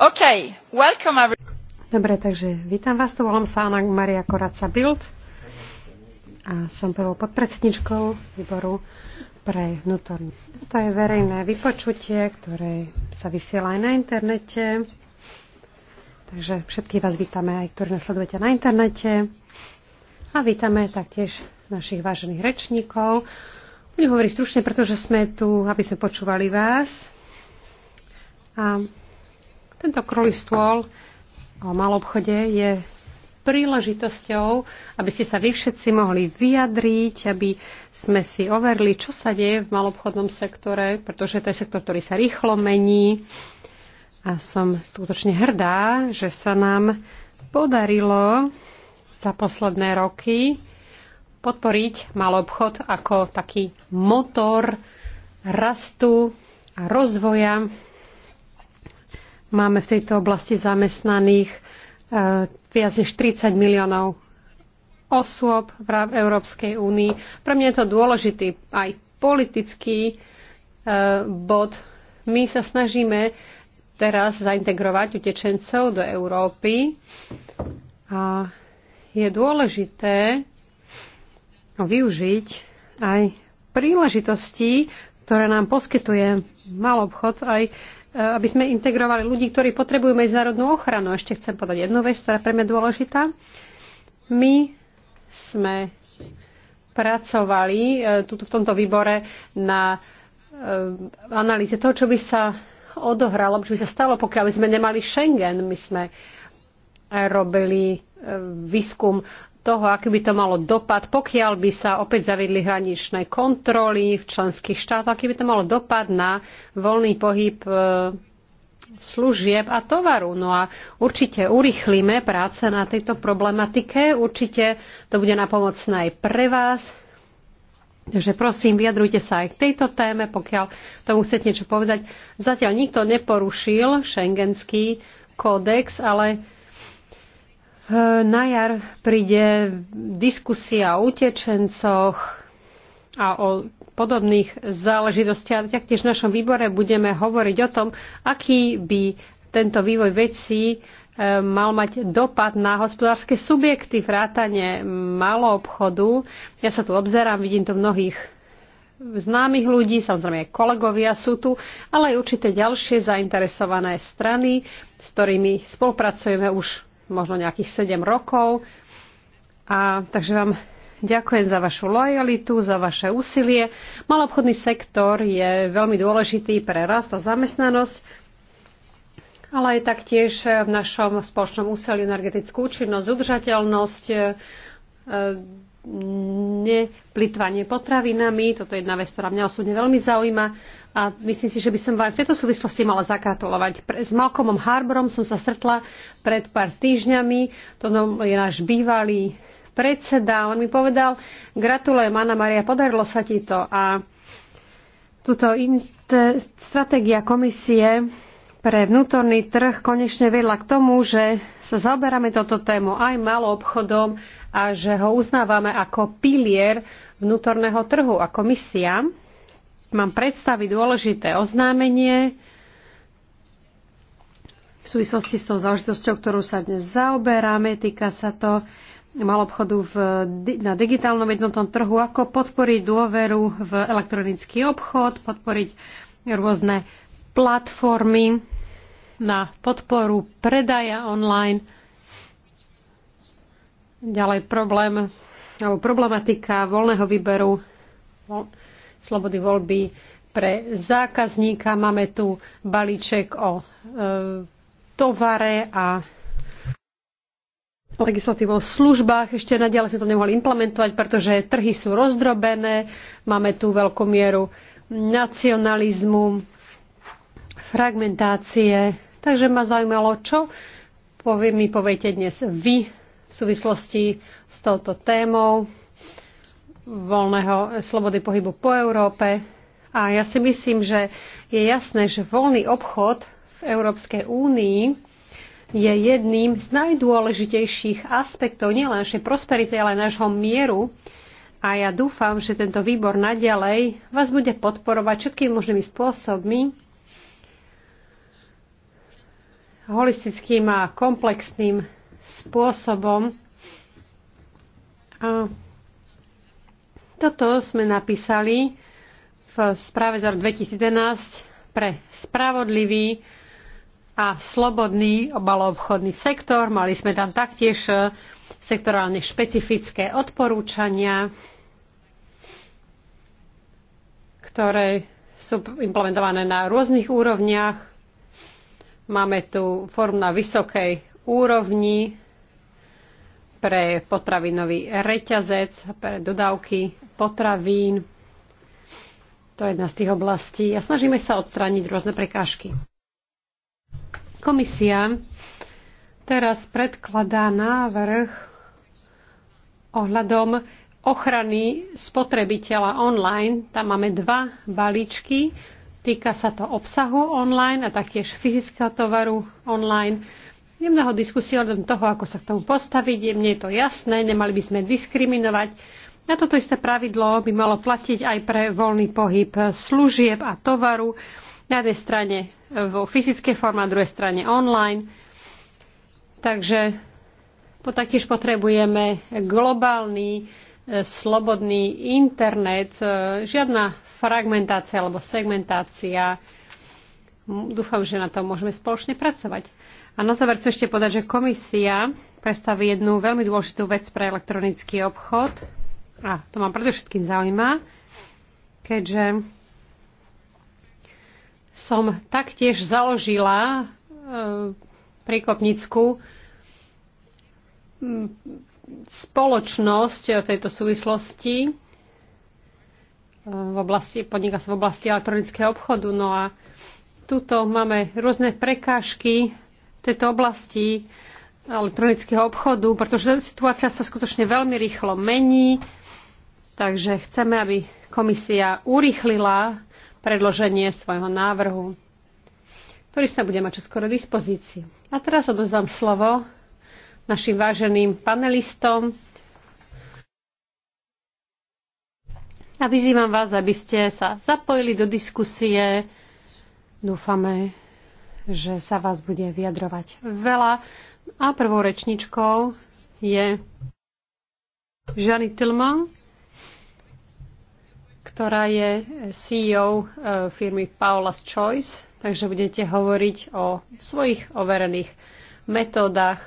Okay, welcome every... Dobre, takže vítam vás, tu volám sa Anna Maria Koraca Bild a som prvou podpredsedničkou výboru pre vnútorní. To je verejné vypočutie, ktoré sa vysiela aj na internete. Takže všetkých vás vítame aj, ktorí nás sledujete na internete. A vítame taktiež našich vážených rečníkov. Budem hovoriť stručne, pretože sme tu, aby sme počúvali vás. A tento krolý stôl o malobchode je príležitosťou, aby ste sa vy všetci mohli vyjadriť, aby sme si overili, čo sa deje v malobchodnom sektore, pretože to je sektor, ktorý sa rýchlo mení. A som skutočne hrdá, že sa nám podarilo za posledné roky podporiť malobchod ako taký motor rastu a rozvoja Máme v tejto oblasti zamestnaných eh, viac než 30 miliónov osôb v Európskej únii. Pre mňa je to dôležitý aj politický eh, bod. My sa snažíme teraz zaintegrovať utečencov do Európy a je dôležité využiť aj príležitosti, ktoré nám poskytuje malobchod aj Eh, aby sme integrovali ľudí, ktorí potrebujú medzinárodnú ochranu. Ešte chcem povedať jednu vec, ktorá pre mňa dôležitá. My sme pracovali eh, tuto, v tomto výbore na eh, analýze toho, čo by sa odohralo, čo by sa stalo, pokiaľ by sme nemali Schengen. My sme robili výskum toho, aký by to malo dopad, pokiaľ by sa opäť zaviedli hraničné kontroly v členských štátoch, aký by to malo dopad na voľný pohyb e, služieb a tovaru. No a určite urychlíme práce na tejto problematike, určite to bude napomocné aj pre vás. Takže prosím, vyjadrujte sa aj k tejto téme, pokiaľ tomu chcete niečo povedať. Zatiaľ nikto neporušil šengenský kódex, ale E, na jar príde diskusia o utečencoch a o podobných záležitostiach. Taktiež v našom výbore budeme hovoriť o tom, aký by tento vývoj vecí e, mal mať dopad na hospodárske subjekty, vrátanie malou obchodu. Ja sa tu obzerám, vidím tu mnohých známych ľudí, samozrejme aj kolegovia sú tu, ale aj určité ďalšie zainteresované strany, s ktorými spolupracujeme už možno nejakých 7 rokov. A takže vám Ďakujem za vašu lojalitu, za vaše úsilie. Malobchodný sektor je veľmi dôležitý pre rast a zamestnanosť, ale aj taktiež v našom spoločnom úsilí energetickú účinnosť, udržateľnosť, e, neplitvanie potravinami. Toto je jedna vec, ktorá mňa osobne veľmi zaujíma a myslím si, že by som vám v tejto súvislosti mala zakratulovať. S Malcolmom Harborom som sa stretla pred pár týždňami, to je náš bývalý predseda, on mi povedal, gratulujem Anna Maria, podarilo sa ti to a túto stratégia komisie pre vnútorný trh konečne vedla k tomu, že sa zaoberáme toto tému aj malo obchodom a že ho uznávame ako pilier vnútorného trhu ako misia mám predstaviť dôležité oznámenie v súvislosti s tou záležitosťou, ktorú sa dnes zaoberáme. Týka sa to obchodu v, na digitálnom jednotnom trhu, ako podporiť dôveru v elektronický obchod, podporiť rôzne platformy na podporu predaja online. Ďalej problém, alebo problematika voľného výberu slobody voľby pre zákazníka. Máme tu balíček o e, tovare a legislatívu o službách. Ešte naďalej sme to nemohli implementovať, pretože trhy sú rozdrobené, máme tu veľkú mieru nacionalizmu, fragmentácie. Takže ma zaujímalo, čo povie, mi poviete dnes vy v súvislosti s touto témou voľného eh, slobody pohybu po Európe. A ja si myslím, že je jasné, že voľný obchod v Európskej únii je jedným z najdôležitejších aspektov nielen našej prosperity, ale aj nášho mieru. A ja dúfam, že tento výbor naďalej vás bude podporovať všetkými možnými spôsobmi, holistickým a komplexným spôsobom. A toto sme napísali v správe za rok 2011 pre spravodlivý a slobodný obalovchodný sektor. Mali sme tam taktiež e, sektorálne špecifické odporúčania, ktoré sú implementované na rôznych úrovniach. Máme tu form na vysokej úrovni, pre potravinový reťazec, pre dodávky potravín. To je jedna z tých oblastí a snažíme sa odstrániť rôzne prekážky. Komisia teraz predkladá návrh ohľadom ochrany spotrebiteľa online. Tam máme dva balíčky. Týka sa to obsahu online a taktiež fyzického tovaru online. Je mnoho diskusí o tom toho, ako sa k tomu postaviť. Mne je to jasné, nemali by sme diskriminovať. Na toto isté pravidlo by malo platiť aj pre voľný pohyb služieb a tovaru. Na jednej strane vo fyzickej forme, na druhej strane online. Takže taktiež potrebujeme globálny, e, slobodný internet, e, žiadna fragmentácia alebo segmentácia. Dúfam, že na tom môžeme spoločne pracovať. A na záver chcem ešte povedať, že komisia predstaví jednu veľmi dôležitú vec pre elektronický obchod. A to ma predovšetkým zaujíma, keďže som taktiež založila e, príkopnickú spoločnosť o tejto súvislosti e, v oblasti, podniká sa v oblasti elektronického obchodu. No a tuto máme rôzne prekážky tejto oblasti elektronického obchodu, pretože situácia sa skutočne veľmi rýchlo mení, takže chceme, aby komisia urýchlila predloženie svojho návrhu, ktorý sa bude mať čoskoro dispozícii. A teraz odozdám slovo našim váženým panelistom a vyzývam vás, aby ste sa zapojili do diskusie. Dúfame, že sa vás bude vyjadrovať veľa. A prvou rečničkou je Žany Tillman, ktorá je CEO e, firmy Paula's Choice. Takže budete hovoriť o svojich overených metódach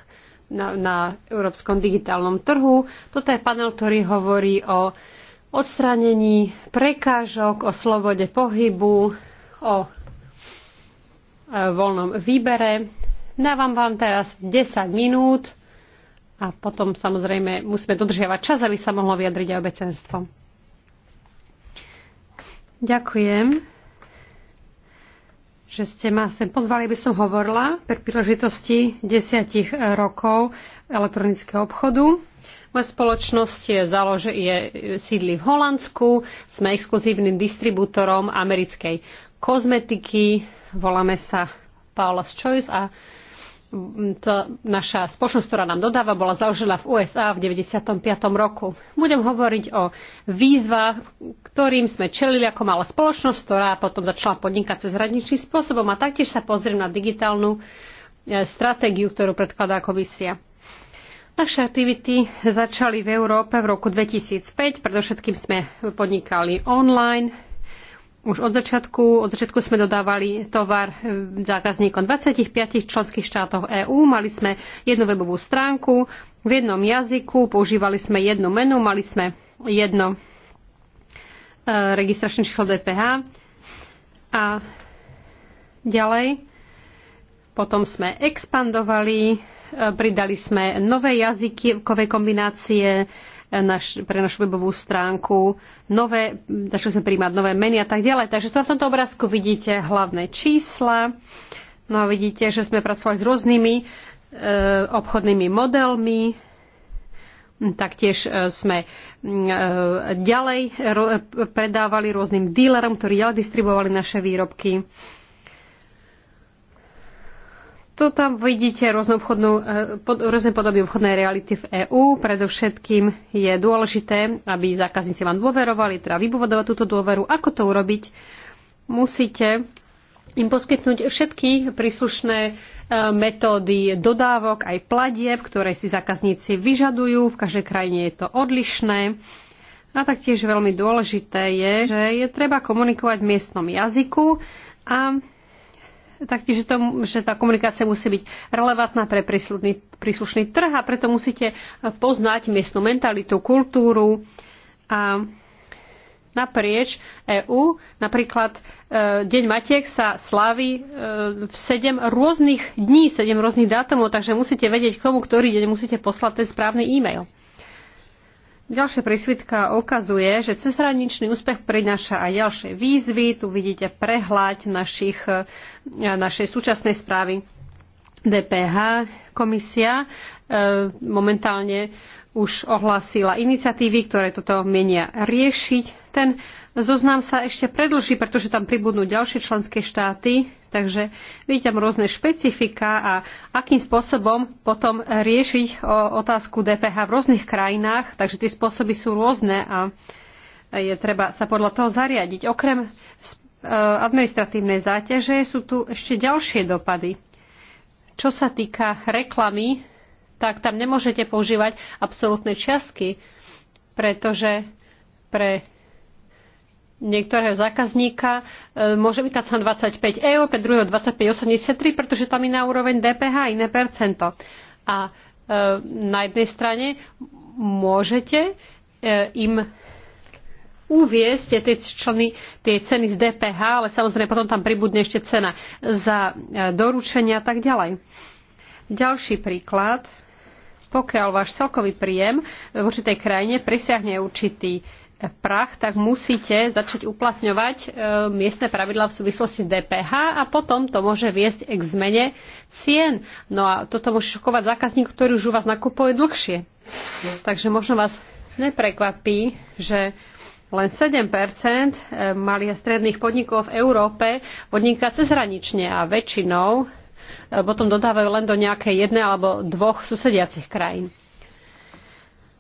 na, na európskom digitálnom trhu. Toto je panel, ktorý hovorí o odstránení prekážok, o slobode pohybu, o E, voľnom výbere. Dávam vám teraz 10 minút a potom samozrejme musíme dodržiavať čas, aby sa mohlo vyjadriť aj obecenstvo. Ďakujem, že ste ma sem pozvali, aby som hovorila pri príležitosti desiatich rokov elektronického obchodu. Moja spoločnosť je, založ, je sídli v Holandsku, sme exkluzívnym distribútorom americkej kozmetiky, voláme sa Paula's Choice a to naša spoločnosť, ktorá nám dodáva, bola založená v USA v 95. roku. Budem hovoriť o výzvach, ktorým sme čelili ako malá spoločnosť, ktorá potom začala podnikať cez hraničným spôsobom a taktiež sa pozriem na digitálnu e, stratégiu, ktorú predkladá komisia. Naše aktivity začali v Európe v roku 2005, predovšetkým sme podnikali online, už od začiatku, od začiatku sme dodávali tovar zákazníkom 25 členských štátov EÚ, mali sme jednu webovú stránku v jednom jazyku, používali sme jednu menu, mali sme jedno e, registračné číslo DPH a ďalej potom sme expandovali, e, pridali sme nové jazykové kombinácie, naš, pre našu webovú stránku, nové, začali sme príjmať nové meny a tak ďalej. Takže na tomto obrázku vidíte hlavné čísla. No a vidíte, že sme pracovali s rôznymi e, obchodnými modelmi, Taktiež e, sme e, ďalej predávali rôznym dílerom, ktorí ďalej distribuovali naše výrobky. To tam vidíte eh, rôzne podoby obchodnej reality v EÚ. Predovšetkým je dôležité, aby zákazníci vám dôverovali, teda vybudovať túto dôveru. Ako to urobiť? Musíte im poskytnúť všetky príslušné eh, metódy dodávok, aj platieb, ktoré si zákazníci vyžadujú. V každej krajine je to odlišné. A taktiež veľmi dôležité je, že je treba komunikovať v miestnom jazyku a taktiež, to, že tá komunikácia musí byť relevantná pre príslušný, príslušný trh a preto musíte poznať miestnu mentalitu, kultúru a naprieč EÚ. Napríklad e, Deň Matiek sa slaví e, v 7 rôznych dní, sedem rôznych dátumov, takže musíte vedieť, komu ktorý deň musíte poslať ten správny e-mail. Ďalšia prísvitka ukazuje, že cezhraničný úspech prináša aj ďalšie výzvy. Tu vidíte prehľad našich, e, našej súčasnej správy DPH. Komisia e, momentálne už ohlásila iniciatívy, ktoré toto menia riešiť. Ten Zoznam sa ešte predlží, pretože tam pribudnú ďalšie členské štáty, takže vidím rôzne špecifika a akým spôsobom potom riešiť e, otázku DPH v rôznych krajinách, takže tie spôsoby sú rôzne a je treba sa podľa toho zariadiť. Okrem e, administratívnej záťaže sú tu ešte ďalšie dopady. Čo sa týka reklamy, tak tam nemôžete používať absolútne čiastky, pretože pre niektorého zákazníka e, môže byť cena 25 eur, pre druhého 25,83, pretože tam je na úroveň DPH iné percento. A e, na jednej strane môžete e, im uviezť tie, členy, tie ceny z DPH, ale samozrejme potom tam pribudne ešte cena za doručenia a tak ďalej. Ďalší príklad. Pokiaľ váš celkový príjem v určitej krajine presiahne určitý prach, tak musíte začať uplatňovať e, miestne pravidla v súvislosti s DPH a potom to môže viesť k zmene cien. No a toto môže šokovať zákazník, ktorý už u vás nakupuje dlhšie. Takže možno vás neprekvapí, že len 7 e, malých a stredných podnikov v Európe podniká cezhranične a väčšinou e, potom dodávajú len do nejakej jednej alebo dvoch susediacich krajín.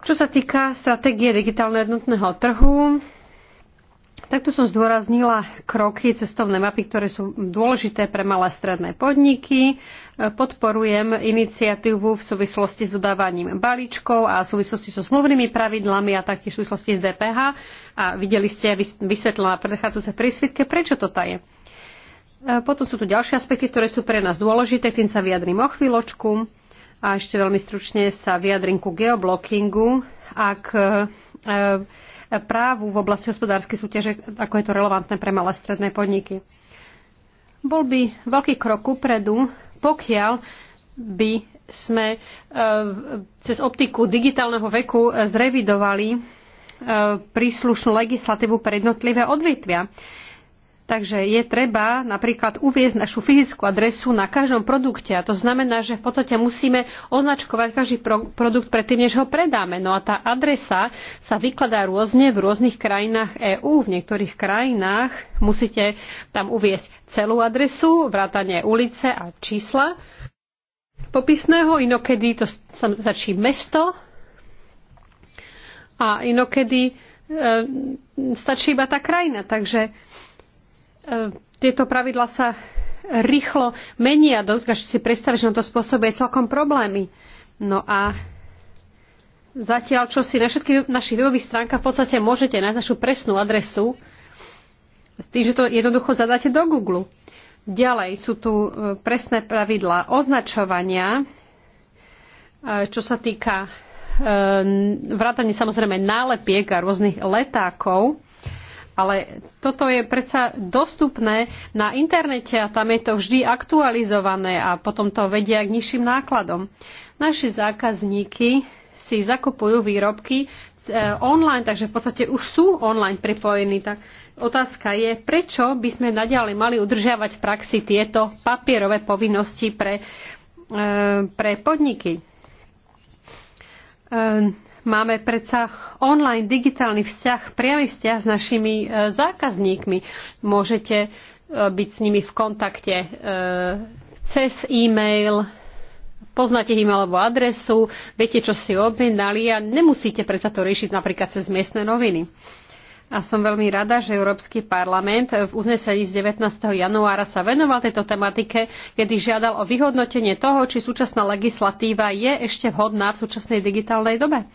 Čo sa týka stratégie digitálne jednotného trhu, takto som zdôraznila kroky cestovnej mapy, ktoré sú dôležité pre malé stredné podniky. Podporujem iniciatívu v súvislosti s dodávaním balíčkov a v súvislosti so smluvnými pravidlami a taktiež v súvislosti s DPH. A videli ste vysvetlená predchádzajúce prísvitke, prečo to tá je. Potom sú tu ďalšie aspekty, ktoré sú pre nás dôležité, tým sa vyjadrím o chvíľočku. A ešte veľmi stručne sa vyjadrím ku geoblockingu. Ak e, e, právu v oblasti hospodárskej súťaže, ako je to relevantné pre malé stredné podniky. Bol by veľký krok upredu, pokiaľ by sme e, cez optiku digitálneho veku zrevidovali príslušnú legislatívu pre jednotlivé odvetvia. Takže je treba napríklad uviezť našu fyzickú adresu na každom produkte. A to znamená, že v podstate musíme označkovať každý pro- produkt predtým, než ho predáme. No a tá adresa sa vykladá rôzne v rôznych krajinách EÚ. V niektorých krajinách musíte tam uviezť celú adresu, vrátanie ulice a čísla popisného. Inokedy to sa začí mesto a inokedy e, stačí iba tá krajina. Takže E, tieto pravidla sa rýchlo menia. Dokážete si predstaviť, že na to spôsobuje celkom problémy. No a zatiaľ, čo si na všetkých našich webových stránkach v podstate môžete nájsť našu presnú adresu, s tým, že to jednoducho zadáte do Google. Ďalej sú tu e, presné pravidlá označovania, e, čo sa týka vrátane samozrejme nálepiek a rôznych letákov. Ale toto je predsa dostupné na internete a tam je to vždy aktualizované a potom to vedia k nižším nákladom. Naši zákazníky si zakupujú výrobky e, online, takže v podstate už sú online pripojení. Tak otázka je, prečo by sme naďalej mali udržiavať v praxi tieto papierové povinnosti pre, e, pre podniky e, Máme predsa online digitálny vzťah, priamy vzťah s našimi e, zákazníkmi. Môžete e, byť s nimi v kontakte e, cez e-mail, poznáte e-mailovú adresu, viete, čo si objednali a nemusíte predsa to riešiť napríklad cez miestne noviny a som veľmi rada, že Európsky parlament v uznesení z 19. januára sa venoval tejto tematike, kedy žiadal o vyhodnotenie toho, či súčasná legislatíva je ešte vhodná v súčasnej digitálnej dobe.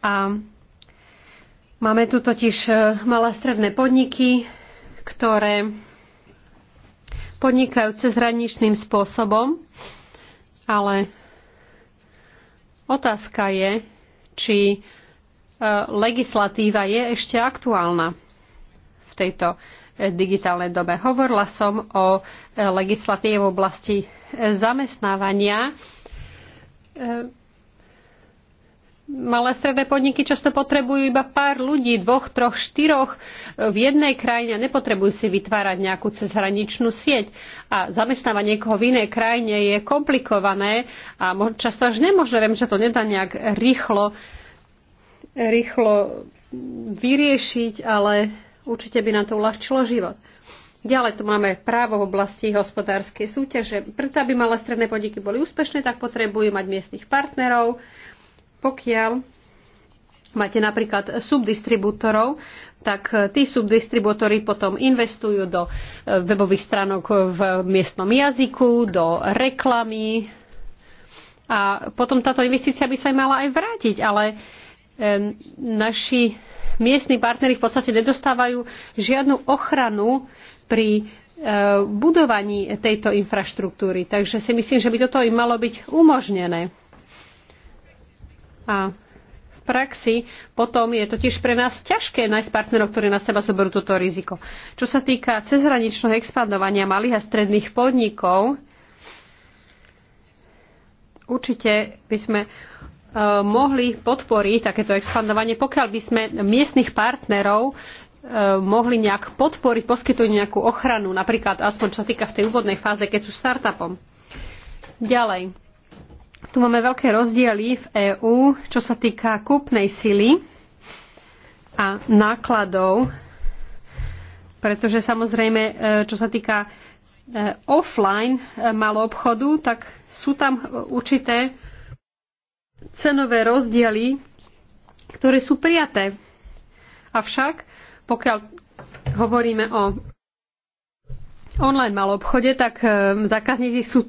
A máme tu totiž e, malé stredné podniky, ktoré podnikajú cezhraničným spôsobom, ale otázka je, či E, legislatíva je ešte aktuálna v tejto e, digitálnej dobe. Hovorila som o e, legislatíve v oblasti zamestnávania. Malé stredné podniky často potrebujú iba pár ľudí, dvoch, troch, štyroch v jednej krajine a nepotrebujú si vytvárať nejakú cezhraničnú sieť. A zamestnávať niekoho v inej krajine je komplikované a často až nemožné. Viem, že to nedá nejak rýchlo rýchlo vyriešiť, ale určite by nám to uľahčilo život. Ďalej tu máme právo v oblasti hospodárskej súťaže. Preto, aby malé stredné podniky boli úspešné, tak potrebujú mať miestnych partnerov. Pokiaľ máte napríklad subdistribútorov, tak tí subdistribútory potom investujú do e, webových stránok v miestnom jazyku, do reklamy a potom táto investícia by sa aj mala aj vrátiť, ale naši miestni partnery v podstate nedostávajú žiadnu ochranu pri e, budovaní tejto infraštruktúry. Takže si myslím, že by toto im malo byť umožnené. A v praxi potom je totiž pre nás ťažké nájsť partnerov, ktorí na seba zoberú toto riziko. Čo sa týka cezhraničného expandovania malých a stredných podnikov, určite by sme Eh, mohli podporiť takéto expandovanie, pokiaľ by sme miestnych partnerov eh, mohli nejak podporiť, poskytnúť nejakú ochranu, napríklad aspoň čo sa týka v tej úvodnej fáze, keď sú startupom. Ďalej. Tu máme veľké rozdiely v EÚ, čo sa týka kúpnej sily a nákladov, pretože samozrejme, eh, čo sa týka offline malou obchodu, tak sú tam určité cenové rozdiely, ktoré sú prijaté. Avšak, pokiaľ hovoríme o online malom obchode, tak e, zákazníci sú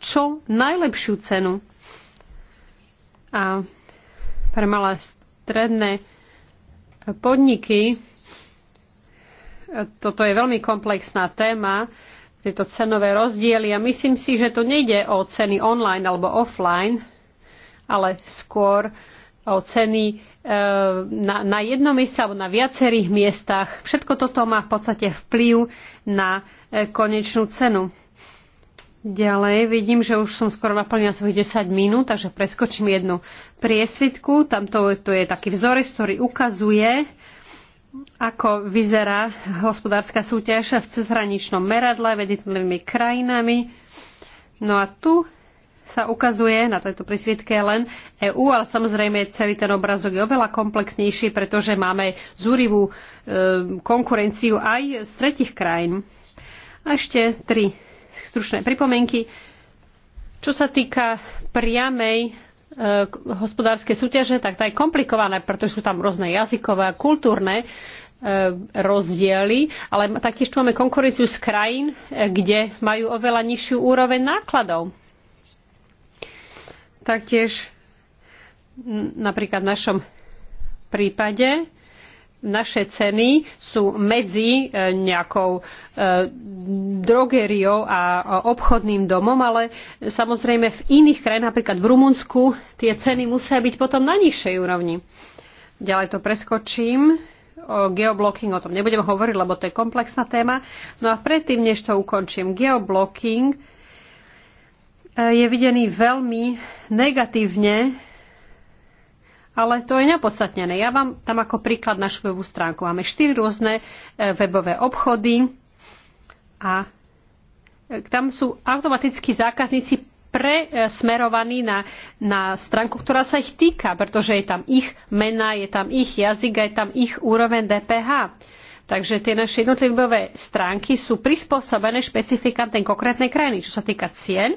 čo najlepšiu cenu. A pre malé stredné podniky e, toto je veľmi komplexná téma, tieto cenové rozdiely a myslím si, že to nejde o ceny online alebo offline, ale skôr o ceny e, na, na jednom mieste alebo na viacerých miestach. Všetko toto má v podstate vplyv na e, konečnú cenu. Ďalej vidím, že už som skoro naplnila svojich 10 minút, takže preskočím jednu priesvitku. Tam to, je taký vzorec, ktorý ukazuje, ako vyzerá hospodárska súťaž v cezhraničnom meradle medzi krajinami. No a tu sa ukazuje na tejto prísvitke len EÚ, ale samozrejme celý ten obrazok je oveľa komplexnejší, pretože máme zúrivú e, konkurenciu aj z tretich krajín. A ešte tri stručné pripomienky. Čo sa týka priamej e, hospodárskej súťaže, tak tá je komplikovaná, pretože sú tam rôzne jazykové a kultúrne e, rozdiely, ale taktiež tu máme konkurenciu z krajín, kde majú oveľa nižšiu úroveň nákladov. Taktiež napríklad v našom prípade naše ceny sú medzi e, nejakou e, drogériou a obchodným domom, ale samozrejme v iných krajinách, napríklad v Rumunsku, tie ceny musia byť potom na nižšej úrovni. Ďalej to preskočím. O geoblocking o tom nebudem hovoriť, lebo to je komplexná téma. No a predtým, než to ukončím, geoblocking Eh, je videný veľmi negatívne, ale to je nepodstatnené. Ja vám tam ako príklad našu webovú stránku. Máme štyri rôzne eh, webové obchody a eh, tam sú automaticky zákazníci presmerovaní na, na stránku, ktorá sa ich týka, pretože je tam ich mena, je tam ich jazyk a je tam ich úroveň DPH. Takže tie naše jednotlivé stránky sú prispôsobené špecifikám ten konkrétnej krajiny, čo sa týka cien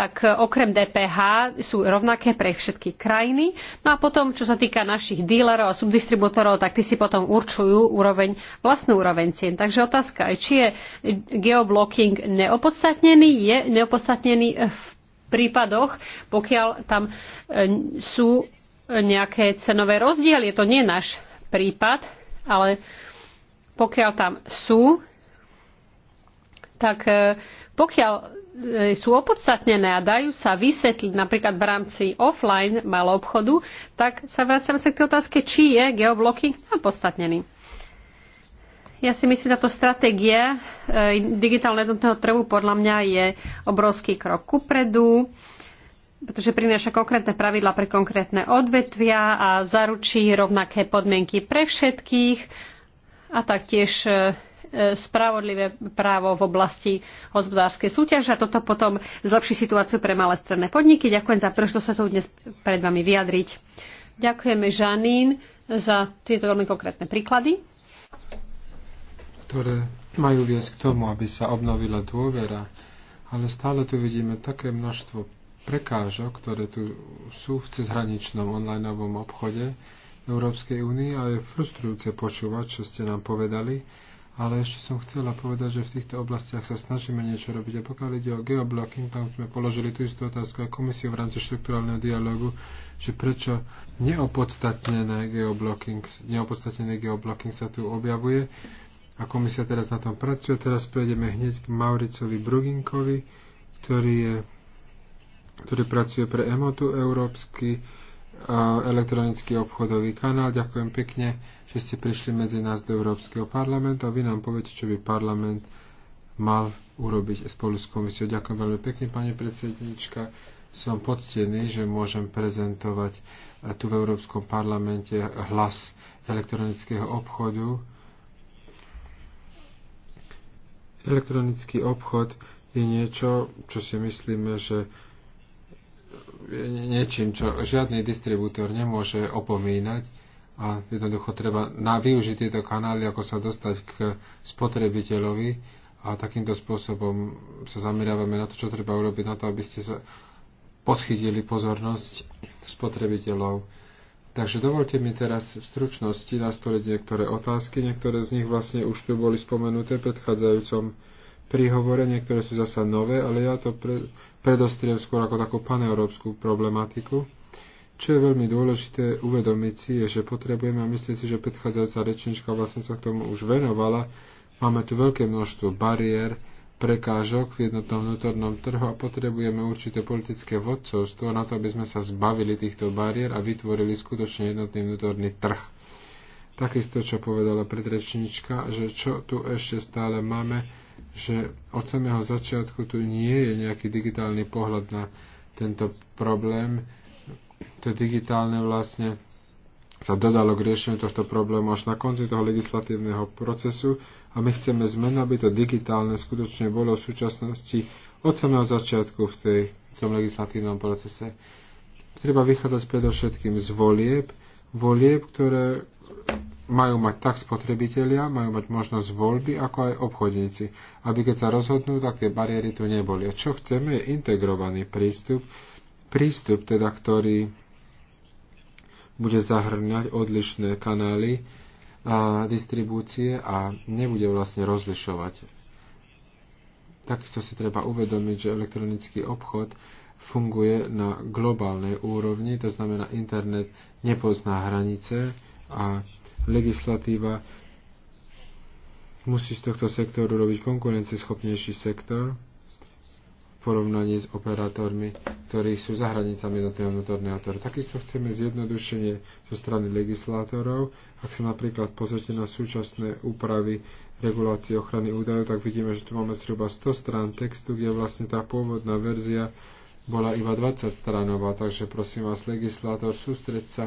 tak e, okrem DPH sú rovnaké pre všetky krajiny. No a potom, čo sa týka našich dílerov a subdistribútorov, tak tí si potom určujú úroveň, vlastnú úroveň cien. Takže otázka je, či je geoblocking neopodstatnený, je neopodstatnený v prípadoch, pokiaľ tam e, sú nejaké cenové rozdiely. To nie je náš prípad, ale pokiaľ tam sú, tak e, pokiaľ E, sú opodstatnené a dajú sa vysvetliť napríklad v rámci offline malého obchodu, tak sa vraciam sa k tej otázke, či je geoblocking opodstatnený. Ja si myslím, že táto stratégia e, digitálneho jednotného trhu podľa mňa je obrovský krok kupredu, pretože prináša konkrétne pravidla pre konkrétne odvetvia a zaručí rovnaké podmienky pre všetkých a taktiež e, spravodlivé právo v oblasti hospodárskej súťaže a toto potom zlepší situáciu pre malé stredné podniky. Ďakujem za to, že sa tu dnes pred vami vyjadriť. Ďakujeme Žanín za tieto veľmi konkrétne príklady. Ktoré majú viesť k tomu, aby sa obnovila dôvera, ale stále tu vidíme také množstvo prekážok, ktoré tu sú v cezhraničnom onlineovom obchode Európskej únie a je frustrujúce počúvať, čo ste nám povedali ale ešte som chcela povedať, že v týchto oblastiach sa snažíme niečo robiť. A pokiaľ ide o geoblocking, tam sme položili tú istú otázku aj komisiu v rámci štruktúrálneho dialogu, že prečo neopodstatnené geoblocking, neopodstatnené geoblocking sa tu objavuje. A komisia teraz na tom pracuje. Teraz prejdeme hneď k Mauricovi Bruginkovi, ktorý, je, ktorý pracuje pre Emotu Európsky elektronický obchodový kanál. Ďakujem pekne, že ste prišli medzi nás do Európskeho parlamentu a vy nám poviete, čo by parlament mal urobiť spolu s komisiou. Ďakujem veľmi pekne, pani predsednička. Som poctený, že môžem prezentovať eh, tu v Európskom parlamente hlas elektronického obchodu. Elektronický obchod je niečo, čo si myslíme, že niečím, čo žiadny distribútor nemôže opomínať a jednoducho treba na využiť tieto kanály, ako sa dostať k spotrebiteľovi a takýmto spôsobom sa zamerávame na to, čo treba urobiť na to, aby ste sa podchytili pozornosť spotrebiteľov. Takže dovolte mi teraz v stručnosti nastoliť niektoré otázky. Niektoré z nich vlastne už tu boli spomenuté v predchádzajúcom prihovorenie, ktoré sú zasa nové, ale ja to pre, predostriem skôr ako takú paneurópsku problematiku. Čo je veľmi dôležité uvedomiť si, je, že potrebujeme, a myslím si, že predchádzajúca rečnička vlastne sa k tomu už venovala, máme tu veľké množstvo bariér, prekážok v jednotnom vnútornom trhu a potrebujeme určité politické vodcovstvo na to, aby sme sa zbavili týchto bariér a vytvorili skutočne jednotný vnútorný trh. Takisto, čo povedala predrečnička, že čo tu ešte stále máme, že od samého začiatku tu nie je nejaký digitálny pohľad na tento problém. To digitálne vlastne sa dodalo k riešeniu tohto problému až na konci toho legislatívneho procesu a my chceme zmenu, aby to digitálne skutočne bolo v súčasnosti od samého začiatku v, tej, v tom legislatívnom procese. Treba vychádzať predovšetkým z volieb, volieb, ktoré majú mať tak spotrebitelia, majú mať možnosť voľby, ako aj obchodníci, aby keď sa rozhodnú, tak tie bariéry tu neboli. A čo chceme je integrovaný prístup, prístup teda, ktorý bude zahrňať odlišné kanály a distribúcie a nebude vlastne rozlišovať. Takisto si treba uvedomiť, že elektronický obchod funguje na globálnej úrovni, to znamená, internet nepozná hranice a legislatíva musí z tohto sektoru robiť konkurencieschopnejší sektor v porovnaní s operátormi, ktorí sú za hranicami jednotného vnútorného trhu. Takisto chceme zjednodušenie zo strany legislátorov. Ak sa napríklad pozrite na súčasné úpravy regulácie ochrany údajov, tak vidíme, že tu máme zhruba 100 strán textu, kde vlastne tá pôvodná verzia bola iba 20 stranová. Takže prosím vás, legislátor, sústreď sa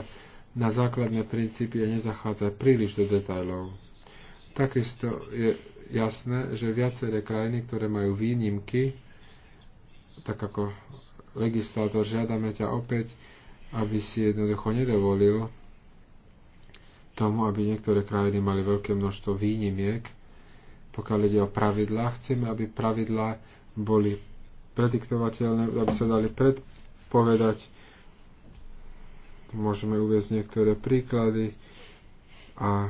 na základné princípy a nezachádza príliš do detajlov. Takisto je jasné, že viaceré krajiny, ktoré majú výnimky, tak ako legislátor žiadame ťa opäť, aby si jednoducho nedovolil tomu, aby niektoré krajiny mali veľké množstvo výnimiek. Pokiaľ ide o pravidlá, chceme, aby pravidlá boli prediktovateľné, aby sa dali predpovedať Môžeme uvieť niektoré príklady a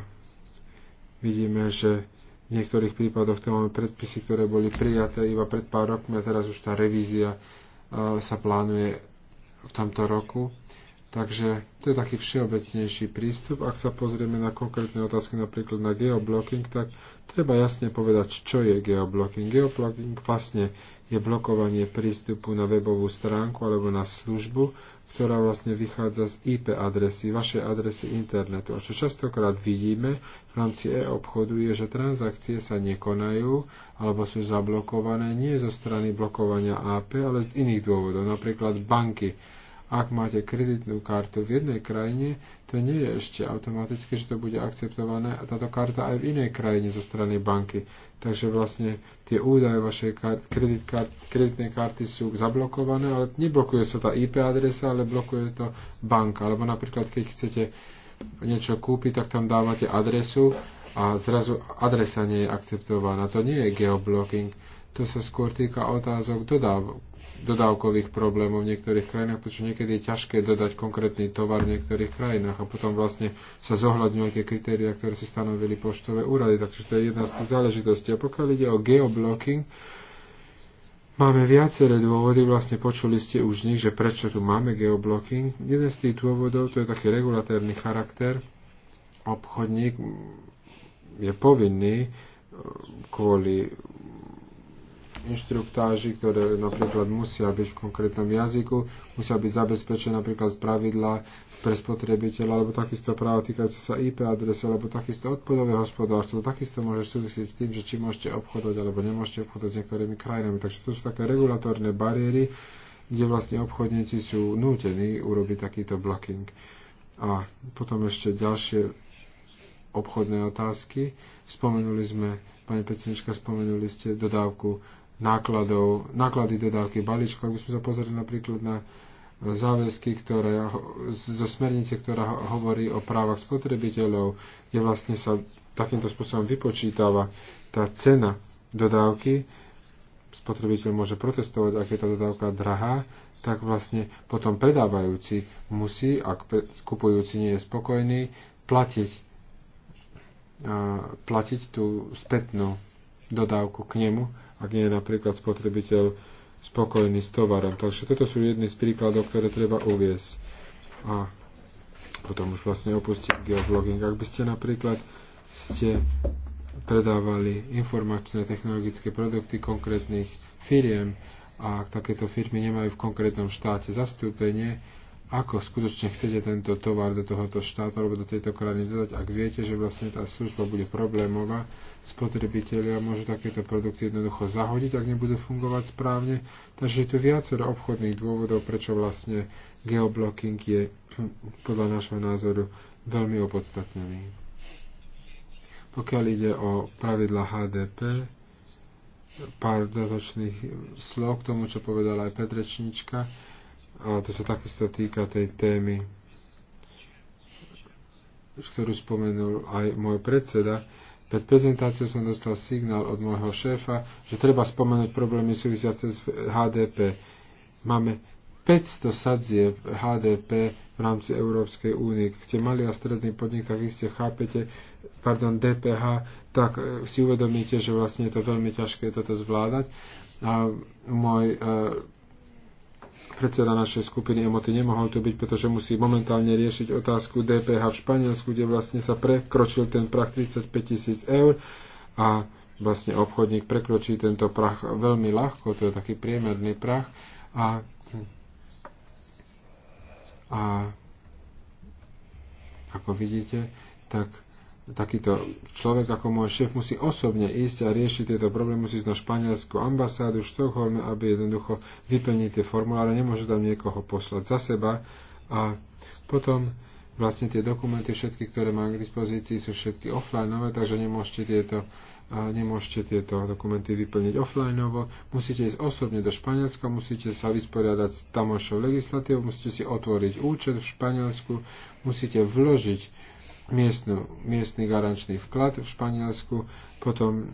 vidíme, že v niektorých prípadoch to máme predpisy, ktoré boli prijaté iba pred pár rokmi a teraz už tá revízia e, sa plánuje v tomto roku. Takže to je taký všeobecnejší prístup. Ak sa pozrieme na konkrétne otázky, napríklad na geoblocking, tak treba jasne povedať, čo je geoblocking. Geoblocking vlastne je blokovanie prístupu na webovú stránku alebo na službu, ktorá vlastne vychádza z IP adresy, vašej adresy internetu. A čo častokrát vidíme v rámci e-obchodu je, že transakcie sa nekonajú alebo sú zablokované nie zo strany blokovania AP, ale z iných dôvodov, napríklad banky ak máte kreditnú kartu v jednej krajine, to nie je ešte automaticky, že to bude akceptované a táto karta aj v inej krajine zo strany banky. Takže vlastne tie údaje vašej kart, kredit, kart, kreditnej karty sú zablokované, ale neblokuje sa tá IP adresa, ale blokuje to banka. Alebo napríklad, keď chcete niečo kúpiť, tak tam dávate adresu a zrazu adresa nie je akceptovaná. To nie je geoblocking to sa skôr týka otázok dodáv- dodávkových problémov v niektorých krajinách, pretože niekedy je ťažké dodať konkrétny tovar v niektorých krajinách a potom vlastne sa zohľadňujú tie kritéria, ktoré si stanovili poštové úrady. Takže to je jedna z tých záležitostí. A pokiaľ ide o geoblocking, Máme viaceré dôvody, vlastne počuli ste už nich, že prečo tu máme geoblocking. Jeden z tých dôvodov, to je taký regulatérny charakter. Obchodník je povinný kvôli inštruktáži, ktoré napríklad musia byť v konkrétnom jazyku, musia byť zabezpečené napríklad pravidlá pre spotrebiteľa, alebo takisto práva týkajúce sa IP adrese, alebo takisto odpadové hospodárstvo, takisto môže súvisieť s tým, že či môžete obchodovať alebo nemôžete obchodovať s niektorými krajinami. Takže to sú také regulatórne bariéry, kde vlastne obchodníci sú nútení urobiť takýto blocking. A potom ešte ďalšie obchodné otázky. Spomenuli sme, pani predsednička, spomenuli ste dodávku nákladov, náklady dodávky balíčka. Ak by sme sa pozreli napríklad na e, záväzky ktoré, zo smernice, ktorá hovorí o právach spotrebiteľov, kde vlastne sa takýmto spôsobom vypočítava tá cena dodávky, spotrebiteľ môže protestovať, ak je tá dodávka drahá, tak vlastne potom predávajúci musí, ak kupujúci nie je spokojný, platiť, e, platiť tú spätnú dodávku k nemu ak nie je napríklad spotrebiteľ spokojný s tovarom. Takže toto sú jedny z príkladov, ktoré treba uviesť. A potom už vlastne opustiť geoblogging. Ak by ste napríklad ste predávali informačné technologické produkty konkrétnych firiem a ak takéto firmy nemajú v konkrétnom štáte zastúpenie, ako skutočne chcete tento tovar do tohoto štátu alebo do tejto krajiny dodať, ak viete, že vlastne tá služba bude problémová, spotrebitelia môžu takéto produkty jednoducho zahodiť, ak nebudú fungovať správne. Takže je tu viacero obchodných dôvodov, prečo vlastne geoblocking je hm, podľa nášho názoru veľmi opodstatnený. Pokiaľ ide o pravidla HDP, pár dodatočných slov k tomu, čo povedala aj Petrečnička, a to sa takisto týka tej témy, ktorú spomenul aj môj predseda. Pred prezentáciou som dostal signál od môjho šéfa, že treba spomenúť problémy súvisiace s HDP. Máme 500 v HDP v rámci Európskej únie. Keď ste mali a stredný podnik, tak iste chápete, pardon, DPH, tak e, si uvedomíte, že vlastne je to veľmi ťažké toto zvládať. A môj e, predseda našej skupiny Emoty nemohol tu byť, pretože musí momentálne riešiť otázku DPH v Španielsku, kde vlastne sa prekročil ten prach 35 tisíc eur a vlastne obchodník prekročí tento prach veľmi ľahko, to je taký priemerný prach a, a ako vidíte, tak takýto človek ako môj šéf musí osobne ísť a riešiť tieto problémy, musí ísť na španielskú ambasádu v Štokholme, aby jednoducho vyplnil tie formuláre, nemôže tam niekoho poslať za seba a potom vlastne tie dokumenty všetky, ktoré mám k dispozícii, sú všetky offlineové, takže nemôžete tieto a nemôžete tieto dokumenty vyplniť offlineovo, musíte ísť osobne do Španielska, musíte sa vysporiadať s tamošou legislatívou, musíte si otvoriť účet v Španielsku, musíte vložiť miestnu, miestny garančný vklad v Španielsku, potom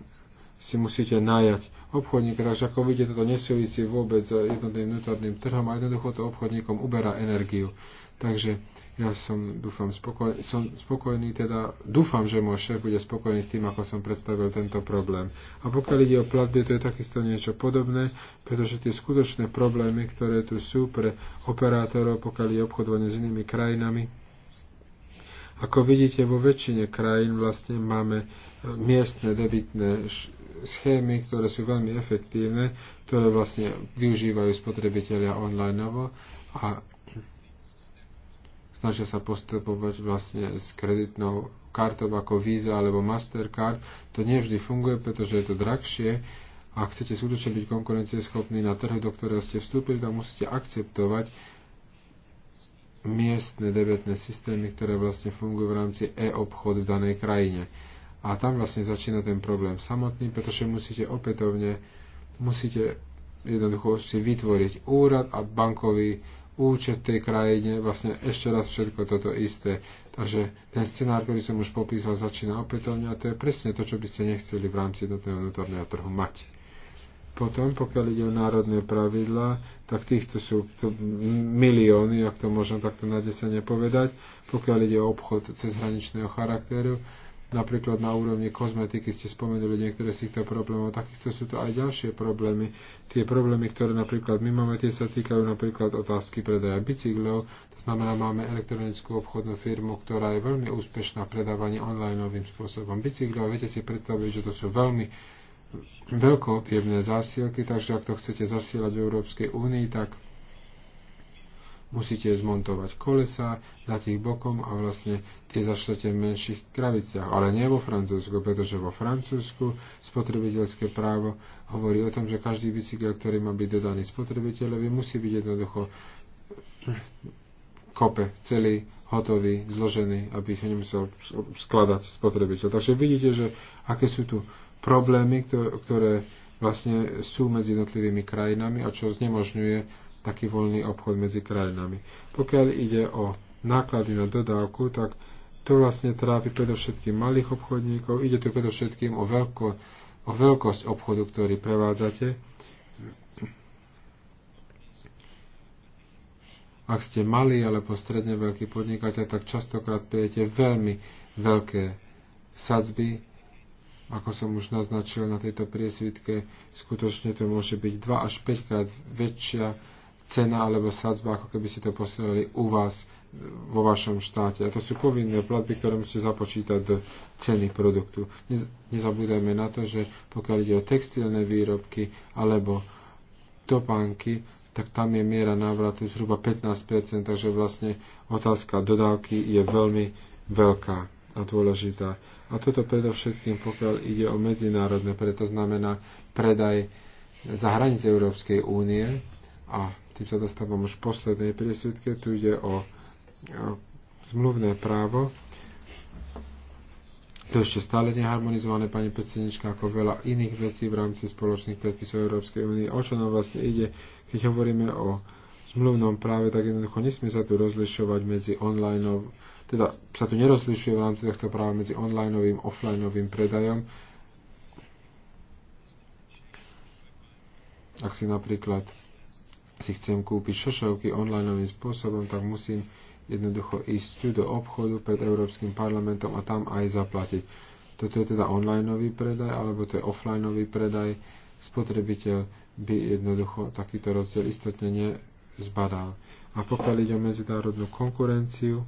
si musíte najať obchodníka, takže ako vidíte, toto nesúvisí vôbec s jednotným vnútorným trhom a jednoducho to obchodníkom uberá energiu. Takže ja som, dúfam, spokoj, som spokojný, teda dúfam, že môj šéf bude spokojný s tým, ako som predstavil tento problém. A pokiaľ ide o platby, to je takisto niečo podobné, pretože tie skutočné problémy, ktoré tu sú pre operátorov, pokiaľ je obchodovanie s inými krajinami, ako vidíte, vo väčšine krajín vlastne máme e, miestne debitné schémy, ktoré sú veľmi efektívne, ktoré vlastne využívajú spotrebitelia online a snažia sa postupovať vlastne s kreditnou kartou ako Visa alebo Mastercard. To nie vždy funguje, pretože je to drahšie. Ak chcete skutočne byť konkurencieschopní na trhu, do ktorého ste vstúpili, tak musíte akceptovať miestne debetné systémy, ktoré vlastne fungujú v rámci e obchod v danej krajine. A tam vlastne začína ten problém samotný, pretože musíte opätovne, musíte jednoducho si vytvoriť úrad a bankový účet tej krajine, vlastne ešte raz všetko toto isté. Takže ten scenár, ktorý som už popísal, začína opätovne a to je presne to, čo by ste nechceli v rámci do toho vnútorného trhu mať. Potom, pokiaľ ide o národné pravidlá, tak týchto sú to milióny, ak to možno takto na desene povedať. Pokiaľ ide o obchod cezhraničného charakteru, Napríklad na úrovni kozmetiky ste spomenuli niektoré z týchto problémov. Takisto sú to aj ďalšie problémy. Tie problémy, ktoré napríklad my máme, tie sa týkajú napríklad otázky predaja bicyklov. To znamená, máme elektronickú obchodnú firmu, ktorá je veľmi úspešná v predávaní online novým spôsobom bicyklov. Viete si predstaviť, že to sú veľmi veľkoobjemné zásielky, takže ak to chcete zasielať v Európskej únii, tak musíte zmontovať kolesa, dať ich bokom a vlastne tie zašlete v menších kraviciach. Ale nie vo Francúzsku, pretože vo Francúzsku spotrebiteľské právo hovorí o tom, že každý bicykel, ktorý má byť dodaný spotrebiteľovi, musí byť jednoducho kope, celý, hotový, zložený, aby ich nemusel skladať spotrebiteľ. Takže vidíte, že aké sú tu problémy, ktoré vlastne sú medzi jednotlivými krajinami a čo znemožňuje taký voľný obchod medzi krajinami. Pokiaľ ide o náklady na dodávku, tak to vlastne trápi predovšetkým malých obchodníkov, ide tu predovšetkým o, veľko, o veľkosť obchodu, ktorý prevádzate. Ak ste malý alebo stredne veľký podnikateľ, tak častokrát prijete veľmi veľké sadzby ako som už naznačil na tejto priesvitke, skutočne to môže byť 2 až 5 krát väčšia cena alebo sadzba, ako keby ste to posielali u vás e, vo vašom štáte. A to sú povinné platby, ktoré musíte započítať do ceny produktu. Nezabúdajme na to, že pokiaľ ide o textilné výrobky alebo topánky, tak tam je miera návratu zhruba 15%, takže vlastne otázka dodávky je veľmi veľká a dôležitá. A toto predovšetkým, pokiaľ ide o medzinárodné, preto znamená predaj za hranice Európskej únie. A tým sa dostávam už poslednej priesvitke. Tu ide o, o zmluvné právo. To ešte stále neharmonizované, pani predsednička, ako veľa iných vecí v rámci spoločných predpisov Európskej únie. O čo nám vlastne ide, keď hovoríme o zmluvnom práve, tak jednoducho nesmie sa tu rozlišovať medzi online teda sa tu nerozlišuje v rámci tohto práva medzi onlineovým, offlineovým predajom. Ak si napríklad si chcem kúpiť šošovky onlineovým spôsobom, tak musím jednoducho ísť tu do obchodu pred Európskym parlamentom a tam aj zaplatiť. Toto je teda onlineový predaj, alebo to je offlineový predaj. Spotrebiteľ by jednoducho takýto rozdiel istotne nezbadal. A pokiaľ ide o medzinárodnú konkurenciu,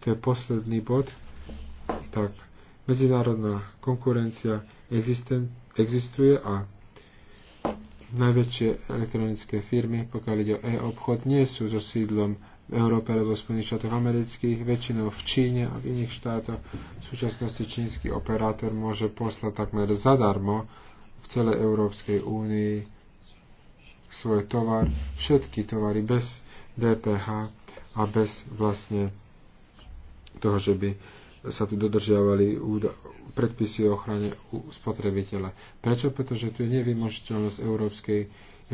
to je posledný bod, tak medzinárodná konkurencia existen, existuje a najväčšie elektronické firmy, pokiaľ ide o e-obchod, nie sú so sídlom v Európe alebo v Spojených štátoch amerických, väčšinou v Číne a v iných štátoch. V súčasnosti čínsky operátor môže poslať takmer zadarmo v celej Európskej únii svoj tovar, všetky tovary bez DPH a bez vlastne toho, že by sa tu dodržiavali predpisy o ochrane spotrebiteľa. Prečo? Pretože tu je nevymožiteľnosť európskej,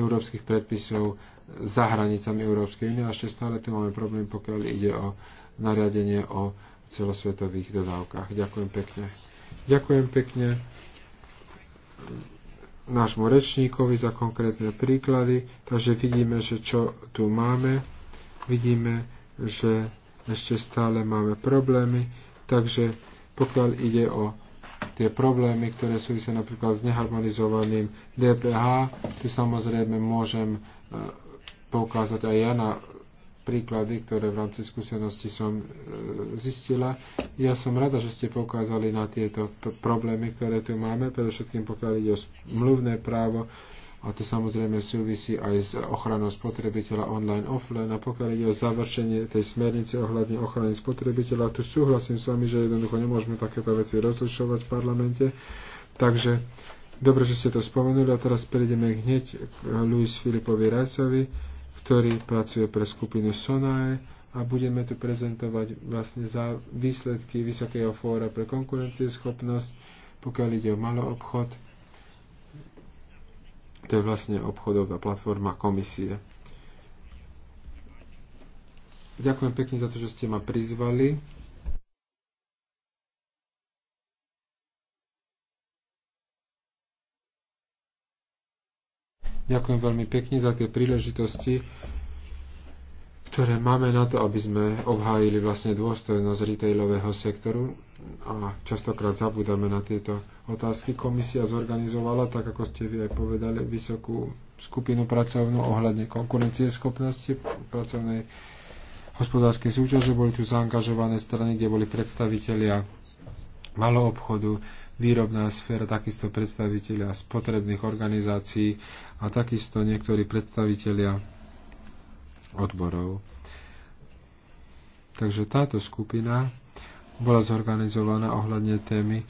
európskych predpisov za hranicami Európskej únie a ešte stále tu máme problém, pokiaľ ide o nariadenie o celosvetových dodávkach. Ďakujem pekne. Ďakujem pekne nášmu rečníkovi za konkrétne príklady. Takže vidíme, že čo tu máme. Vidíme, že ešte stále máme problémy, takže pokiaľ ide o tie problémy, ktoré súvisia napríklad s neharmonizovaným DPH, tu samozrejme môžem e, poukázať aj ja na príklady, ktoré v rámci skúsenosti som e, zistila. Ja som rada, že ste poukázali na tieto problémy, ktoré tu máme, predovšetkým pokiaľ ide o mluvné právo, a to samozrejme súvisí aj s ochranou spotrebiteľa online, offline. A pokiaľ ide o završenie tej smernice ohľadne ochrany spotrebiteľa, tu súhlasím s vami, že jednoducho nemôžeme takéto veci rozlišovať v parlamente. Takže dobre, že ste to spomenuli a teraz prejdeme hneď k Luis Filipovi Rajsovi, ktorý pracuje pre skupinu Sonae a budeme tu prezentovať vlastne za výsledky Vysokého fóra pre konkurencieschopnosť, pokiaľ ide o malý obchod to je vlastne obchodová platforma komisie. Ďakujem pekne za to, že ste ma prizvali. Ďakujem veľmi pekne za tie príležitosti, ktoré máme na to, aby sme obhájili vlastne dôstojnosť retailového sektoru a častokrát zabudáme na tieto otázky. Komisia zorganizovala, tak ako ste vy aj povedali, vysokú skupinu pracovnú ohľadne konkurencieschopnosti pracovnej hospodárskej súťaže. Boli tu zaangažované strany, kde boli predstavitelia maloobchodu, výrobná sféra, takisto predstavitelia spotrebných organizácií a takisto niektorí predstavitelia odborov. Takže táto skupina bola zorganizovaná ohľadne témy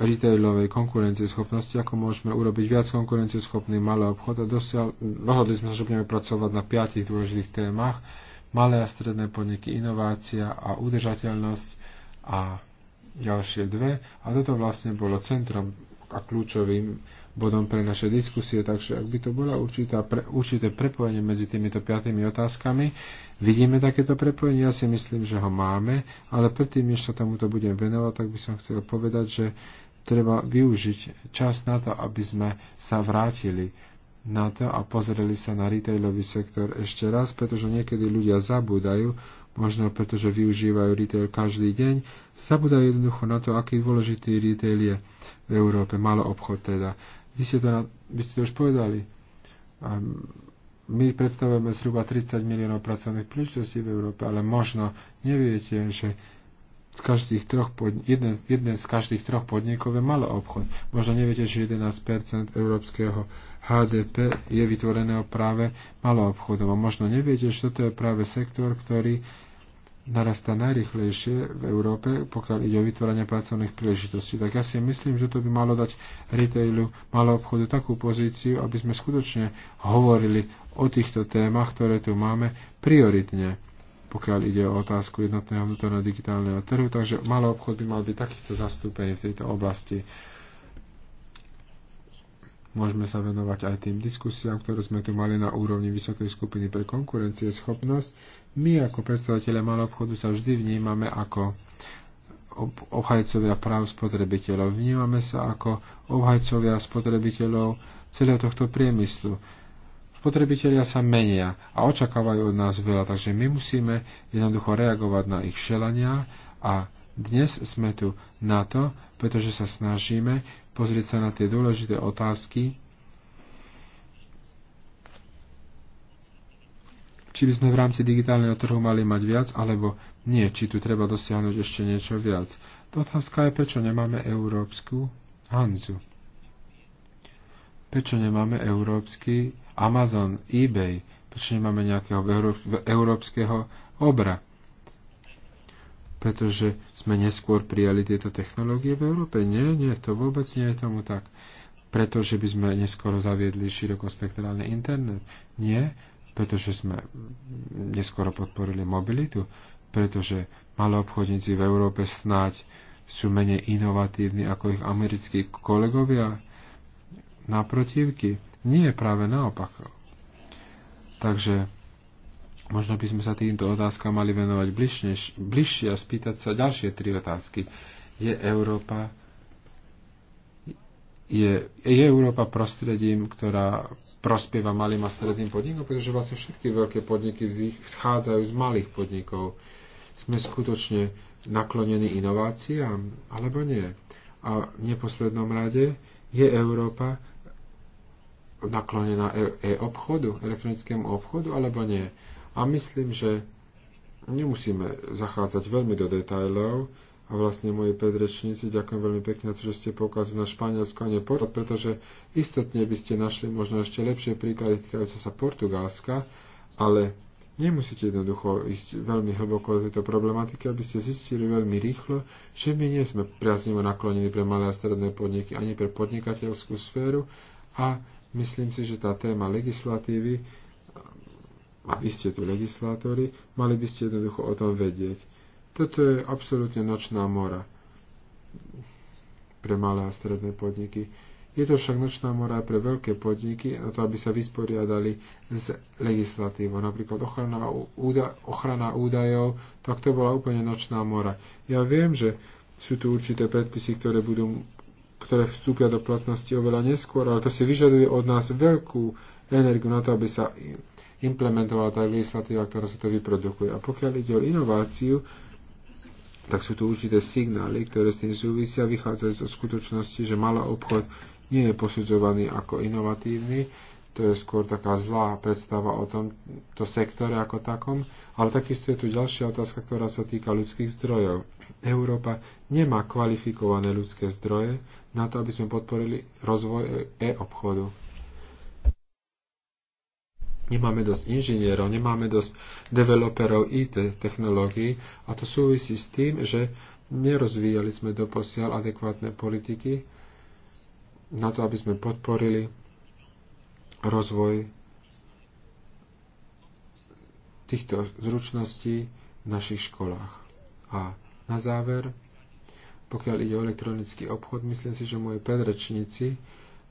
retailovej konkurencieschopnosti, ako môžeme urobiť viac konkurencieschopný malý obchod. A dosiaľ, dohodli sme sa, že budeme pracovať na piatich dôležitých témach. Malé a stredné podniky, inovácia a udržateľnosť a ďalšie dve. A toto vlastne bolo centrom a kľúčovým bodom pre naše diskusie, takže ak by to bola určitá pre, určité prepojenie medzi týmito piatými otázkami, vidíme takéto prepojenie, ja si myslím, že ho máme, ale predtým, než sa tomuto budem venovať, tak by som chcel povedať, že treba využiť čas na to, aby sme sa vrátili na to a pozreli sa na retailový sektor ešte raz, pretože niekedy ľudia zabúdajú, možno pretože využívajú retail každý deň, zabúdajú jednoducho na to, aký dôležitý retail je v Európe, malo obchod teda. Vy ste to, vy ste to už povedali. A my predstavujeme zhruba 30 miliónov pracovných príležitostí v Európe, ale možno neviete, že z každých troch pod, jeden, jeden z každých troch podnikov je malý obchod. Možno neviete, že 11% európskeho HDP je vytvoreného práve malou obchodom. A možno neviete, že toto je práve sektor, ktorý narastá najrychlejšie v Európe, pokiaľ ide o vytvorenie pracovných príležitostí. Tak ja si myslím, že to by malo dať retailu, malo obchodu takú pozíciu, aby sme skutočne hovorili o týchto témach, ktoré tu máme, prioritne pokiaľ ide o otázku jednotného vnútorného digitálneho trhu, takže malý obchod by mal byť takýchto zastúpení v tejto oblasti. Môžeme sa venovať aj tým diskusiám, ktoré sme tu mali na úrovni Vysokej skupiny pre konkurencieschopnosť. My ako predstaviteľe malého obchodu sa vždy vnímame ako obhajcovia práv spotrebiteľov. Vnímame sa ako obhajcovia spotrebiteľov celého tohto priemyslu. Spotrebitelia sa menia a očakávajú od nás veľa, takže my musíme jednoducho reagovať na ich šelania a dnes sme tu na to, pretože sa snažíme pozrieť sa na tie dôležité otázky, či by sme v rámci digitálneho trhu mali mať viac, alebo nie, či tu treba dosiahnuť ešte niečo viac. To otázka je, prečo nemáme európsku Hanzu. Prečo nemáme európsky Amazon, eBay? Prečo nemáme nejakého európskeho obra? pretože sme neskôr prijali tieto technológie v Európe. Nie, nie, to vôbec nie je tomu tak. Pretože by sme neskôr zaviedli širokospektrálny internet. Nie, pretože sme neskoro podporili mobilitu. Pretože obchodníci v Európe snáď sú menej inovatívni ako ich americkí kolegovia Naprotivky. Nie, práve naopak. Takže Možno by sme sa týmto otázkam mali venovať bližšie, bližšie a spýtať sa ďalšie tri otázky. Je Európa, je, je Európa prostredím, ktorá prospieva malým a stredným podnikom, pretože vlastne všetky veľké podniky vzchádzajú z malých podnikov. Sme skutočne naklonení inováciám, alebo nie? A v neposlednom rade je Európa naklonená e, e-obchodu, elektronickému obchodu, alebo nie? A myslím, že nemusíme zachádzať veľmi do detajlov a vlastne moji predrečníci ďakujem veľmi pekne to, že ste poukázali na Španielsko a nie Portugalsko, pretože istotne by ste našli možno ešte lepšie príklady týkajúce sa Portugalska, ale nemusíte jednoducho ísť veľmi hlboko do tejto problematiky, aby ste zistili veľmi rýchlo, že my nie sme priaznivo naklonení pre malé a stredné podniky ani pre podnikateľskú sféru a myslím si, že tá téma legislatívy a vy ste tu legislátori, mali by ste jednoducho o tom vedieť. Toto je absolútne nočná mora pre malé a stredné podniky. Je to však nočná mora pre veľké podniky na to, aby sa vysporiadali s legislatívou. Napríklad ochrana, úda, ochrana údajov, tak to bola úplne nočná mora. Ja viem, že sú tu určité predpisy, ktoré, budú, ktoré vstúpia do platnosti oveľa neskôr, ale to si vyžaduje od nás veľkú energiu na to, aby sa implementovala tá legislatíva, ktorá sa to vyprodukuje. A pokiaľ ide o inováciu, tak sú tu určité signály, ktoré s tým súvisia, vychádzajú zo skutočnosti, že malý obchod nie je posudzovaný ako inovatívny, to je skôr taká zlá predstava o tomto sektore ako takom, ale takisto je tu ďalšia otázka, ktorá sa týka ľudských zdrojov. Európa nemá kvalifikované ľudské zdroje na to, aby sme podporili rozvoj e-obchodu. Nemáme dosť inžinierov, nemáme dosť developerov IT technológií a to súvisí s tým, že nerozvíjali sme doposiaľ adekvátne politiky na to, aby sme podporili rozvoj týchto zručností v našich školách. A na záver, pokiaľ ide o elektronický obchod, myslím si, že moji predrečníci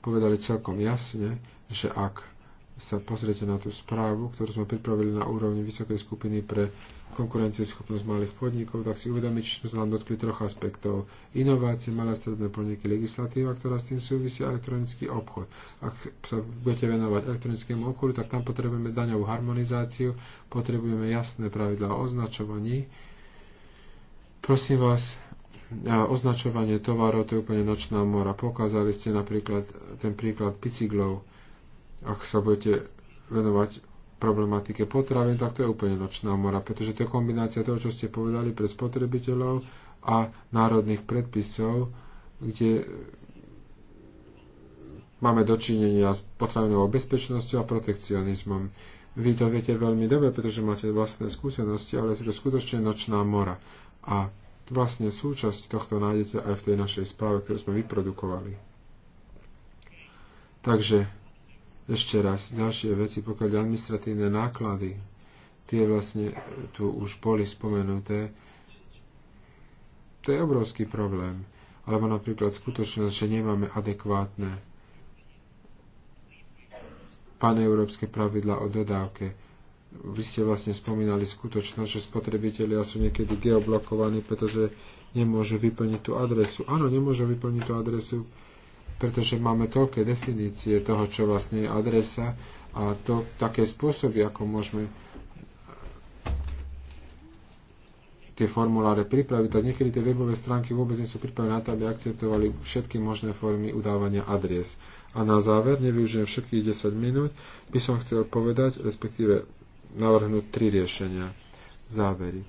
povedali celkom jasne, že ak sa pozriete na tú správu, ktorú sme pripravili na úrovni vysokej skupiny pre konkurencieschopnosť malých podnikov, tak si uvedomíte, že sme sa nám dotkli troch aspektov. Inovácie, malé stredné podniky, legislatíva, ktorá s tým súvisí, elektronický obchod. Ak sa budete venovať elektronickému obchodu, tak tam potrebujeme daňovú harmonizáciu, potrebujeme jasné pravidlá o označovaní. Prosím vás, označovanie tovarov to je úplne nočná mora. Pokázali ste napríklad ten príklad bicyklov ak sa budete venovať problematike potravín, tak to je úplne nočná mora, pretože to je kombinácia toho, čo ste povedali pre spotrebiteľov a národných predpisov, kde máme dočinenia s potravinovou bezpečnosťou a protekcionizmom. Vy to viete veľmi dobre, pretože máte vlastné skúsenosti, ale je to skutočne nočná mora. A vlastne súčasť tohto nájdete aj v tej našej správe, ktorú sme vyprodukovali. Takže ešte raz, ďalšie veci, pokiaľ administratívne náklady, tie vlastne tu už boli spomenuté, to je obrovský problém. Alebo napríklad skutočnosť, že nemáme adekvátne paneurópske pravidla o dodávke. Vy ste vlastne spomínali skutočnosť, že spotrebitelia sú niekedy geoblokovaní, pretože nemôžu vyplniť tú adresu. Áno, nemôžu vyplniť tú adresu, pretože máme toľké definície toho, čo vlastne je adresa a to, také spôsoby, ako môžeme tie formuláre pripraviť, tak niekedy tie webové stránky vôbec nie sú pripravené na to, aby akceptovali všetky možné formy udávania adres. A na záver, nevyužijem všetkých 10 minút, by som chcel povedať, respektíve navrhnúť tri riešenia. Závery.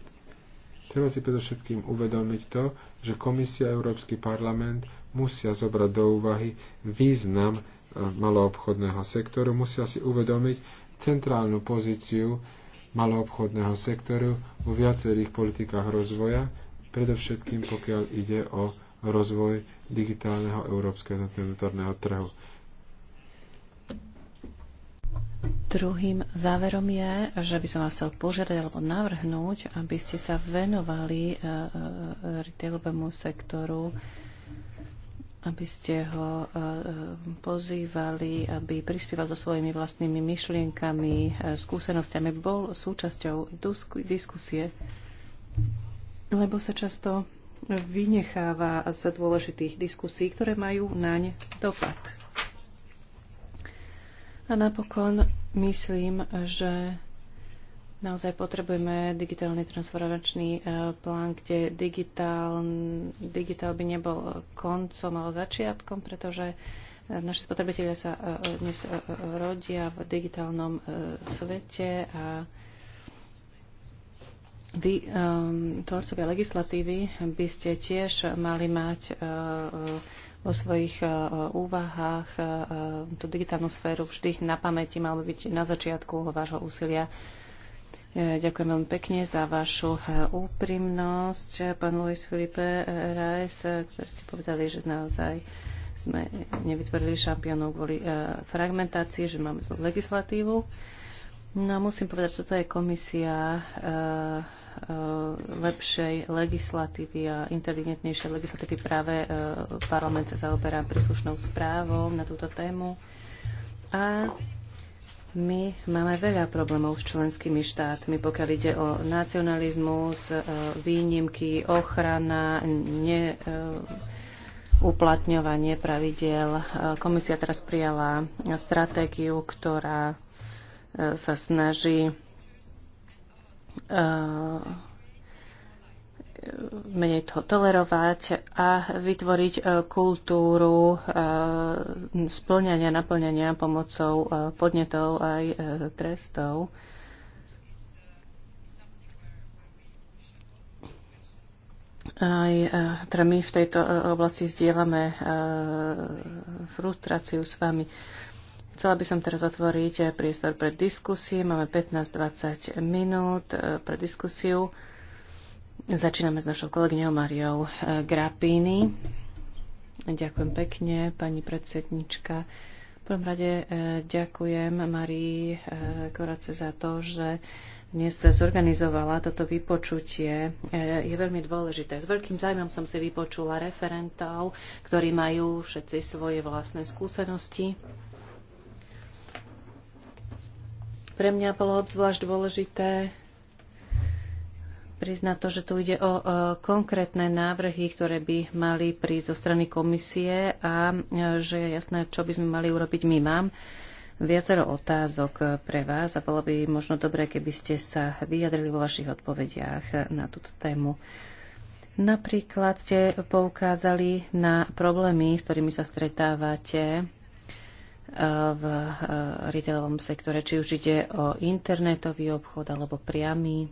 Treba si predovšetkým uvedomiť to, že Komisia a Európsky parlament musia zobrať do úvahy význam e, maloobchodného sektoru, musia si uvedomiť centrálnu pozíciu maloobchodného sektoru vo viacerých politikách rozvoja, predovšetkým pokiaľ ide o rozvoj digitálneho európskeho vnútorného trhu. Druhým záverom je, že by som vás chcel požiadať alebo navrhnúť, aby ste sa venovali e, e, e, retailovému sektoru, aby ste ho pozývali, aby prispieval so svojimi vlastnými myšlienkami, skúsenostiami, bol súčasťou diskusie, lebo sa často vynecháva z dôležitých diskusí, ktoré majú naň dopad. A napokon myslím, že naozaj potrebujeme digitálny transformačný e, plán, kde digitál, digitál by nebol koncom, ale začiatkom, pretože e, naši spotrebitelia sa e, dnes rodia v digitálnom svete a vy, tvorcovia legislatívy, by ste tiež mali mať vo svojich e, úvahách e, tú digitálnu sféru vždy na pamäti malo byť na začiatku vášho úsilia. E, ďakujem veľmi pekne za vašu úprimnosť, pán Luis Filipe Reis, ktorý ste povedali, že naozaj sme nevytvorili šampiónov kvôli fragmentácii, že máme zlú legislatívu. No musím povedať, že toto je komisia eh, eh, lepšej legislatívy a inteligentnejšej legislatívy. Práve eh, parlament sa zaoberá príslušnou správou na túto tému. A my máme veľa problémov s členskými štátmi, pokiaľ ide o nacionalizmus, výnimky, ochrana, ne, uplatňovanie pravidiel. Komisia teraz prijala stratégiu, ktorá sa snaží eh, menej to tolerovať a vytvoriť eh, kultúru eh, splňania, naplňania pomocou podnetov aj trestov. Aj teda my v tejto oblasti zdieľame frustráciu s vami. Chcela by som teraz otvoriť eh, priestor pre diskusie. Máme 15-20 minút eh, pre diskusiu. Začíname s našou kolegyňou Mariou eh, Grapini. Ďakujem pekne, pani predsednička. V prvom rade ďakujem Marii Korace za to, že dnes sa zorganizovala toto vypočutie. Je veľmi dôležité. S veľkým zájmom som si vypočula referentov, ktorí majú všetci svoje vlastné skúsenosti Pre mňa bolo obzvlášť dôležité priznať to, že tu ide o e, konkrétne návrhy, ktoré by mali prísť zo strany komisie a e, že je jasné, čo by sme mali urobiť my. Mám viacero otázok e, pre vás a bolo by možno dobré, keby ste sa vyjadrili vo vašich odpovediach na túto tému. Napríklad ste poukázali na problémy, s ktorými sa stretávate v e, retailovom sektore, či už ide o internetový obchod alebo priamy.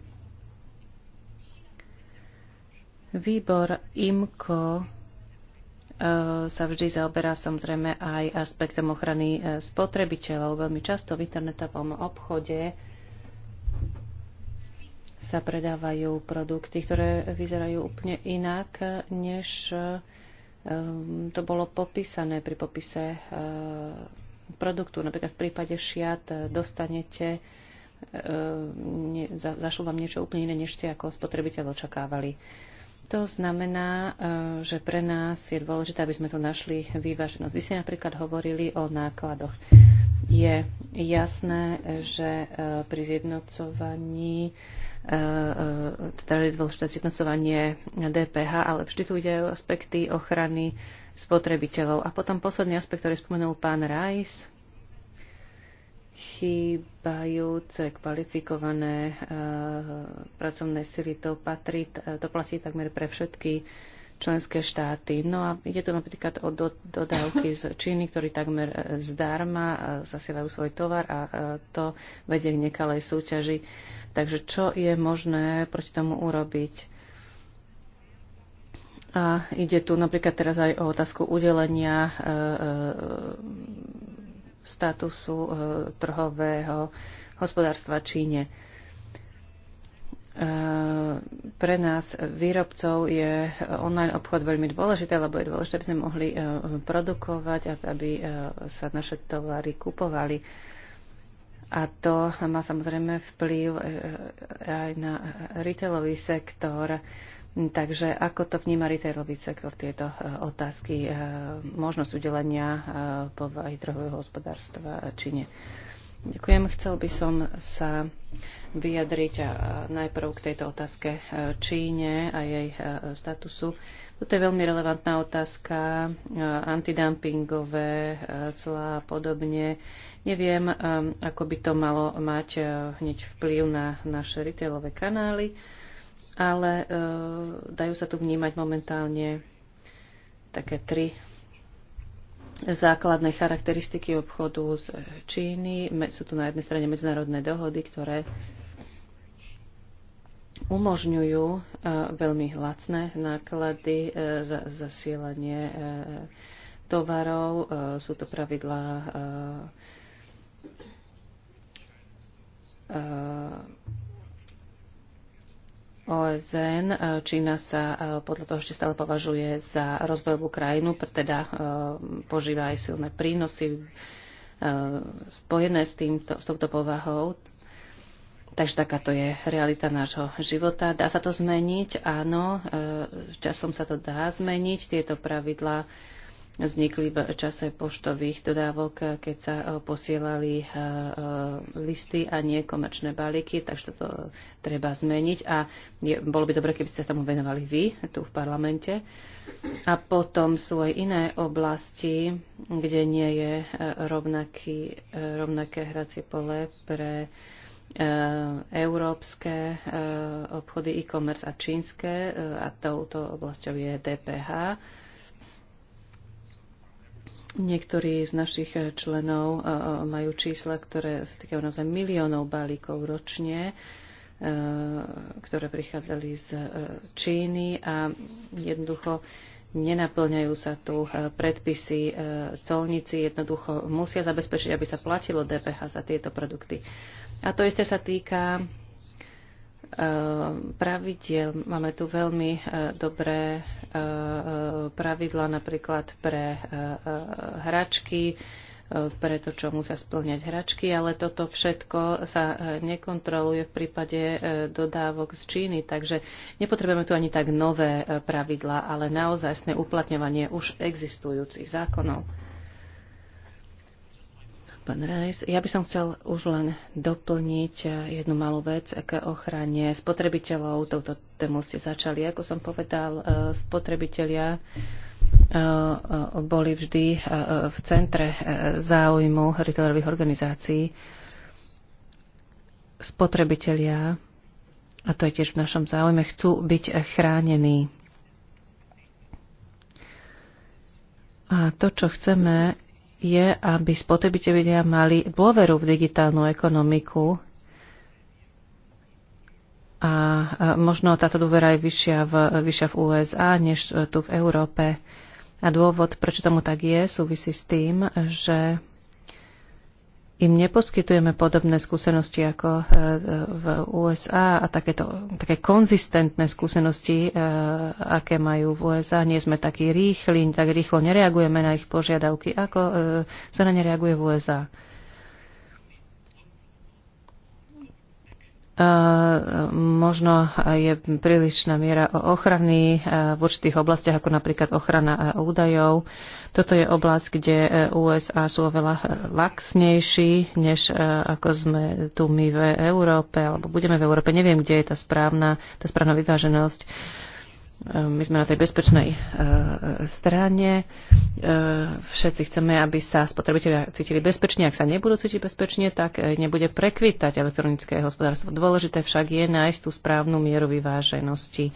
Výbor IMCO e, sa vždy zaoberá samozrejme aj aspektom ochrany e, spotrebiteľov. Veľmi často v internetovom obchode sa predávajú produkty, ktoré vyzerajú úplne inak, než to bolo popísané pri popise produktu. Napríklad v prípade šiat eh, dostanete, eh, ne, za, zašlo vám niečo úplne iné, než ste ako spotrebiteľ očakávali. To znamená, eh, že pre nás je dôležité, aby sme tu našli vyváženosť. Vy ste napríklad hovorili o nákladoch. Je jasné, že pri zjednocovaní, teda je dôležité zjednocovanie DPH, ale vždy tu ide o aspekty ochrany spotrebiteľov. A potom posledný aspekt, ktorý spomenul pán Rajs, chýbajúce kvalifikované e, pracovné sily, to, patrí, eh, to platí takmer pre všetky členské štáty. No a ide tu napríklad o do, dodávky z Číny, ktorí takmer eh, zdarma zasielajú svoj tovar a to vedie k nekalej súťaži. Takže čo je možné proti tomu urobiť? A ide tu napríklad teraz aj o otázku udelenia e, e, statusu e, trhového hospodárstva Číne. Pre nás výrobcov je online obchod veľmi dôležité, lebo je dôležité, aby sme mohli produkovať a aby sa naše tovary kupovali. A to má samozrejme vplyv aj na retailový sektor. Takže ako to vníma retailový sektor tieto e, otázky, e, možnosť udelenia e, povahy trhového hospodárstva Číne? Ďakujem. Chcel by som sa vyjadriť najprv k tejto otázke Číne a jej statusu. Toto je veľmi relevantná otázka, antidumpingové clá a podobne. Neviem, ako by to malo mať hneď vplyv na naše retailové kanály ale e, dajú sa tu vnímať momentálne také tri základné charakteristiky obchodu z Číny. Sú tu na jednej strane medzinárodné dohody, ktoré umožňujú e, veľmi lacné náklady e, za zasielanie e, tovarov. Sú to pravidlá OSN. E, Čína sa e, podľa toho ešte stále považuje za rozvojovú krajinu, teda e, požíva aj silné prínosy spojené s, týmto, s touto povahou. Takže takáto je realita nášho života. Dá sa to zmeniť? Áno, časom sa to dá zmeniť. Tieto pravidlá vznikli v čase poštových dodávok, keď sa eh, posielali eh, eh, listy a nie komerčné balíky, takže to treba zmeniť a je, bolo by dobre, keby ste tomu venovali vy tu v parlamente. A potom sú aj iné oblasti, kde nie je rovnaký, rovnaké hracie pole pre európske obchody e-commerce a čínske a touto oblasťou je DPH Niektorí z našich eh, členov eh, eh, majú čísla, ktoré sa týkajú naozaj miliónov balíkov ročne, ktoré prichádzali z Číny a jednoducho nenaplňajú sa tu predpisy. Colníci jednoducho musia zabezpečiť, aby sa platilo DPH za tieto produkty. A to isté sa týka Eh, pravidiel. Máme tu veľmi eh, dobré eh, pravidla napríklad pre hračky, pre to, čo musia splňať hračky, ale toto všetko sa nekontroluje v prípade dodávok z Číny, takže nepotrebujeme tu ani tak nové pravidlá, ale naozajstné uplatňovanie už existujúcich zákonov. Pán Rajs, ja by som chcel už len doplniť eh, jednu malú vec k ochrane spotrebiteľov. Touto tému ste začali. Ako som povedal, eh, spotrebitelia eh, boli vždy v centre záujmu retailerových organizácií. Spotrebitelia, a to je tiež v našom záujme, chcú byť chránení. A to, čo chceme, je, aby spotrebitelia mali dôveru v digitálnu ekonomiku a možno táto dôvera je vyššia v, vyššia v USA než tu v Európe. A dôvod, prečo tomu tak je, súvisí s tým, že im neposkytujeme podobné skúsenosti ako e, v USA a takéto, také konzistentné skúsenosti, e, aké majú v USA. Nie sme takí rýchli, tak rýchlo nereagujeme na ich požiadavky, ako e, sa na ne reaguje v USA. Eh, možno je prílišná miera ochrany eh, v určitých oblastiach, ako napríklad ochrana eh, údajov. Toto je oblasť, kde USA sú oveľa laxnejší, než ako sme tu my v Európe, alebo budeme v Európe. Neviem, kde je tá správna, tá správna vyváženosť my sme na tej bezpečnej e, strane. E, všetci chceme, aby sa spotrebitelia cítili bezpečne. Ak sa nebudú cítiť bezpečne, tak e, nebude prekvitať elektronické hospodárstvo. Dôležité však je nájsť tú správnu mieru vyváženosti.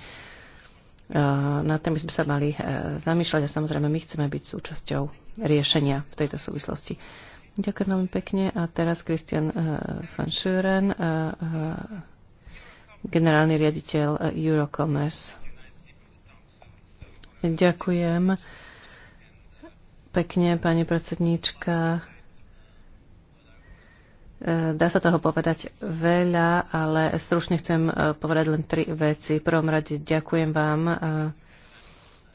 Na tým by sme sa mali zamýšľať a samozrejme my chceme byť súčasťou riešenia v tejto súvislosti. Ďakujem veľmi pekne. A teraz Christian van Schuren, generálny riaditeľ Eurocommerce. Ďakujem pekne, pani predsedníčka. E, dá sa toho povedať veľa, ale stručne chcem e, povedať len tri veci. V prvom rade ďakujem vám e,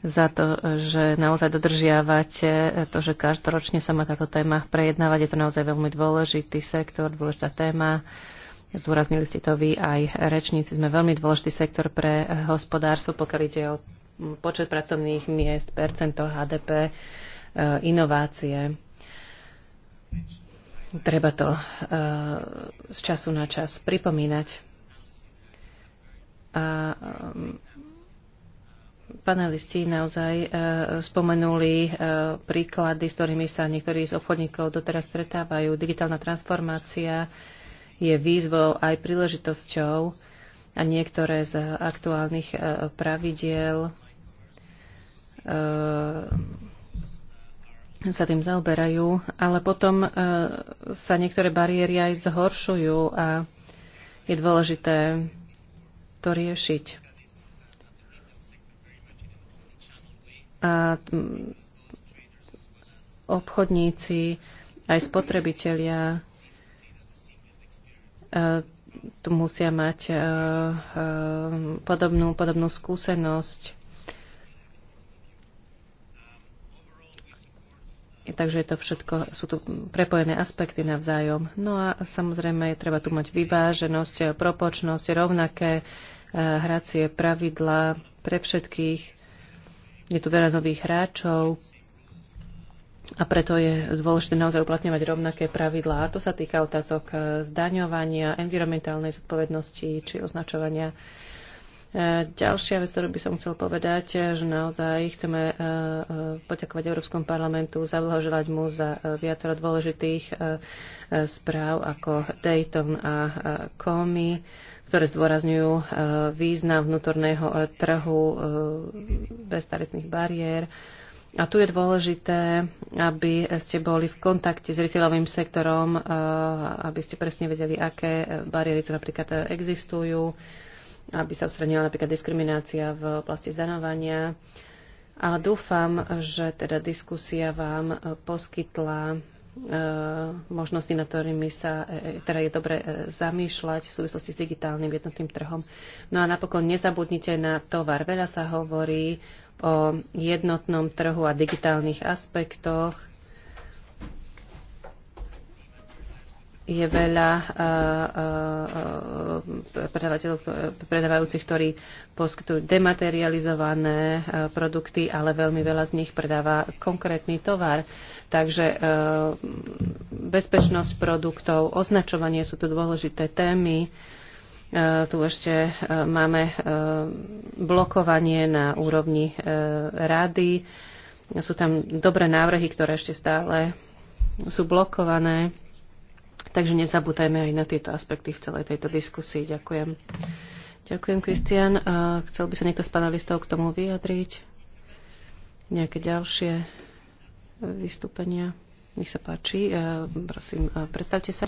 za to, že naozaj dodržiavate to, že každoročne sa má táto téma prejednávať. Je to naozaj veľmi dôležitý sektor, dôležitá téma. Zdôraznili ste to vy aj rečníci. Sme veľmi dôležitý sektor pre hospodárstvo, pokiaľ ide o počet pracovných miest, percento HDP, e, inovácie. Treba to e, z času na čas pripomínať. A e, panelisti naozaj spomenuli príklady, s ktorými sa niektorí z obchodníkov doteraz stretávajú. Digitálna transformácia je výzvou aj príležitosťou a niektoré z aktuálnych pravidiel E, sa tým zaoberajú, ale potom e, sa niektoré bariéry aj zhoršujú a je dôležité to riešiť. A mm, obchodníci, aj spotrebitelia e, tu musia mať podobnú, podobnú skúsenosť Takže je to všetko, sú tu prepojené aspekty navzájom. No a samozrejme je treba tu mať vyváženosť, propočnosť, rovnaké eh, hracie pravidla pre všetkých. Je tu veľa nových hráčov a preto je dôležité naozaj uplatňovať rovnaké pravidlá. A to sa týka otázok eh, zdaňovania, environmentálnej zodpovednosti či označovania Ďalšia vec, ktorú by som chcel povedať, že naozaj chceme eh, eh, poďakovať Európskom parlamentu, zablahoželať mu za eh, viacero dôležitých správ ako Dayton a Comey, ktoré zdôrazňujú význam vnútorného trhu bez tarifných bariér. A tu je dôležité, aby ste boli v kontakte s retailovým sektorom, aby ste presne vedeli, aké bariéry tu napríklad existujú aby sa odstranila napríklad diskriminácia v oblasti zdanovania. Ale dúfam, že teda diskusia vám e, poskytla e, možnosti, na ktorými sa e, teda je dobre zamýšľať v súvislosti s digitálnym jednotným trhom. No a napokon nezabudnite na tovar. Veľa sa hovorí o jednotnom trhu a digitálnych aspektoch je veľa eh, eh, eh, predávajúcich, ktorí poskytujú dematerializované produkty, ale veľmi veľa z nich predáva konkrétny tovar. Takže bezpečnosť produktov, označovanie sú tu dôležité témy. Tu ešte máme blokovanie na úrovni rady. Sú tam dobré návrhy, ktoré ešte stále sú blokované Takže nezabúdajme aj na tieto aspekty v celej tejto diskusii. Ďakujem. Ďakujem, Kristian. Chcel by sa niekto z panelistov k tomu vyjadriť? Nejaké ďalšie vystúpenia? Nech sa páči. E, prosím, e, predstavte sa.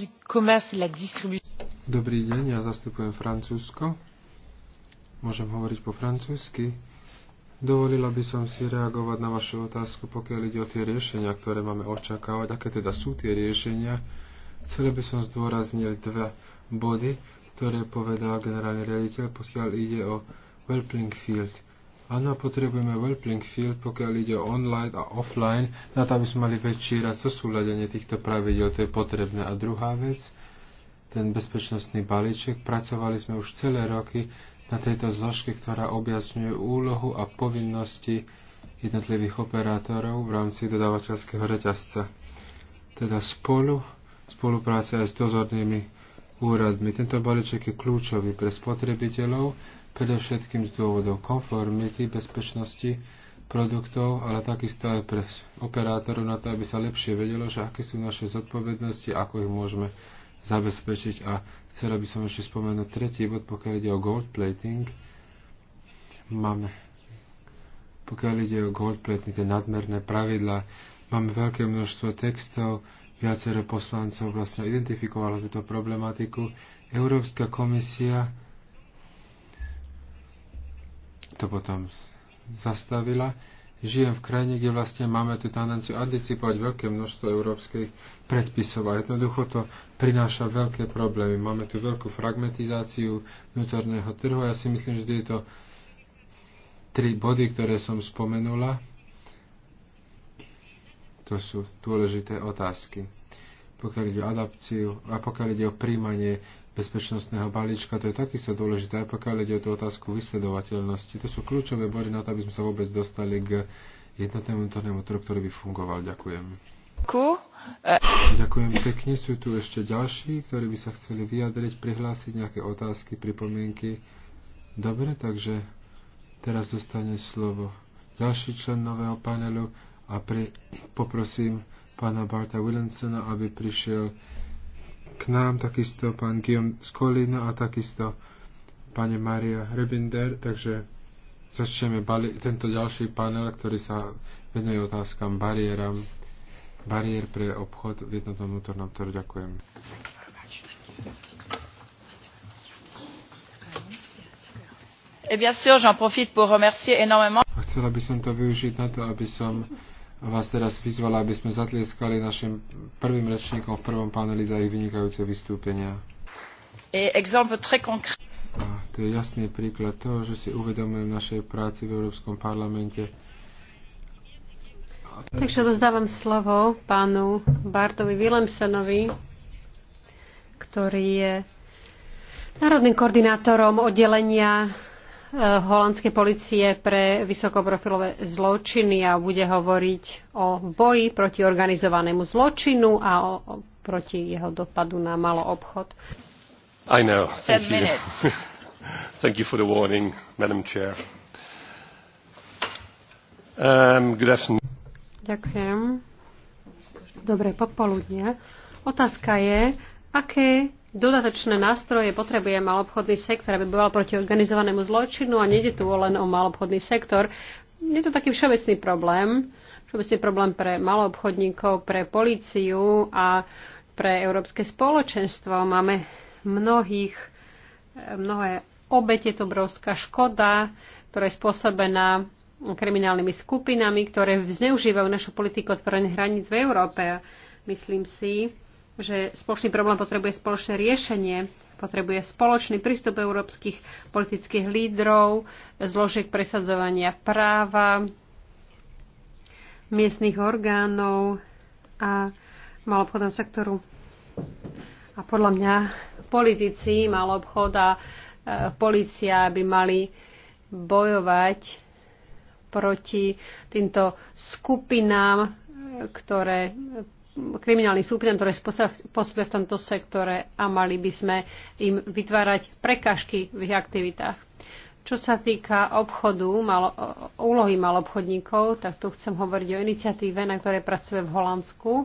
Dobrý deň, ja zastupujem Francúzsko. Môžem hovoriť po francúzsky. Dovolila by som si reagovať na vašu otázku, pokiaľ ide o tie riešenia, ktoré máme očakávať. Aké teda sú tie riešenia? Chcel by som zdôraznil dva body, ktoré povedal generálny riaditeľ, pokiaľ ide o Wellpling Field. Áno, potrebujeme Wellpling Field, pokiaľ ide o online a offline, na to, aby sme mali väčší raz zosúľadenie týchto pravidel, to je potrebné. A druhá vec, ten bezpečnostný balíček, pracovali sme už celé roky na tejto zložke, ktorá objasňuje úlohu a povinnosti jednotlivých operátorov v rámci dodávateľského reťazca. Teda spolu spolupráce aj s dozornými úradmi. Tento balíček je kľúčový pre spotrebiteľov, predovšetkým z dôvodov konformity, bezpečnosti produktov, ale takisto aj pre operátorov na to, aby sa lepšie vedelo, že aké sú naše zodpovednosti, ako ich môžeme zabezpečiť. A chcel by som ešte spomenúť tretí bod, pokiaľ ide o gold plating. Máme, pokiaľ ide o gold plating, tie nadmerné pravidlá, máme veľké množstvo textov, viacero poslancov vlastne identifikovalo túto problematiku. Európska komisia to potom zastavila. Žijem v krajine, kde vlastne máme tú tendenciu anticipovať veľké množstvo európskych predpisov a jednoducho to prináša veľké problémy. Máme tu veľkú fragmentizáciu vnútorného trhu. Ja si myslím, že tieto tri body, ktoré som spomenula, to sú dôležité otázky. Pokiaľ ide o adapciu a pokiaľ ide o príjmanie bezpečnostného balíčka, to je takisto dôležité, aj pokiaľ ide o tú otázku vysledovateľnosti. To sú kľúčové body na to, aby sme sa vôbec dostali k jednotnému vnútornému trhu, ktorý by fungoval. Ďakujem. Ku? E- Ďakujem pekne. Sú tu ešte ďalší, ktorí by sa chceli vyjadriť, prihlásiť nejaké otázky, pripomienky. Dobre, takže teraz dostane slovo ďalší člen nového panelu, a pre, poprosím pána Barta Williamsona, aby prišiel k nám, takisto pán Guillaume Skolina a takisto pani Maria Rebinder, takže začneme bali- tento ďalší panel, ktorý sa venuje otázkam bariéram, bariér pre obchod v jednotnom vnútornom trhu. Ďakujem. Et eh bien sûr, j'en profite pour remercier énormément. Chcela by som to využiť na to, aby som vás teraz vyzvala, aby sme zatlieskali našim prvým rečníkom v prvom paneli za ich vynikajúce vystúpenia. A to je jasný príklad toho, že si uvedomujem v našej práci v Európskom parlamente. Takže dozdávam slovo pánu Bartovi Willemsenovi, ktorý je národným koordinátorom oddelenia holandskej policie pre vysokoprofilové zločiny a bude hovoriť o boji proti organizovanému zločinu a o, o, proti jeho dopadu na malo obchod. I know. Thank you. Thank you for the warning, Madam Chair. Um, good afternoon. Ďakujem. Dobré popoludne. Otázka je, aké dodatočné nástroje potrebuje malobchodný sektor, aby bojoval proti organizovanému zločinu a nejde tu len o malobchodný sektor. Je to taký všeobecný problém, všeobecný problém pre maloobchodníkov, pre políciu a pre európske spoločenstvo. Máme mnohých, mnohé obete, to obrovská škoda, ktorá je spôsobená kriminálnymi skupinami, ktoré zneužívajú našu politiku otvorených hraníc v Európe. Myslím si, že spoločný problém potrebuje spoločné riešenie, potrebuje spoločný prístup európskych politických lídrov, zložiek presadzovania práva, miestnych orgánov a malobchodného sektoru. A podľa mňa politici, malobchod a e, policia by mali bojovať proti týmto skupinám, e, ktoré kriminálnym skupinám, ktoré pôsobia v tomto sektore a mali by sme im vytvárať prekažky v ich aktivitách. Čo sa týka obchodu, malo, úlohy malobchodníkov, tak tu chcem hovoriť o iniciatíve, na ktorej pracuje v Holandsku.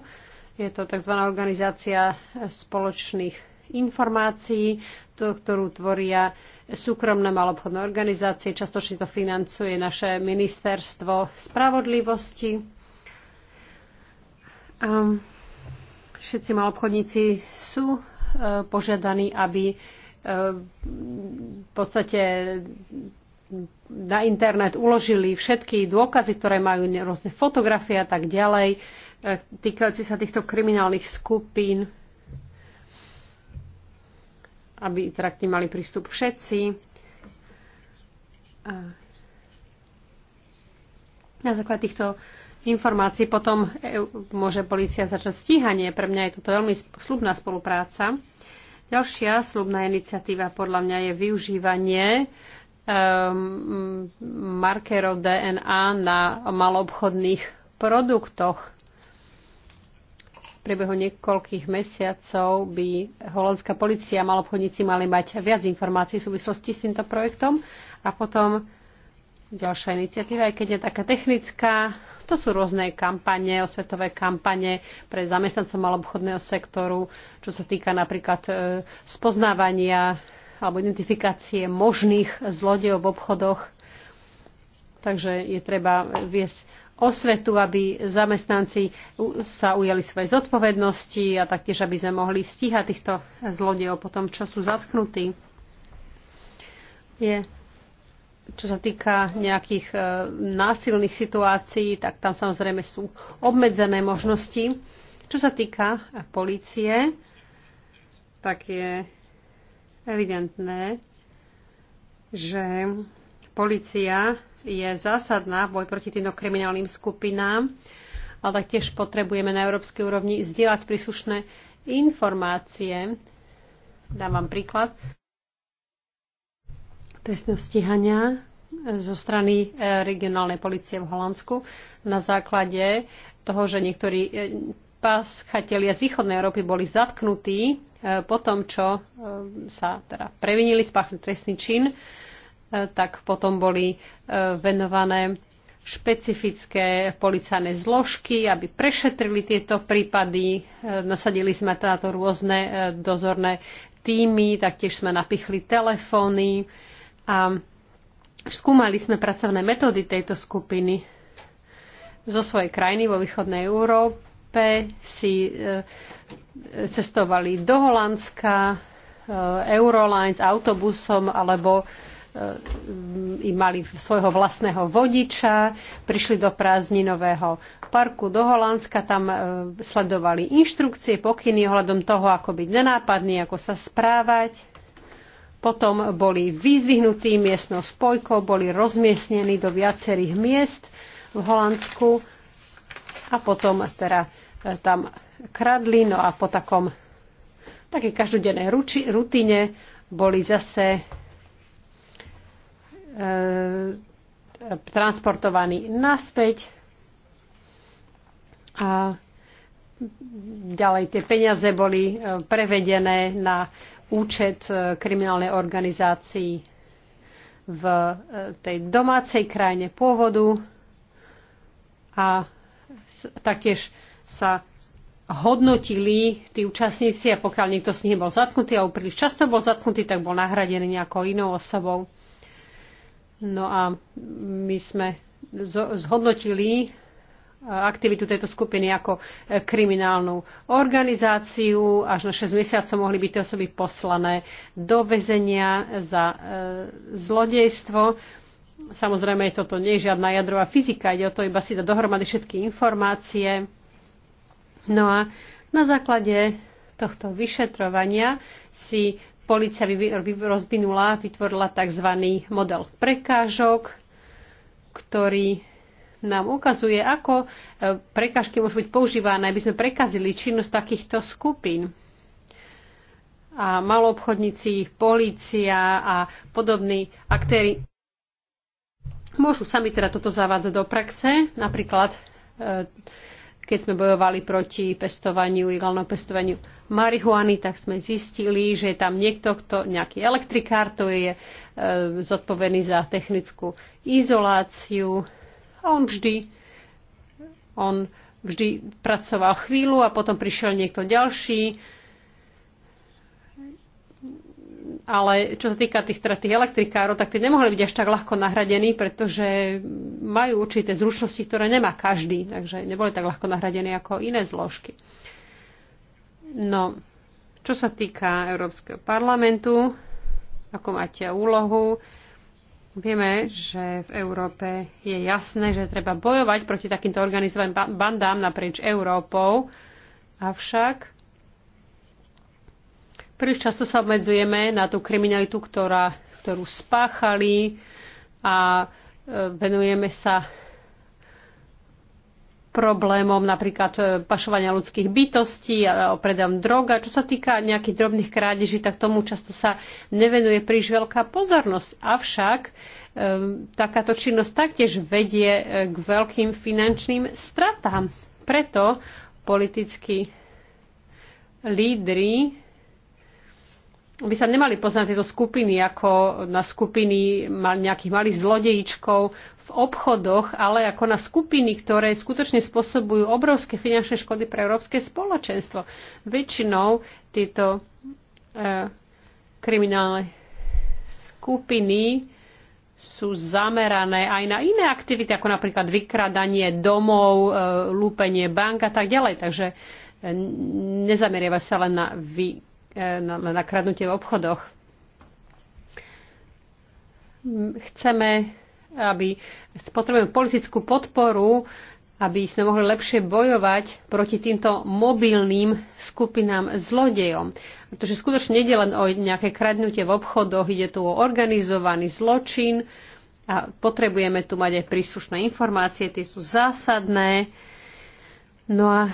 Je to tzv. organizácia spoločných informácií, to, ktorú tvoria súkromné malobchodné organizácie. Častočne to financuje naše ministerstvo spravodlivosti Um, všetci malobchodníci sú uh, požiadaní, aby e, v podstate na internet uložili všetky dôkazy, ktoré majú rôzne fotografie a tak ďalej, e, týkajúci sa týchto kriminálnych skupín, aby teda k tým mali prístup všetci. na základe týchto informácií, potom e, môže policia začať stíhanie. Pre mňa je toto veľmi slubná spolupráca. Ďalšia slubná iniciatíva podľa mňa je využívanie um, markerov DNA na malobchodných produktoch. V priebehu niekoľkých mesiacov by holandská policia a malobchodníci mali mať viac informácií v súvislosti s týmto projektom a potom Ďalšia iniciatíva, aj keď je taká technická, to sú rôzne kampane, osvetové kampane pre zamestnancov malobchodného sektoru, čo sa týka napríklad e, spoznávania alebo identifikácie možných zlodejov v obchodoch. Takže je treba viesť osvetu, aby zamestnanci sa ujali svoje zodpovednosti a taktiež, aby sme mohli stíhať týchto zlodejov po tom, čo sú zatknutí. Je čo sa týka nejakých e, násilných situácií, tak tam samozrejme sú obmedzené možnosti. Čo sa týka policie, tak je evidentné, že policia je zásadná v boj proti týmto kriminálnym skupinám, ale taktiež potrebujeme na európskej úrovni zdieľať príslušné informácie. Dám vám príklad trestného stíhania e, zo strany e, regionálnej policie v Holandsku na základe toho, že niektorí e, páschatelia z východnej Európy boli zatknutí po tom, čo sa teda previnili, spáchli trestný čin, tak potom boli venované špecifické policajné zložky, aby prešetrili tieto prípady. Nasadili sme táto teda rôzne dozorné týmy, taktiež sme napichli telefóny. A skúmali sme pracovné metódy tejto skupiny zo svojej krajiny vo východnej Európe, si e, cestovali do Holandska, e, Eurolines autobusom alebo e, i mali svojho vlastného vodiča, prišli do prázdninového parku do Holandska, tam e, sledovali inštrukcie, pokyny ohľadom toho, ako byť nenápadný, ako sa správať potom boli vyzvihnutí miestnou spojkou, boli rozmiestnení do viacerých miest v Holandsku a potom teda e, tam kradli, no a po takom také každodennej ruči, rutine boli zase e, transportovaní naspäť a ďalej tie peniaze boli e, prevedené na účet e, kriminálnej organizácii v e, tej domácej krajine pôvodu a taktiež sa hodnotili tí účastníci a pokiaľ niekto z nich bol zatknutý alebo príliš často bol zatknutý, tak bol nahradený nejakou inou osobou. No a my sme zhodnotili aktivitu tejto skupiny ako e, kriminálnu organizáciu. Až na 6 mesiacov mohli byť tie osoby poslané do väzenia za e, zlodejstvo. Samozrejme, toto nie je žiadna jadrová fyzika, ide o to iba si dať dohromady všetky informácie. No a na základe tohto vyšetrovania si policia rozvinula, vytvorila tzv. model prekážok, ktorý nám ukazuje, ako e, prekažky môžu byť používané, aby sme prekazili činnosť takýchto skupín. A maloobchodníci, polícia a podobní aktéry môžu sami teda toto zavádzať do praxe. Napríklad, e, keď sme bojovali proti pestovaniu, ilegálnemu pestovaniu marihuany, tak sme zistili, že je tam niekto, kto, nejaký elektrikár, to je e, zodpovedný za technickú izoláciu a on vždy, on vždy pracoval chvíľu a potom prišiel niekto ďalší. Ale čo sa týka tých, teda tých elektrikárov, tak tie nemohli byť až tak ľahko nahradení, pretože majú určité zručnosti, ktoré nemá každý. Takže neboli tak ľahko nahradení ako iné zložky. No, čo sa týka Európskeho parlamentu, ako máte úlohu, Vieme, že v Európe je jasné, že treba bojovať proti takýmto organizovaným bandám naprieč Európou, avšak príliš často sa obmedzujeme na tú kriminalitu, ktorá, ktorú spáchali a e, venujeme sa problémom napríklad e, pašovania ľudských bytostí, a predám a Čo sa týka nejakých drobných krádeží, tak tomu často sa nevenuje príliš veľká pozornosť. Avšak e, takáto činnosť taktiež vedie e, k veľkým finančným stratám. Preto politickí lídry by sa nemali poznať tieto skupiny ako na skupiny nejakých malých zlodejčkov v obchodoch, ale ako na skupiny, ktoré skutočne spôsobujú obrovské finančné škody pre európske spoločenstvo. Väčšinou tieto e, kriminálne skupiny sú zamerané aj na iné aktivity, ako napríklad vykradanie domov, e, lúpenie bank a tak ďalej. Takže e, nezameriava sa len na vy E, na, na kradnutie v obchodoch. Chceme, aby potrebujeme politickú podporu, aby sme mohli lepšie bojovať proti týmto mobilným skupinám zlodejom. Pretože skutočne nejde len o nejaké kradnutie v obchodoch, ide tu o organizovaný zločin a potrebujeme tu mať aj príslušné informácie, tie sú zásadné. No a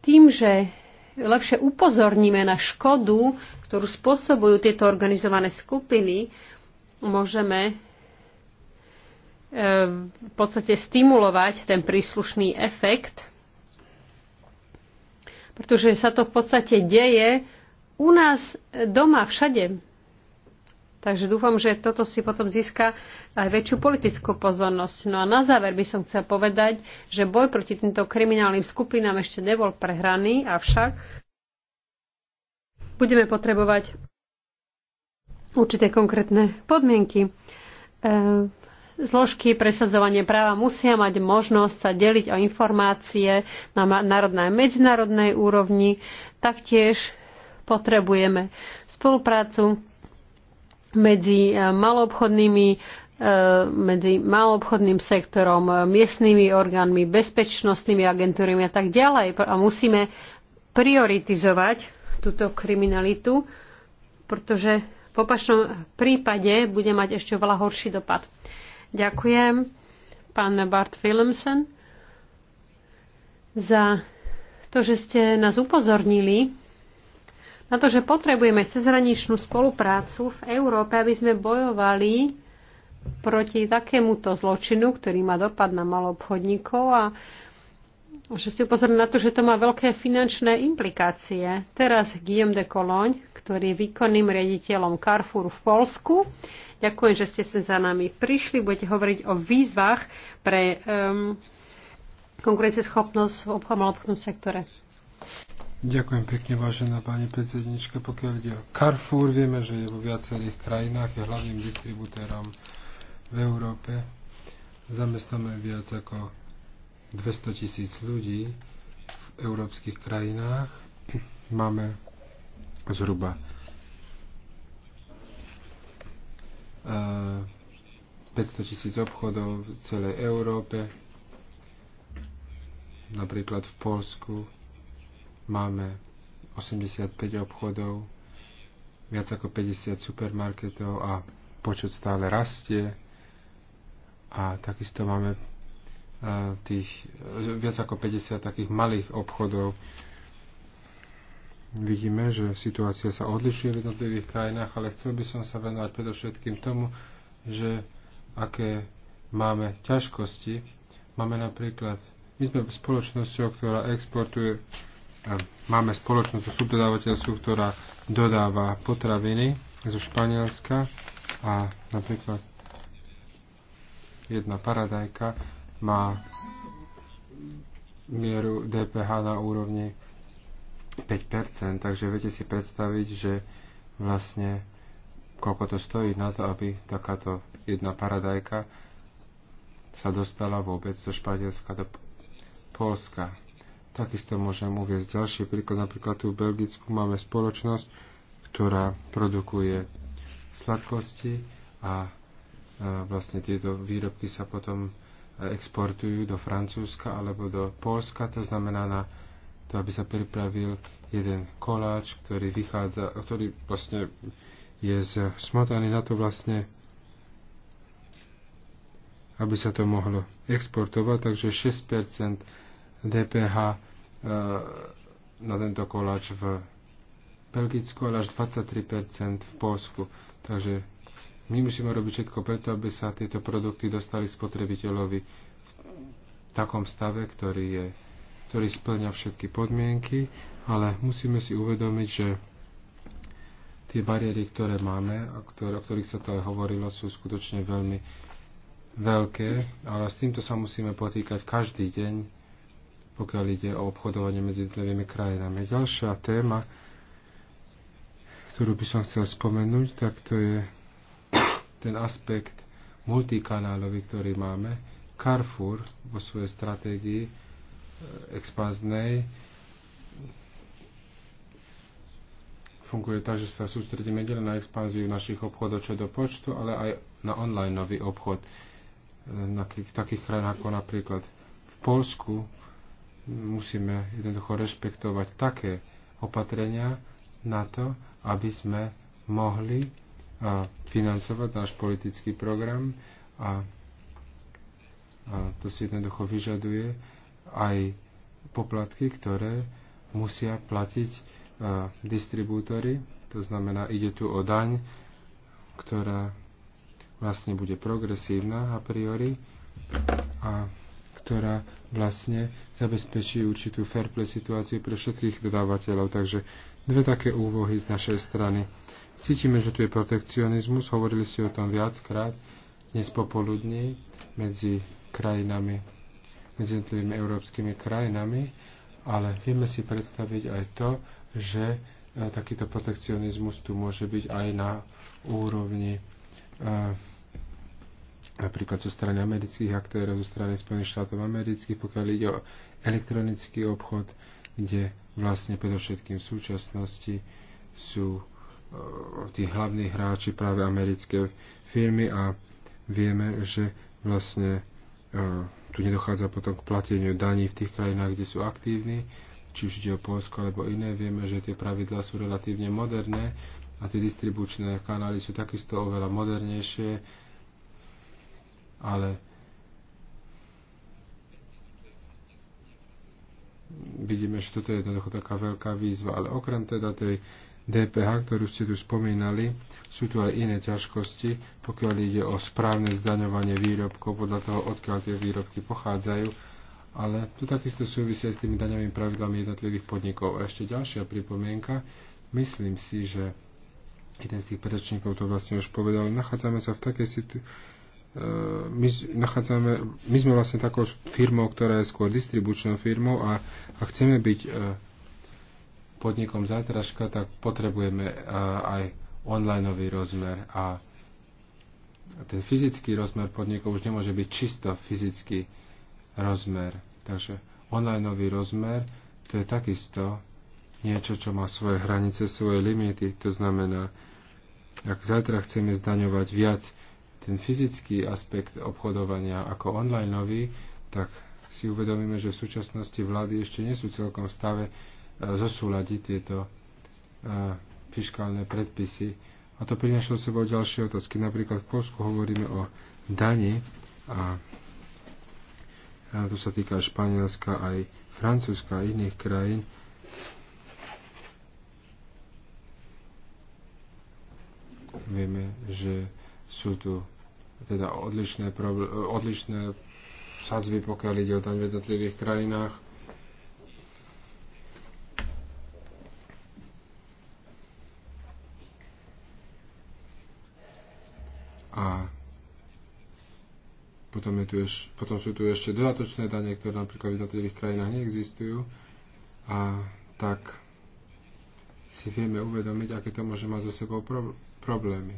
tým, že lepšie upozorníme na škodu, ktorú spôsobujú tieto organizované skupiny, môžeme e, v podstate stimulovať ten príslušný efekt, pretože sa to v podstate deje u nás doma, všade, Takže dúfam, že toto si potom získa aj väčšiu politickú pozornosť. No a na záver by som chcel povedať, že boj proti týmto kriminálnym skupinám ešte nebol prehraný, avšak budeme potrebovať určité konkrétne podmienky. E, zložky presadzovanie práva musia mať možnosť sa deliť o informácie na národnej a medzinárodnej úrovni. Taktiež potrebujeme spoluprácu medzi eh, maloobchodnými eh, medzi maloobchodným sektorom, eh, miestnymi orgánmi, bezpečnostnými agentúrami a tak ďalej. A musíme prioritizovať túto kriminalitu, pretože v opačnom prípade bude mať ešte veľa horší dopad. Ďakujem pán Bart Willemsen za to, že ste nás upozornili na to, že potrebujeme cezhraničnú spoluprácu v Európe, aby sme bojovali proti takémuto zločinu, ktorý má dopad na malobchodníkov a že ste upozorili na to, že to má veľké finančné implikácie. Teraz Guillaume de Cologne, ktorý je výkonným riaditeľom Carrefour v Polsku. Ďakujem, že ste sa za nami prišli. Budete hovoriť o výzvach pre um, ehm, konkurencieschopnosť v obchodnom sektore. Ďakujem pekne, vážená pani predsednička. Pokiaľ ide o Carrefour, vieme, že je vo viacerých krajinách, je hlavným distribútorom v Európe. Zamestnáme viac ako 200 tisíc ľudí v európskych krajinách. Máme zhruba 500 e, tisíc obchodov v celej Európe, napríklad v Polsku Máme 85 obchodov, viac ako 50 supermarketov a počet stále rastie. A takisto máme e, tých e, viac ako 50 takých malých obchodov. Vidíme, že situácia sa odlišuje v jednotlivých krajinách, ale chcel by som sa venovať predovšetkým tomu, že aké máme ťažkosti. Máme napríklad, my sme spoločnosťou, ktorá exportuje máme spoločnosť subdodávateľskú, ktorá dodáva potraviny zo Španielska a napríklad jedna paradajka má mieru DPH na úrovni 5%, takže viete si predstaviť, že vlastne koľko to stojí na to, aby takáto jedna paradajka sa dostala vôbec zo Španielska, do Polska. Takisto môžem uviezť ďalší príklad. Napríklad tu v Belgicku máme spoločnosť, ktorá produkuje sladkosti a e, vlastne tieto výrobky sa potom e, exportujú do Francúzska alebo do Polska, to znamená na to, aby sa pripravil jeden koláč, ktorý vychádza, ktorý vlastne je z smotany na to vlastne, aby sa to mohlo exportovať, takže 6% DPH e, na tento koláč v Belgicku, ale až 23% v Polsku. Takže my musíme robiť všetko preto, aby sa tieto produkty dostali spotrebiteľovi v takom stave, ktorý, je, ktorý splňa všetky podmienky, ale musíme si uvedomiť, že tie bariéry, ktoré máme, a ktoré, o ktorých sa to aj hovorilo, sú skutočne veľmi veľké, ale s týmto sa musíme potýkať každý deň pokiaľ ide o obchodovanie medzi jednotlivými krajinami. Ďalšia téma, ktorú by som chcel spomenúť, tak to je ten aspekt multikanálový, ktorý máme. Carrefour vo svojej stratégii e, expanznej funguje tak, že sa sústredíme nielen na expanziu našich obchodov čo do počtu, ale aj na online nový obchod e, na takých krajinách ako napríklad v Polsku musíme jednoducho rešpektovať také opatrenia na to, aby sme mohli financovať náš politický program a, a to si jednoducho vyžaduje aj poplatky, ktoré musia platiť distribútory. To znamená, ide tu o daň, ktorá vlastne bude progresívna a priori. A ktorá vlastne zabezpečí určitú fair play situáciu pre všetkých dodávateľov. Takže dve také úvohy z našej strany. Cítime, že tu je protekcionizmus, hovorili ste o tom viackrát dnes popoludní medzi krajinami, medzi jednotlivými európskymi krajinami, ale vieme si predstaviť aj to, že e, takýto protekcionizmus tu môže byť aj na úrovni uh, napríklad zo strany amerických aktérov, zo strany Spojených štátov amerických, pokiaľ ide o elektronický obchod, kde vlastne predovšetkým v súčasnosti sú eh, tí hlavní hráči práve americké firmy a vieme, že vlastne eh, tu nedochádza potom k plateniu daní v tých krajinách, kde sú aktívni, či už ide o Polsko alebo iné. Vieme, že tie pravidlá sú relatívne moderné a tie distribučné kanály sú takisto oveľa modernejšie ale vidíme, že toto je jednoducho taká veľká výzva. Ale okrem teda tej DPH, ktorú ste tu spomínali, sú tu aj iné ťažkosti, pokiaľ ide o správne zdaňovanie výrobkov podľa toho, odkiaľ tie výrobky pochádzajú, ale to takisto súvisia s tými daňovými pravidlami jednotlivých podnikov. A ešte ďalšia pripomienka, myslím si, že jeden z tých predačníkov to vlastne už povedal, nachádzame sa v takej situácii, E, my, nachádzame, my sme vlastne takou firmou, ktorá je skôr distribučnou firmou a, a chceme byť e, podnikom zátražka, tak potrebujeme e, aj onlineový rozmer a ten fyzický rozmer podnikov už nemôže byť čisto fyzický rozmer. Takže onlineový rozmer to je takisto niečo, čo má svoje hranice, svoje limity. To znamená, ak zajtra chceme zdaňovať viac ten fyzický aspekt obchodovania ako online nový, tak si uvedomíme, že v súčasnosti vlády ešte nie sú celkom v stave e, zosúľadiť tieto e, fiskálne predpisy. A to prinašlo sebou ďalšie otázky. Napríklad v Polsku hovoríme o dani a to sa týka Španielska, aj Francúzska a iných krajín. Vieme, že sú tu teda odlišné, odlišné sazby, pokiaľ ide o daň v jednotlivých krajinách. A potom, je tu eš, potom sú tu ešte dodatočné dane, ktoré napríklad v jednotlivých krajinách neexistujú. A tak si vieme uvedomiť, aké to môže mať so sebou problémy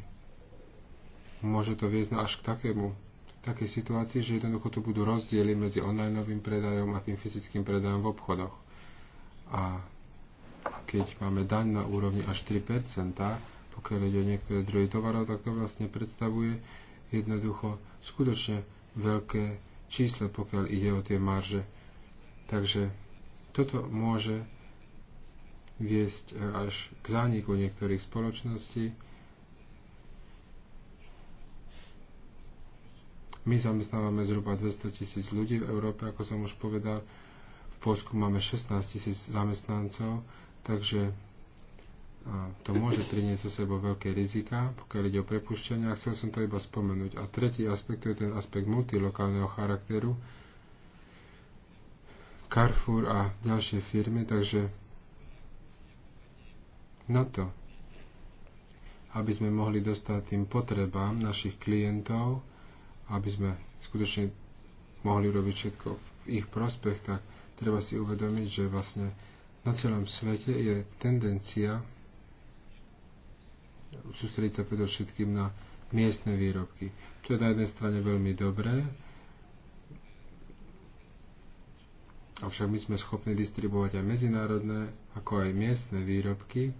môže to viesť až k takému takej situácii, že jednoducho tu budú rozdiely medzi onlineovým predajom a tým fyzickým predajom v obchodoch. A keď máme daň na úrovni až 3%, pokiaľ ide o niektoré druhy tovarov, tak to vlastne predstavuje jednoducho skutočne veľké číslo, pokiaľ ide o tie marže. Takže toto môže viesť až k zániku niektorých spoločností, My zamestnávame zhruba 200 tisíc ľudí v Európe, ako som už povedal. V Polsku máme 16 tisíc zamestnancov, takže to môže priniesť so sebou veľké rizika, pokiaľ ide o prepušťania. Chcel som to iba spomenúť. A tretí aspekt to je ten aspekt multilokálneho charakteru. Carrefour a ďalšie firmy, takže na to, aby sme mohli dostať tým potrebám našich klientov, aby sme skutočne mohli robiť všetko v ich prospech, tak treba si uvedomiť, že vlastne na celom svete je tendencia sústrediť sa predovšetkým na miestne výrobky. To je na jednej strane veľmi dobré, avšak my sme schopní distribuovať aj medzinárodné, ako aj miestne výrobky,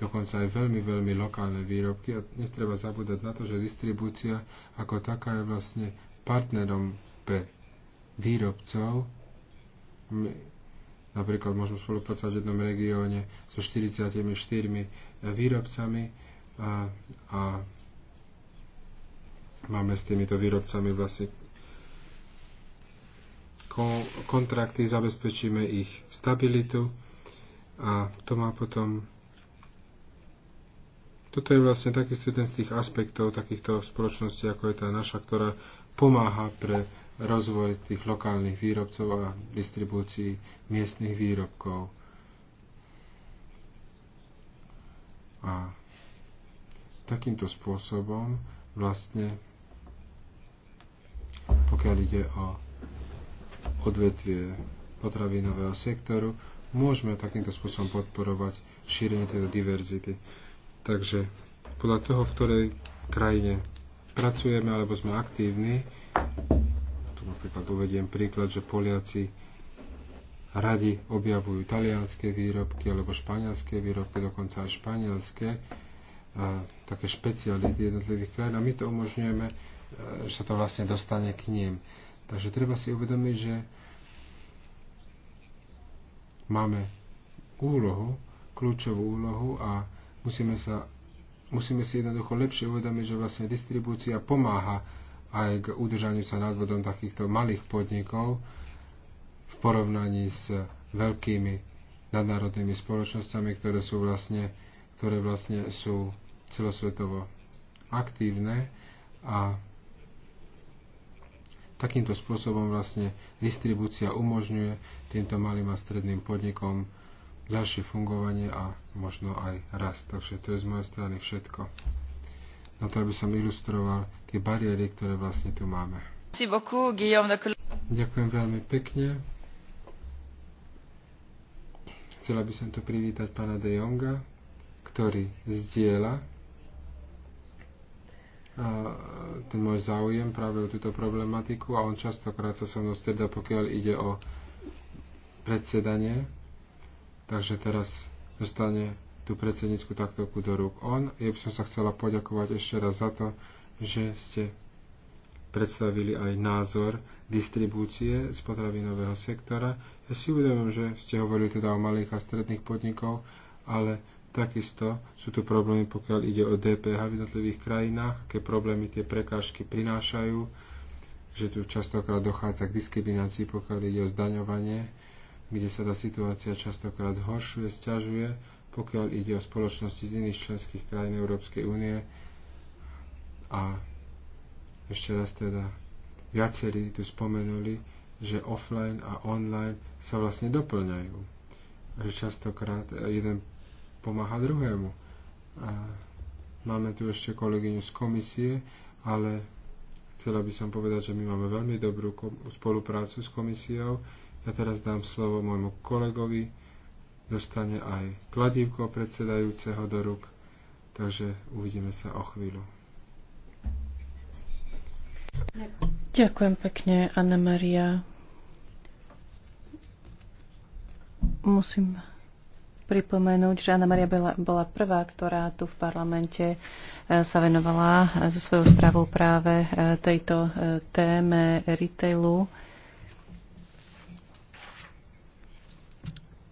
dokonca aj veľmi, veľmi lokálne výrobky. A netreba zabúdať na to, že distribúcia ako taká je vlastne partnerom pre výrobcov. My napríklad môžeme spolupracovať v jednom regióne so 44 výrobcami a, a máme s týmito výrobcami vlastne kontrakty, zabezpečíme ich stabilitu a to má potom toto je vlastne takisto jeden z tých aspektov takýchto spoločností, ako je tá naša, ktorá pomáha pre rozvoj tých lokálnych výrobcov a distribúcii miestnych výrobkov. A takýmto spôsobom vlastne, pokiaľ ide o odvetvie potravinového sektoru, môžeme takýmto spôsobom podporovať šírenie tejto diverzity. Takže podľa toho, v ktorej krajine pracujeme alebo sme aktívni, tu napríklad uvediem príklad, že Poliaci radi objavujú talianské výrobky alebo španielské výrobky, dokonca aj španielské, a také špeciality jednotlivých krajín a my to umožňujeme, e, že sa to vlastne dostane k ním. Takže treba si uvedomiť, že máme úlohu, kľúčovú úlohu a Musíme, sa, musíme si jednoducho lepšie uvedomiť, že vlastne distribúcia pomáha aj k udržaniu sa nad vodom takýchto malých podnikov v porovnaní s veľkými nadnárodnými spoločnosťami, ktoré sú vlastne, ktoré vlastne sú celosvetovo aktívne a takýmto spôsobom vlastne distribúcia umožňuje týmto malým a stredným podnikom ďalšie fungovanie a možno aj rast. Takže to je z mojej strany všetko. Na to, aby som ilustroval tie bariéry, ktoré vlastne tu máme. Ďakujem veľmi pekne. Chcela by som tu privítať pána De Jonga, ktorý zdieľa ten môj záujem práve o túto problematiku a on častokrát sa so mnou stredá, pokiaľ ide o predsedanie Takže teraz dostane tú predsednícku taktovku do rúk on. Ja by som sa chcela poďakovať ešte raz za to, že ste predstavili aj názor distribúcie z potravinového sektora. Ja si uvedomujem, že ste hovorili teda o malých a stredných podnikov, ale takisto sú tu problémy, pokiaľ ide o DPH v jednotlivých krajinách, aké problémy tie prekážky prinášajú, že tu častokrát dochádza k diskriminácii, pokiaľ ide o zdaňovanie kde sa tá situácia častokrát zhoršuje, sťažuje, pokiaľ ide o spoločnosti z iných členských krajín Európskej únie. A ešte raz teda, viacerí tu spomenuli, že offline a online sa vlastne doplňajú. A že častokrát jeden pomáha druhému. A máme tu ešte kolegyňu z komisie, ale chcela by som povedať, že my máme veľmi dobrú spoluprácu s komisiou ja teraz dám slovo môjmu kolegovi, dostane aj kladívko predsedajúceho do ruk, takže uvidíme sa o chvíľu. Ďakujem pekne, Anna Maria. Musím pripomenúť, že Anna Maria bola prvá, ktorá tu v parlamente e, sa venovala e, so svojou správou práve e, tejto téme retailu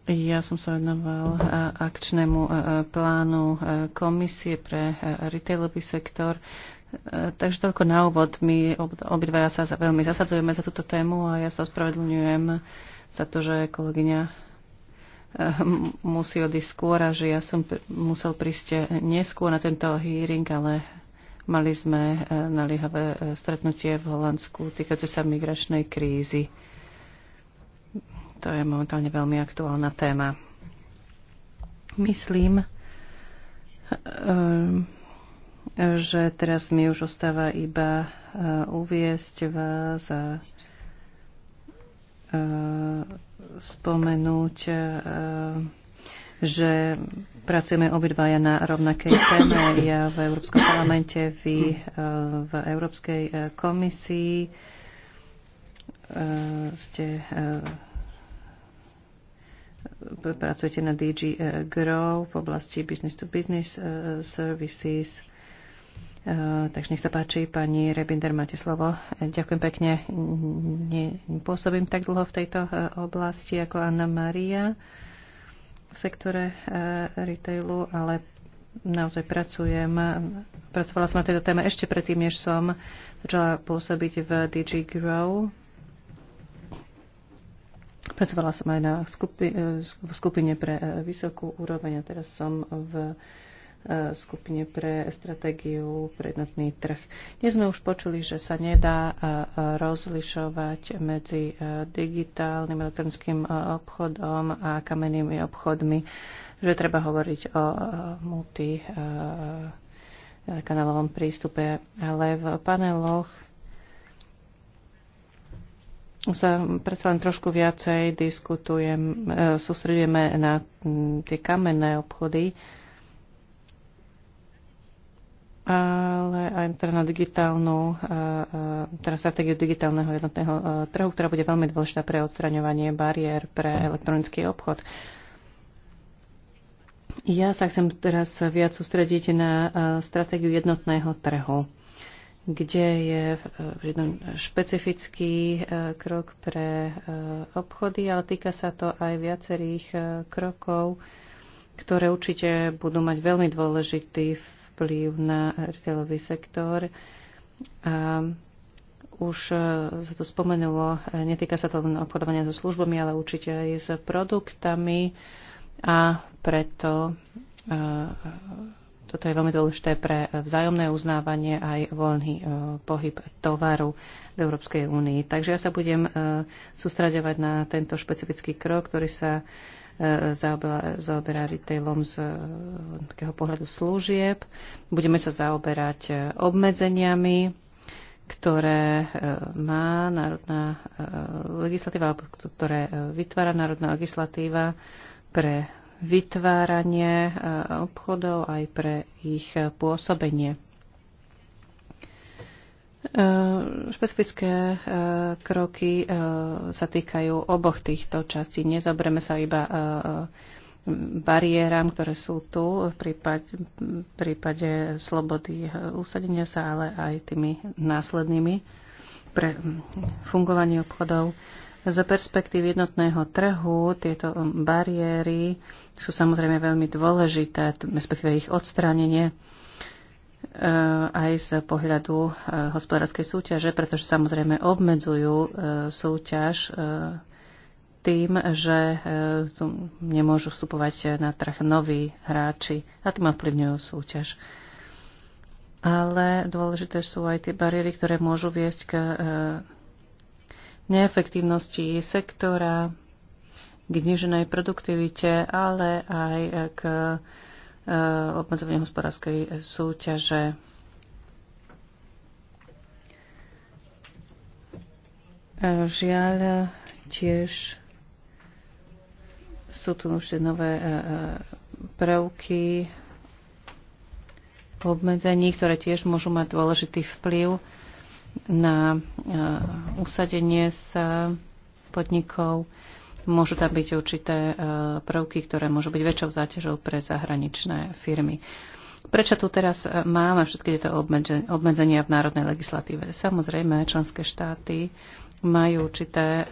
Ja som sa venoval eh, akčnému eh, plánu eh, komisie pre retailový sektor. Takže toľko na úvod. My obidvaja sa veľmi zasadzujeme za túto tému a ja sa ospravedlňujem za to, že kolegyňa musí odísť skôr a že ja som musel prísť neskôr na tento hearing, ale mali sme naliehavé stretnutie v Holandsku týkajúce sa migračnej krízy. To je momentálne veľmi aktuálna téma. Myslím, ehm, že teraz mi už ostáva iba eh, uviesť vás a eh, spomenúť, eh, že pracujeme obidvaja na rovnakej téme. Ja v Európskom parlamente, vy v Európskej komisii ste pracujete na DG eh, Grow v oblasti business to business eh, services. Eh, takže nech sa páči, pani Rebinder, máte slovo. Ďakujem pekne. Ne, pôsobím tak dlho v tejto oblasti ako Anna Maria v sektore retailu, ale naozaj pracujem. Pracovala som na tejto téme ešte predtým, než som začala pôsobiť v DG Grow Pracovala som aj na skupi- v skupine pre e, vysokú úroveň a teraz som v e, skupine pre stratégiu pre jednotný trh. Dnes sme už počuli, že sa nedá e, rozlišovať medzi digitálnym elektronickým obchodom a kamennými obchodmi, že treba hovoriť o multi kanálovom prístupe, ale v paneloch sa predsa len trošku viacej diskutujem, e, sústredujeme na tie kamenné obchody, ale aj teda na digitálnu, e, e, teda stratégiu digitálneho jednotného trhu, ktorá bude veľmi dôležitá pre odstraňovanie bariér pre elektronický obchod. Ja sa chcem teraz viac sústrediť na stratégiu jednotného trhu kde je jeden špecifický e, krok pre e, obchody, ale týka sa to aj viacerých e, krokov, ktoré určite budú mať veľmi dôležitý vplyv na retailový sektor. A už sa to spomenulo, netýka sa to len obchodovania so službami, ale určite aj s produktami a preto toto je veľmi dôležité pre vzájomné uznávanie aj voľný e, pohyb tovaru v Európskej únii. Takže ja sa budem e, sústraďovať na tento špecifický krok, ktorý sa e, zaoberá retailom z takého pohľadu služieb. Budeme sa zaoberať obmedzeniami, ktoré má národná legislatíva, alebo ktoré vytvára národná legislatíva pre vytváranie eh, obchodov, aj pre ich eh, pôsobenie. Eh, špecifické kroky sa týkajú oboch týchto častí. Nezobereme sa iba bariéram, ktoré sú tu v prípade, v prípade slobody usadenia sa, ale aj tými následnými pre mm, fungovanie obchodov. Z perspektív jednotného trhu tieto um, bariéry sú samozrejme veľmi dôležité, respektíve ich odstránenie e, aj z pohľadu e, hospodárskej súťaže, pretože samozrejme obmedzujú e, súťaž tým, že tu nemôžu vstupovať na trh noví hráči a tým ovplyvňujú súťaž. Ale dôležité sú aj tie bariéry, ktoré môžu viesť k neefektívnosti sektora, k zniženej produktivite, ale aj k e, obmedzovaniu hospodárskej súťaže. E, žiaľ, tiež sú tu ešte nové e, prvky obmedzení, ktoré tiež môžu mať dôležitý vplyv na eh, usadenie sa podnikov. Môžu tam byť určité eh, prvky, ktoré môžu byť väčšou záťažou pre zahraničné firmy. Prečo tu teraz eh, máme všetky tieto obmedzenia v národnej legislatíve? Samozrejme, členské štáty majú určité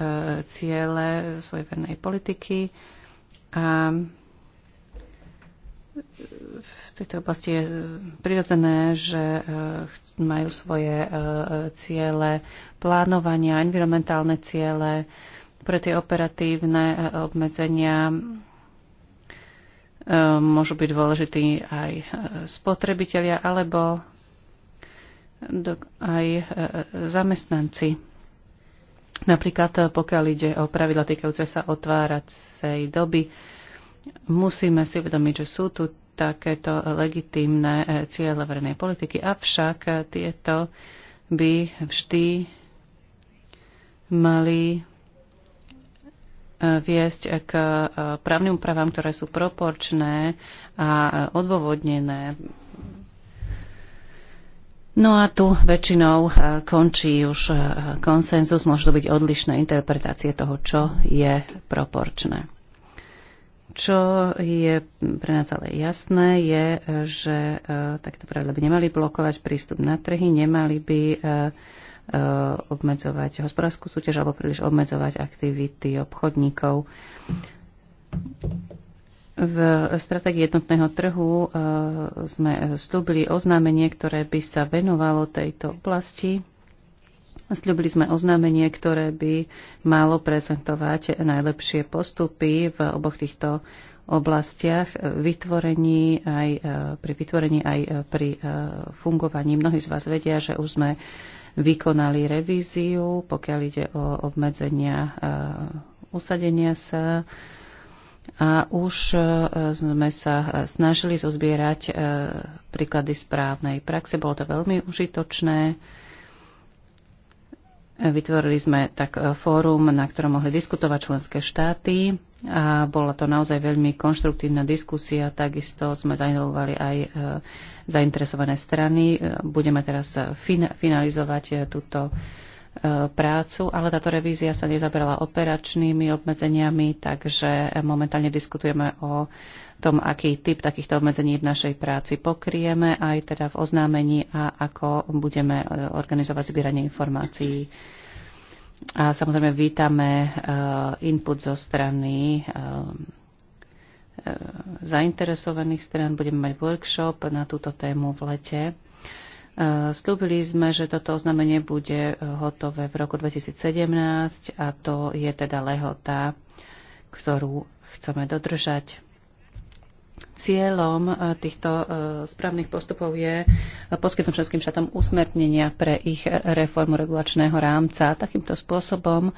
ciele svojej vernej politiky a v tejto oblasti je e, prirodzené, že e, majú svoje e, ciele plánovania, environmentálne ciele, pre tie operatívne obmedzenia môžu byť dôležití aj spotrebitelia alebo aj zamestnanci. Napríklad pokiaľ ide o pravidla týkajúce sa otváracej doby, Musíme si uvedomiť, že sú tu takéto legitímne eh, ciele verejnej politiky, avšak eh, tieto by vždy mali eh, viesť k právnym úpravám, ktoré sú proporčné a odôvodnené. No a tu väčšinou končí už konsenzus, môžu byť odlišné interpretácie toho, čo je proporčné. Čo je pre nás ale jasné, je, že e, takéto pravidla by nemali blokovať prístup na trhy, nemali by e, e, obmedzovať hospodárskú súťaž alebo príliš obmedzovať aktivity obchodníkov. V stratégii jednotného trhu sme slúbili oznámenie, ktoré by sa venovalo tejto oblasti Sľubili sme oznámenie, ktoré by malo prezentovať najlepšie postupy v oboch týchto oblastiach vytvorení aj, e, pri vytvorení aj e, pri e, fungovaní. Mnohí z vás vedia, že už sme vykonali revíziu, pokiaľ ide o obmedzenia usadenia sa a už sme sa snažili zozbierať príklady správnej praxe. Bolo to veľmi užitočné Vytvorili sme tak e, fórum, na ktorom mohli diskutovať členské štáty a bola to naozaj veľmi konštruktívna diskusia. Takisto sme zainvolovali aj e, zainteresované strany. E, budeme teraz finalizovať túto prácu, ale táto revízia sa nezabrala operačnými obmedzeniami, takže momentálne diskutujeme o tom, aký typ takýchto obmedzení v našej práci pokrieme, aj teda v oznámení a ako budeme e, organizovať zbieranie informácií. A samozrejme vítame e, input zo strany e, zainteresovaných strán. Budeme mať workshop na túto tému v lete. Stúbili sme, že toto oznámenie bude hotové v roku 2017 a to je teda lehota, ktorú chceme dodržať. Cieľom e, týchto e, správnych postupov je e, poskytnúť členským štátom usmernenia pre ich reformu regulačného rámca. Takýmto spôsobom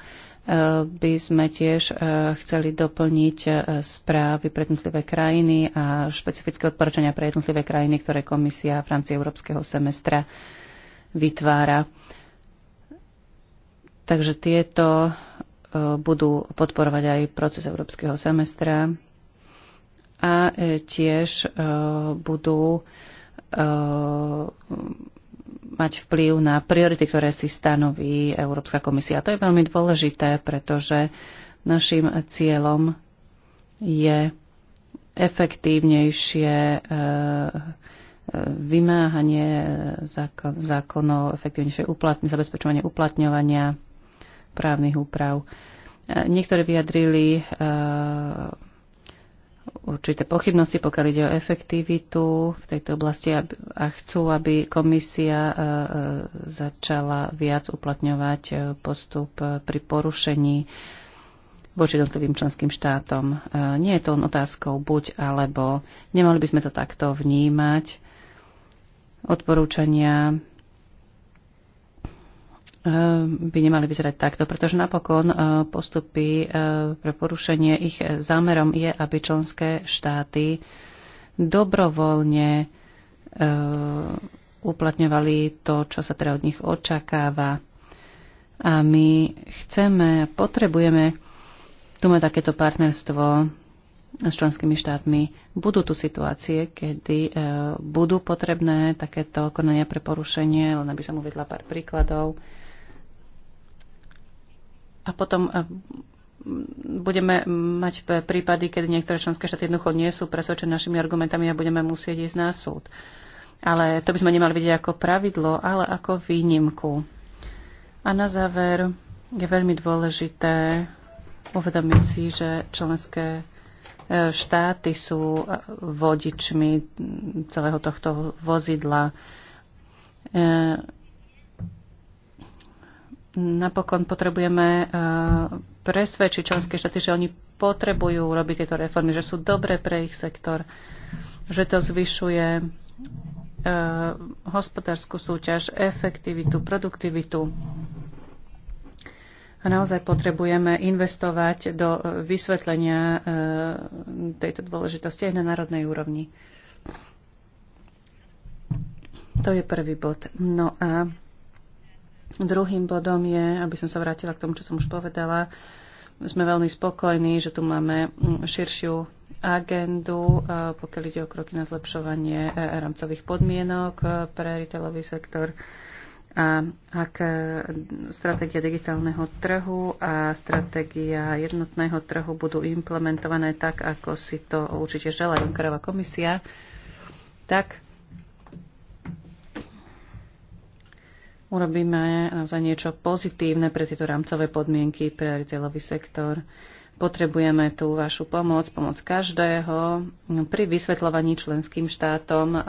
by sme tiež chceli doplniť správy pre jednotlivé krajiny a špecifické odporúčania pre jednotlivé krajiny, ktoré komisia v rámci európskeho semestra vytvára. Takže tieto budú podporovať aj proces európskeho semestra a e, tiež e, budú e, mať vplyv na priority, ktoré si stanoví Európska komisia. To je veľmi dôležité, pretože našim cieľom je efektívnejšie vymáhanie zákonov, efektívnejšie uplatň, zabezpečovanie uplatňovania právnych úprav. Niektorí vyjadrili určité pochybnosti, pokiaľ ide o efektivitu v tejto oblasti a chcú, aby komisia e, e, začala viac uplatňovať e, postup pri porušení voči jednotlivým členským štátom. Nie je to len otázkou buď alebo. Nemali by sme to takto vnímať. Odporúčania Eh, by nemali vyzerať takto, pretože napokon eh, postupy eh, pre porušenie ich zámerom je, aby členské štáty dobrovoľne uplatňovali to, čo sa teda od nich očakáva. A my chceme, potrebujeme tu mať takéto partnerstvo s členskými štátmi. Budú tu situácie, kedy budú potrebné takéto konania pre porušenie, len aby som uvedla pár príkladov. A potom eh, budeme mať prípady, kedy niektoré členské štáty jednoducho nie sú presvedčené našimi argumentami a budeme musieť ísť na súd. Ale to by sme nemali vidieť ako pravidlo, ale ako výnimku. A na záver je veľmi dôležité uvedomiť si, že členské eh, štáty sú eh, vodičmi mm, celého tohto vozidla Napokon potrebujeme eh, presvedčiť členské štáty, že oni potrebujú robiť tieto reformy, že sú dobré pre ich sektor, že to zvyšuje eh, hospodárskú súťaž, efektivitu, produktivitu. A naozaj potrebujeme investovať do eh, vysvetlenia tejto dôležitosti aj na národnej úrovni. To je prvý bod. No a Druhým bodom je, aby som sa vrátila k tomu, čo som už povedala, sme veľmi spokojní, že tu máme mm, širšiu agendu, e, pokiaľ ide o kroky na zlepšovanie e, rámcových podmienok e, pre retailový sektor a ak stratégia digitálneho trhu a stratégia jednotného trhu budú implementované tak, ako si to určite želá Junckerová komisia, tak urobíme naozaj niečo pozitívne pre tieto rámcové podmienky pre retailový sektor. Potrebujeme tú vašu pomoc, pomoc každého pri vysvetľovaní členským štátom, e,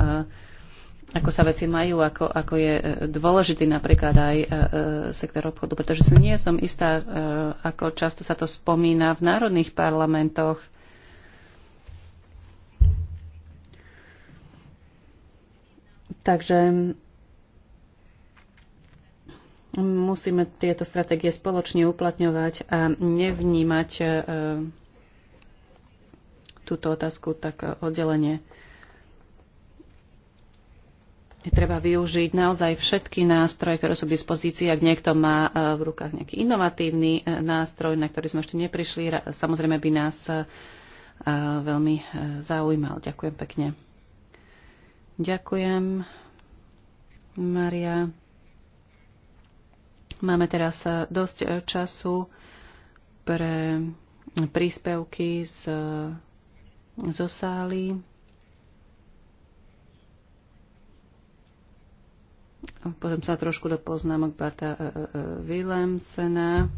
ako sa veci majú, ako, ako je e, dôležitý napríklad aj e, sektor obchodu, pretože si nie som istá, ako často sa to spomína v národných parlamentoch. Takže musíme tieto stratégie spoločne uplatňovať a nevnímať e, túto otázku tak oddelenie. Treba využiť naozaj všetky nástroje, ktoré sú k dispozícii. Ak niekto má e, v rukách nejaký inovatívny e, nástroj, na ktorý sme ešte neprišli, samozrejme by nás veľmi zaujímal. Ďakujem pekne. Ďakujem, Maria. Máme teraz eh, dosť eh, času pre príspevky z, eh, zo sály. Potom sa trošku do poznámok Barta Willemsena.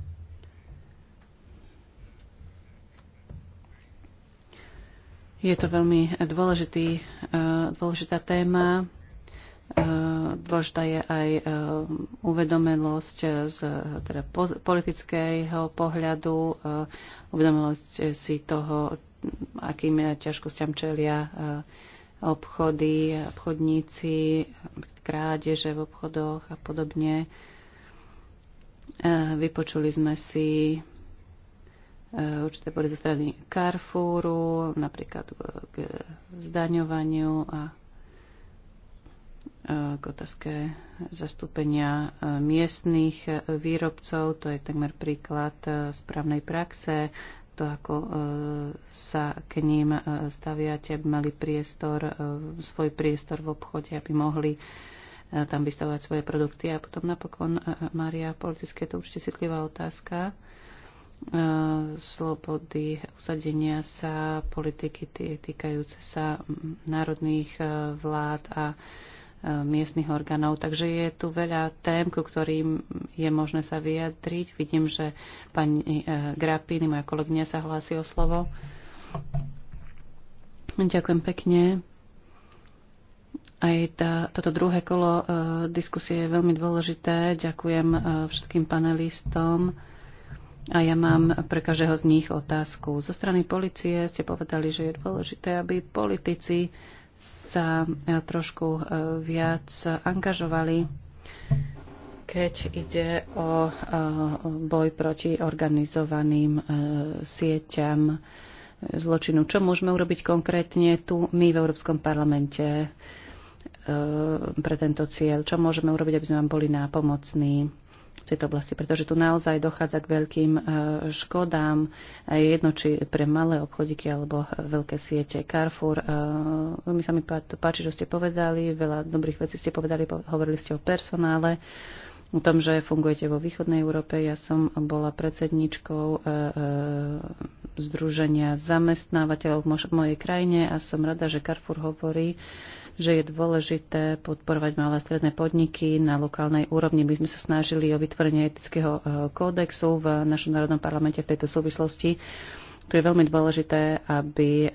Je to veľmi dôležitý, dôležitá téma. Dôležitá je aj e, uvedomenosť z teda politického pohľadu, e, uvedomenosť si toho, akým ťažkosťam čelia e, obchody, obchodníci, krádeže v obchodoch a podobne. Vypočuli sme si určité boli zo strany Carrefouru, napríklad k zdaňovaniu a k otázke zastúpenia e, miestných e, výrobcov. To je takmer príklad e, správnej praxe. To, ako sa k ním staviate, aby mali priestor, svoj priestor v obchode, aby mohli tam vystavovať svoje produkty. A potom napokon, Maria, politicky je to určite citlivá otázka slobody usadenia sa, politiky týkajúce sa národných vlád a miestnych orgánov. Takže je tu veľa tém, ku ktorým je možné sa vyjadriť. Vidím, že pani eh, Grapini, moja kolegyňa, sa hlási o slovo. Ďakujem pekne. Aj tá, toto druhé kolo uh, diskusie je veľmi dôležité. Ďakujem uh, všetkým panelistom. A ja mám pre každého z nich otázku. Zo strany policie ste povedali, že je dôležité, aby politici uh, sa e, trošku e, viac angažovali, keď ide o e, boj proti organizovaným sieťam zločinu. Čo môžeme urobiť konkrétne tu my v Európskom parlamente pre tento cieľ? Čo môžeme urobiť, aby sme vám boli nápomocní? v tejto oblasti, pretože tu naozaj dochádza k veľkým e, škodám, jedno či pre malé obchodíky alebo e, veľké siete. Carrefour, e, mi sa mi páči, že ste povedali, veľa dobrých vecí ste povedali, hovorili ste o personále, o tom, že fungujete vo východnej Európe. Ja som bola predsedničkou Združenia zamestnávateľov v mojej krajine a som rada, že Carrefour hovorí, že je dôležité podporovať malé a stredné podniky na lokálnej úrovni. My sme sa snažili o vytvorenie etického e, kódexu v našom národnom parlamente v tejto súvislosti. Tu je veľmi dôležité, aby e,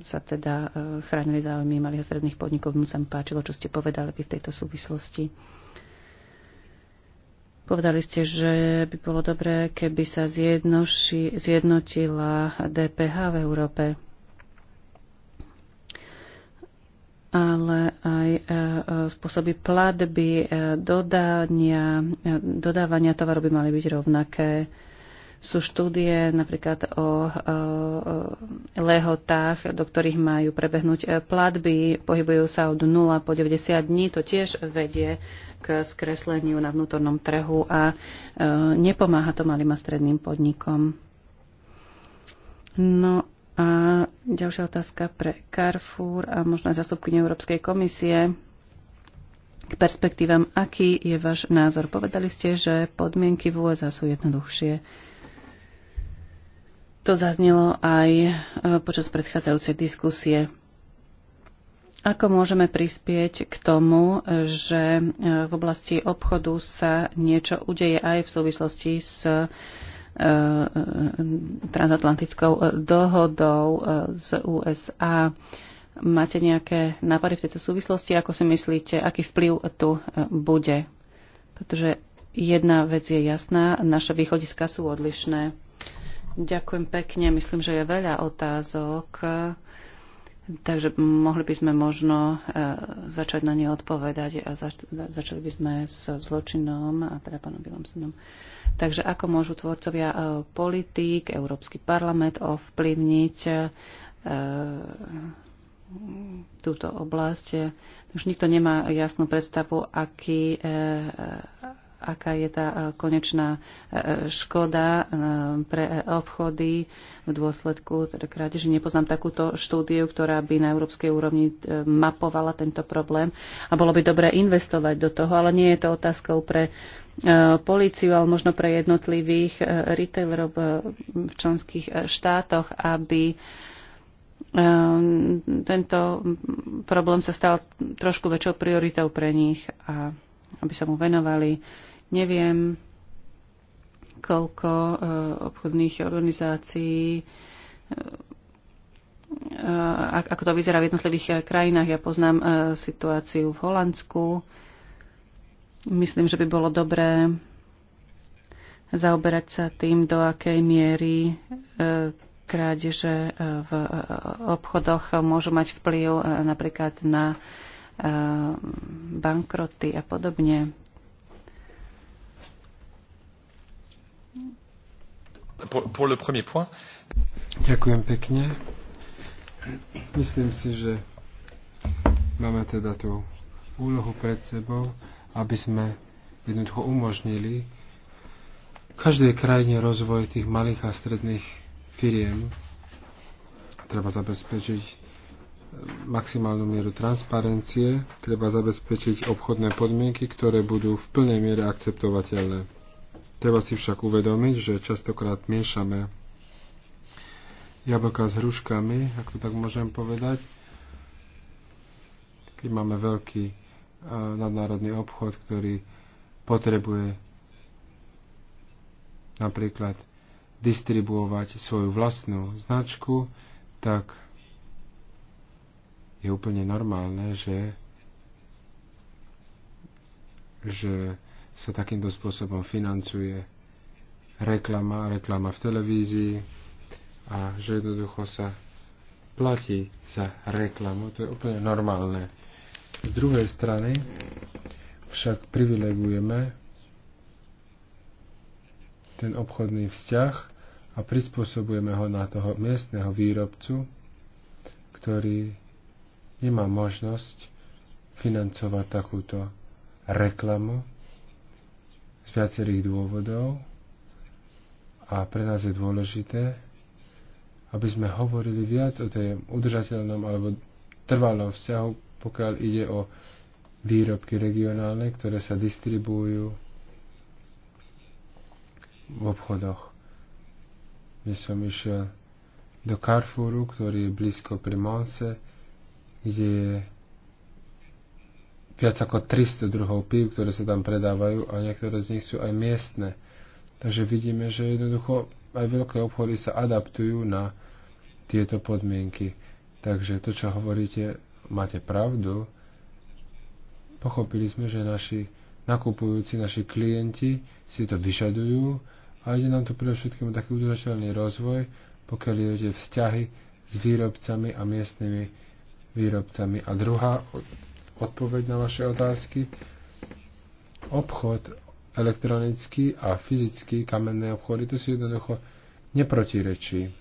sa teda e, chránili záujmy malých a stredných podnikov. Mu sa mi páčilo, čo ste povedali v tejto súvislosti. Povedali ste, že by bolo dobré, keby sa zjednotila DPH v Európe. ale aj e, e, spôsoby platby, e, dodania, dodávania tovaru by mali byť rovnaké. Sú štúdie napríklad o lehotách, do ktorých majú prebehnúť platby, pohybujú sa od 0 po 90 dní, to tiež vedie k skresleniu na vnútornom trhu a nepomáha to malým a stredným podnikom. No a ďalšia otázka pre Carrefour a možno aj zastupkyne Európskej komisie k perspektívam. Aký je váš názor? Povedali ste, že podmienky v USA sú jednoduchšie. To zaznelo aj e, počas predchádzajúcej diskusie. Ako môžeme prispieť k tomu, že e, v oblasti obchodu sa niečo udeje aj v súvislosti s E, e, transatlantickou e, dohodou z USA. Máte nejaké nápady v tejto súvislosti? Ako si myslíte, aký vplyv tu bude? Pretože jedna vec je jasná, naše východiska sú odlišné. Ďakujem pekne. Myslím, že je veľa otázok Takže mohli by sme možno e, začať na ne odpovedať a zač- začali by sme s zločinom a teda pánom Willemsonom. Takže ako môžu tvorcovia e, politík, Európsky parlament ovplyvniť e, túto oblasť. Už nikto nemá jasnú predstavu, aký, aká je tá e, konečná e, e, škoda pre obchody v dôsledku teda krádeže. Nepoznám takúto štúdiu, ktorá by na európskej úrovni mapovala tento problém a bolo by dobré investovať do toho, ale nie je to otázkou pre políciu, ale možno pre jednotlivých retailerov v členských štátoch, aby tento problém sa stal trošku väčšou prioritou pre nich a aby sa mu venovali. Neviem, koľko e, obchodných organizácií e, ako to vyzerá v jednotlivých e, krajinách. Ja poznám situáciu v Holandsku. Myslím, že by bolo dobré zaoberať sa tým, do akej miery krádeže v obchodoch môžu mať vplyv napríklad na bankroty a podobne. Pour, pour le premier point. Ďakujem pekne. Myslím si, že máme teda tú úlohu pred sebou, aby sme jednoducho umožnili každej krajine rozvoj tých malých a stredných firiem. Treba zabezpečiť eh, maximálnu mieru transparencie, treba zabezpečiť obchodné podmienky, ktoré budú v plnej miere akceptovateľné. Treba si však uvedomiť, že častokrát miešame jablka s hruškami, ak to tak môžem povedať. Keď máme veľký e, nadnárodný obchod, ktorý potrebuje napríklad distribuovať svoju vlastnú značku, tak je úplne normálne, že, že sa takýmto spôsobom financuje reklama, reklama v televízii a že jednoducho sa platí za reklamu. To je úplne normálne. Z druhej strany však privilegujeme ten obchodný vzťah a prispôsobujeme ho na toho miestneho výrobcu, ktorý nemá možnosť financovať takúto reklamu viacerých dôvodov a pre nás je dôležité, aby sme hovorili viac o tej udržateľnom alebo trvalom vzťahu, pokiaľ ide o výrobky regionálne, ktoré sa distribujú v obchodoch. My som išiel do Carrefouru, ktorý je blízko pri Monse, kde je viac ako 300 druhov pív, ktoré sa tam predávajú a niektoré z nich sú aj miestne. Takže vidíme, že jednoducho aj veľké obchody sa adaptujú na tieto podmienky. Takže to, čo hovoríte, máte pravdu. Pochopili sme, že naši nakupujúci, naši klienti si to vyžadujú a ide nám tu predovšetkým taký udržateľný rozvoj, pokiaľ ide vzťahy s výrobcami a miestnymi výrobcami. A druhá odpoveď na vaše otázky. Obchod elektronický a fyzický kamenné obchody, to si jednoducho neprotirečí.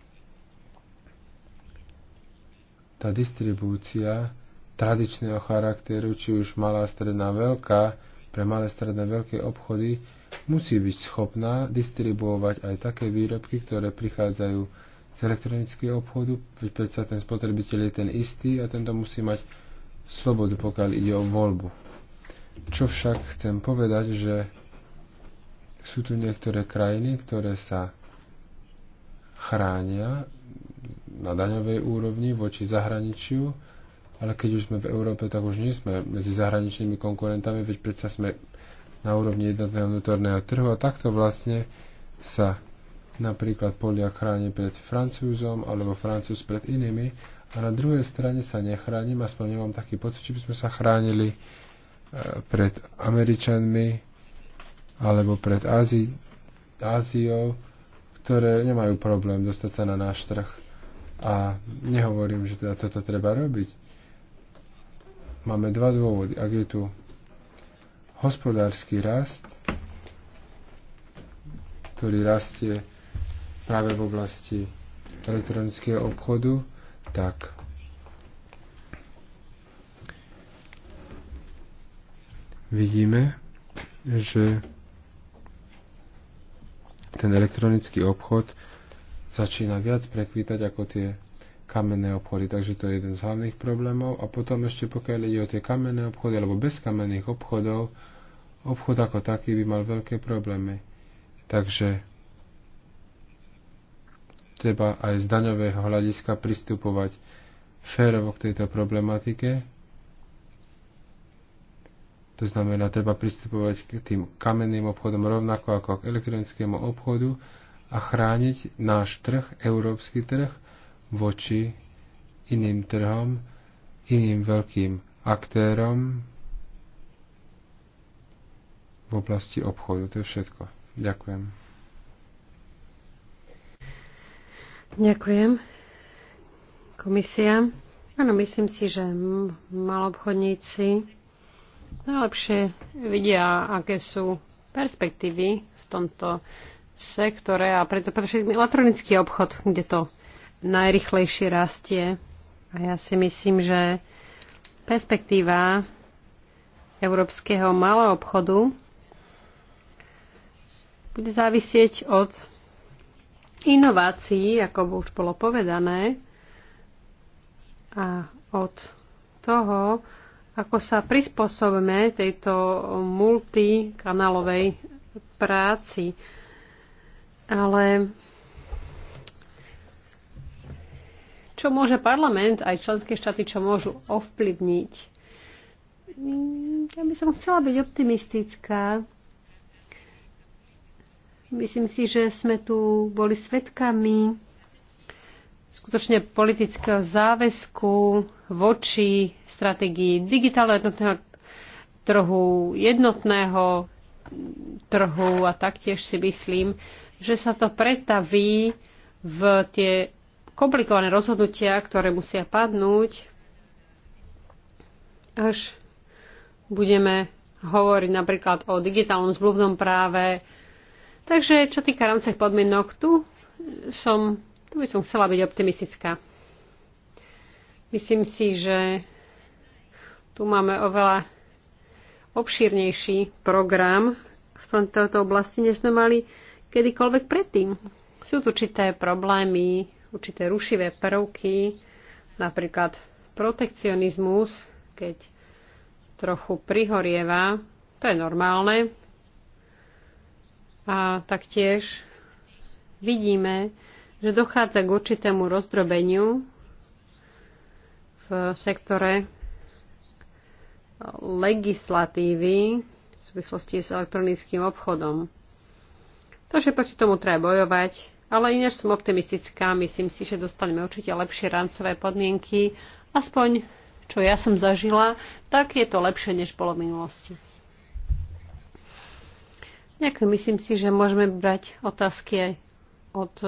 Tá distribúcia tradičného charakteru, či už malá, stredná, veľká, pre malé, stredné, veľké obchody, musí byť schopná distribuovať aj také výrobky, ktoré prichádzajú z elektronického obchodu, veď predsa ten spotrebiteľ je ten istý a tento musí mať slobodu, pokiaľ ide o voľbu. Čo však chcem povedať, že sú tu niektoré krajiny, ktoré sa chránia na daňovej úrovni voči zahraničiu, ale keď už sme v Európe, tak už nie sme medzi zahraničnými konkurentami, veď predsa sme na úrovni jednotného vnútorného trhu a takto vlastne sa napríklad Polia chráni pred Francúzom alebo Francúz pred inými a na druhej strane sa nechránim, aspoň nemám taký pocit, či by sme sa chránili e, pred Američanmi alebo pred Ázi- Áziou, ktoré nemajú problém dostať sa na náš trh. A nehovorím, že teda toto treba robiť. Máme dva dôvody. Ak je tu hospodársky rast, ktorý rastie práve v oblasti elektronického obchodu, tak vidíme, že ten elektronický obchod začína viac prekvítať ako tie kamenné obchody. Takže to je jeden z hlavných problémov. A potom ešte pokiaľ ide o tie kamenné obchody alebo bez kamenných obchodov, obchod ako taký by mal veľké problémy. Takže treba aj z daňového hľadiska pristupovať férovo k tejto problematike. To znamená, treba pristupovať k tým kamenným obchodom rovnako ako k elektronickému obchodu a chrániť náš trh, európsky trh, voči iným trhom, iným veľkým aktérom v oblasti obchodu. To je všetko. Ďakujem. Ďakujem. Komisia. Áno, myslím si, že malobchodníci najlepšie vidia, aké sú perspektívy v tomto sektore a preto, pretože elektronický obchod, kde to najrychlejšie rastie. A ja si myslím, že perspektíva európskeho malého obchodu bude závisieť od inovácií, ako už bolo povedané, a od toho, ako sa prispôsobíme tejto multikanálovej práci. Ale čo môže parlament, aj členské štáty, čo môžu ovplyvniť? Ja by som chcela byť optimistická, Myslím si, že sme tu boli svetkami skutočne politického záväzku voči strategii digitálneho jednotného trhu, jednotného trhu a taktiež si myslím, že sa to pretaví v tie komplikované rozhodnutia, ktoré musia padnúť, až budeme hovoriť napríklad o digitálnom zmluvnom práve, Takže čo týka rámcových podmienok, tu som, tu by som chcela byť optimistická. Myslím si, že tu máme oveľa obšírnejší program v tomto oblasti, než sme mali kedykoľvek predtým. Sú tu určité problémy, určité rušivé prvky, napríklad protekcionizmus, keď trochu prihorieva, to je normálne, a taktiež vidíme, že dochádza k určitému rozdrobeniu v sektore legislatívy v súvislosti s elektronickým obchodom. že proti tomu treba bojovať, ale ináč som optimistická, myslím si, že dostaneme určite lepšie rámcové podmienky, aspoň čo ja som zažila, tak je to lepšie, než bolo v minulosti. Ďakujem. Myslím si, že môžeme brať otázky aj od e,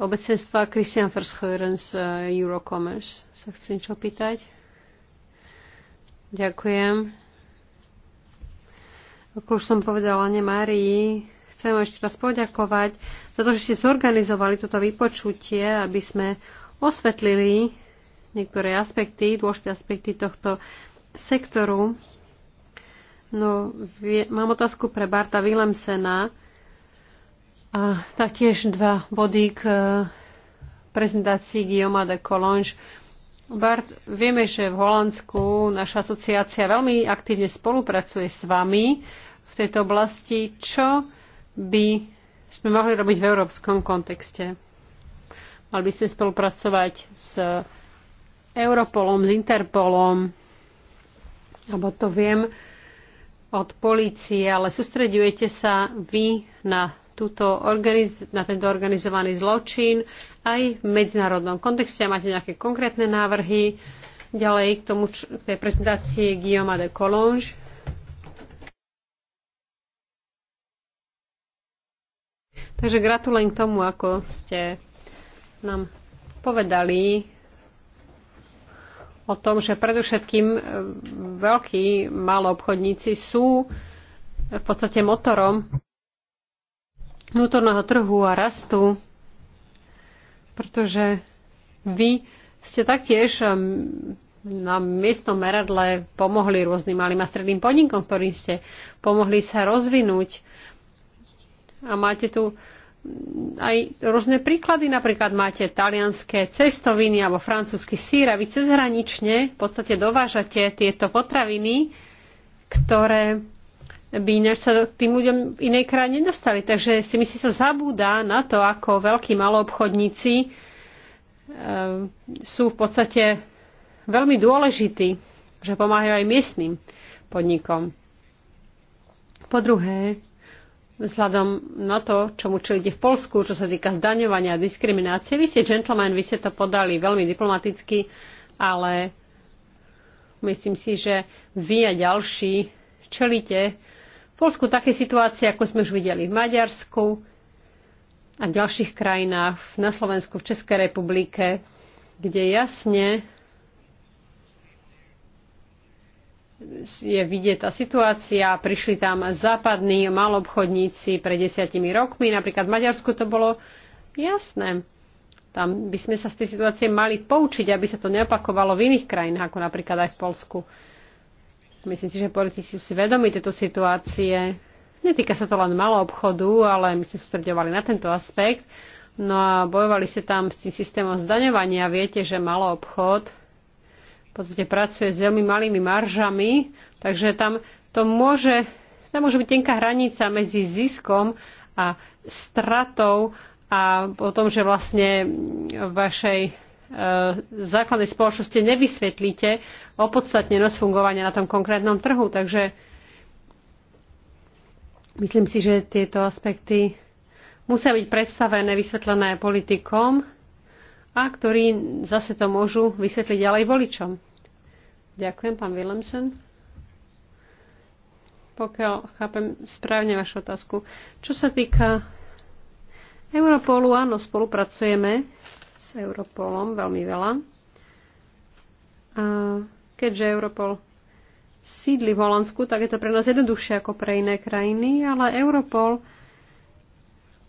obecenstva Christian Verscheuren z e, Eurocommerce. Sa chcem niečo pýtať. Ďakujem. Ako už som povedala ne Márii, chcem ešte raz poďakovať za to, že ste zorganizovali toto vypočutie, aby sme osvetlili niektoré aspekty, dôležité aspekty tohto sektoru No, vie, mám otázku pre Barta Willemsena a taktiež dva body k eh, prezentácii Guillaume de Collonge. Bart, vieme, že v Holandsku naša asociácia veľmi aktívne spolupracuje s vami v tejto oblasti. Čo by sme mohli robiť v európskom kontexte? Mali by ste spolupracovať s Europolom, s Interpolom, alebo to viem, od polície, ale sústredujete sa vy na, túto organiz- na tento organizovaný zločin aj v medzinárodnom kontexte. Máte nejaké konkrétne návrhy? Ďalej k, tomu, k tej prezentácii Guillaume de Collonge. Takže gratulujem k tomu, ako ste nám povedali o tom, že predovšetkým e, veľkí maloobchodníci sú v podstate motorom vnútorného trhu a rastu, pretože vy ste taktiež na miestnom meradle pomohli rôznym malým a stredným podnikom, ktorým ste pomohli sa rozvinúť. A máte tu aj rôzne príklady. Napríklad máte talianské cestoviny alebo francúzsky sír a vy cezhranične v podstate dovážate tieto potraviny, ktoré by ináč sa tým ľuďom v inej krajine nedostali. Takže si myslí sa zabúda na to, ako veľkí maloobchodníci e, sú v podstate veľmi dôležití, že pomáhajú aj miestnym podnikom. Po druhé, vzhľadom na to, čo mu čelíte v Polsku, čo sa týka zdaňovania a diskriminácie. Vy ste gentleman, vy ste to podali veľmi diplomaticky, ale myslím si, že vy a ďalší čelíte v Polsku také situácie, ako sme už videli v Maďarsku a v ďalších krajinách, na Slovensku, v Českej republike, kde jasne je vidieť tá situácia. Prišli tam západní malobchodníci pred desiatimi rokmi, napríklad v Maďarsku to bolo jasné. Tam by sme sa z tej situácie mali poučiť, aby sa to neopakovalo v iných krajinách, ako napríklad aj v Polsku. Myslím si, že politici sú si vedomi tejto situácie. Netýka sa to len malého obchodu, ale my sme sústredovali na tento aspekt. No a bojovali ste tam s tým systémom zdaňovania. Viete, že malý obchod podstate pracuje s veľmi malými maržami, takže tam to môže, tam môže byť tenká hranica medzi ziskom a stratou a o tom, že vlastne vašej e, základnej spoločnosti nevysvetlíte opodstatnenosť fungovania na tom konkrétnom trhu. Takže myslím si, že tieto aspekty musia byť predstavené, vysvetlené politikom a ktorí zase to môžu vysvetliť ďalej voličom. Ďakujem, pán Willemsen. Pokiaľ chápem správne vašu otázku. Čo sa týka Europolu, áno, spolupracujeme s Europolom veľmi veľa. A keďže Europol sídli v Holandsku, tak je to pre nás jednoduchšie ako pre iné krajiny, ale Europol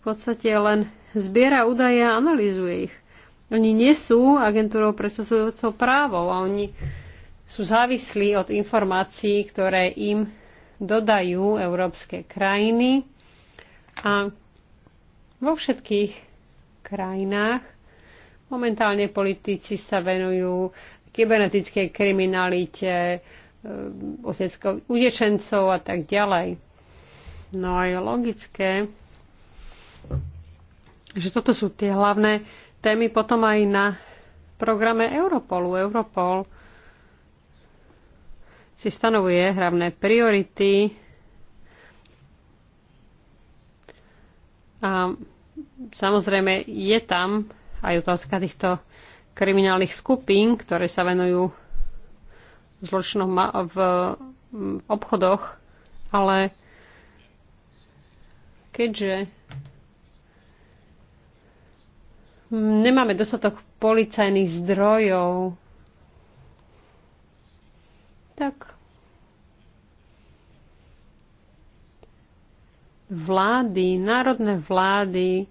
v podstate len zbiera údaje a analýzuje ich. Oni nie sú agentúrou presadzujúcou právou, a oni sú závislí od informácií, ktoré im dodajú európske krajiny. A vo všetkých krajinách momentálne politici sa venujú kybernetickej kriminalite, eh, utečencov a tak ďalej. No a je logické, že toto sú tie hlavné témy potom aj na programe Europolu. Europol si stanovuje hlavné priority a samozrejme je tam aj otázka týchto kriminálnych skupín, ktoré sa venujú zločinom v obchodoch, ale keďže nemáme dostatok policajných zdrojov. Tak. Vlády, národné vlády,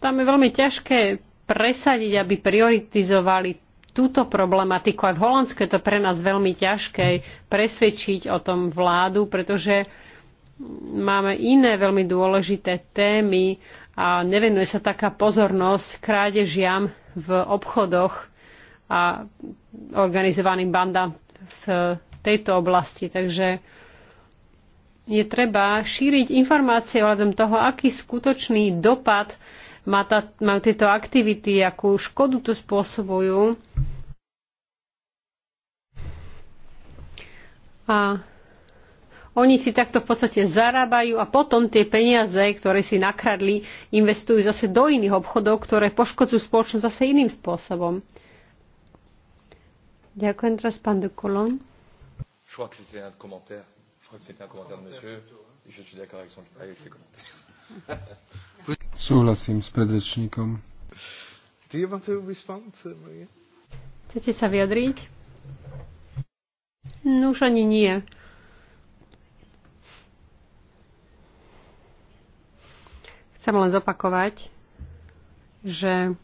tam je veľmi ťažké presadiť, aby prioritizovali túto problematiku. Aj v Holandsku je to pre nás veľmi ťažké presvedčiť o tom vládu, pretože máme iné veľmi dôležité témy, a nevenuje sa taká pozornosť krádežiam v obchodoch a organizovaným bandám v tejto oblasti. Takže je treba šíriť informácie ohľadom toho, aký skutočný dopad má tá, majú tieto aktivity, akú škodu tu spôsobujú. A oni si takto v podstate zarábajú a potom tie peniaze, ktoré si nakradli, investujú zase do iných obchodov, ktoré poškodzujú spoločnosť zase iným spôsobom. Ďakujem teraz pán de Colón. Súhlasím s predrečníkom. Uh, Chcete sa vyjadriť? No už ani nie. Chcem len zopakovať, že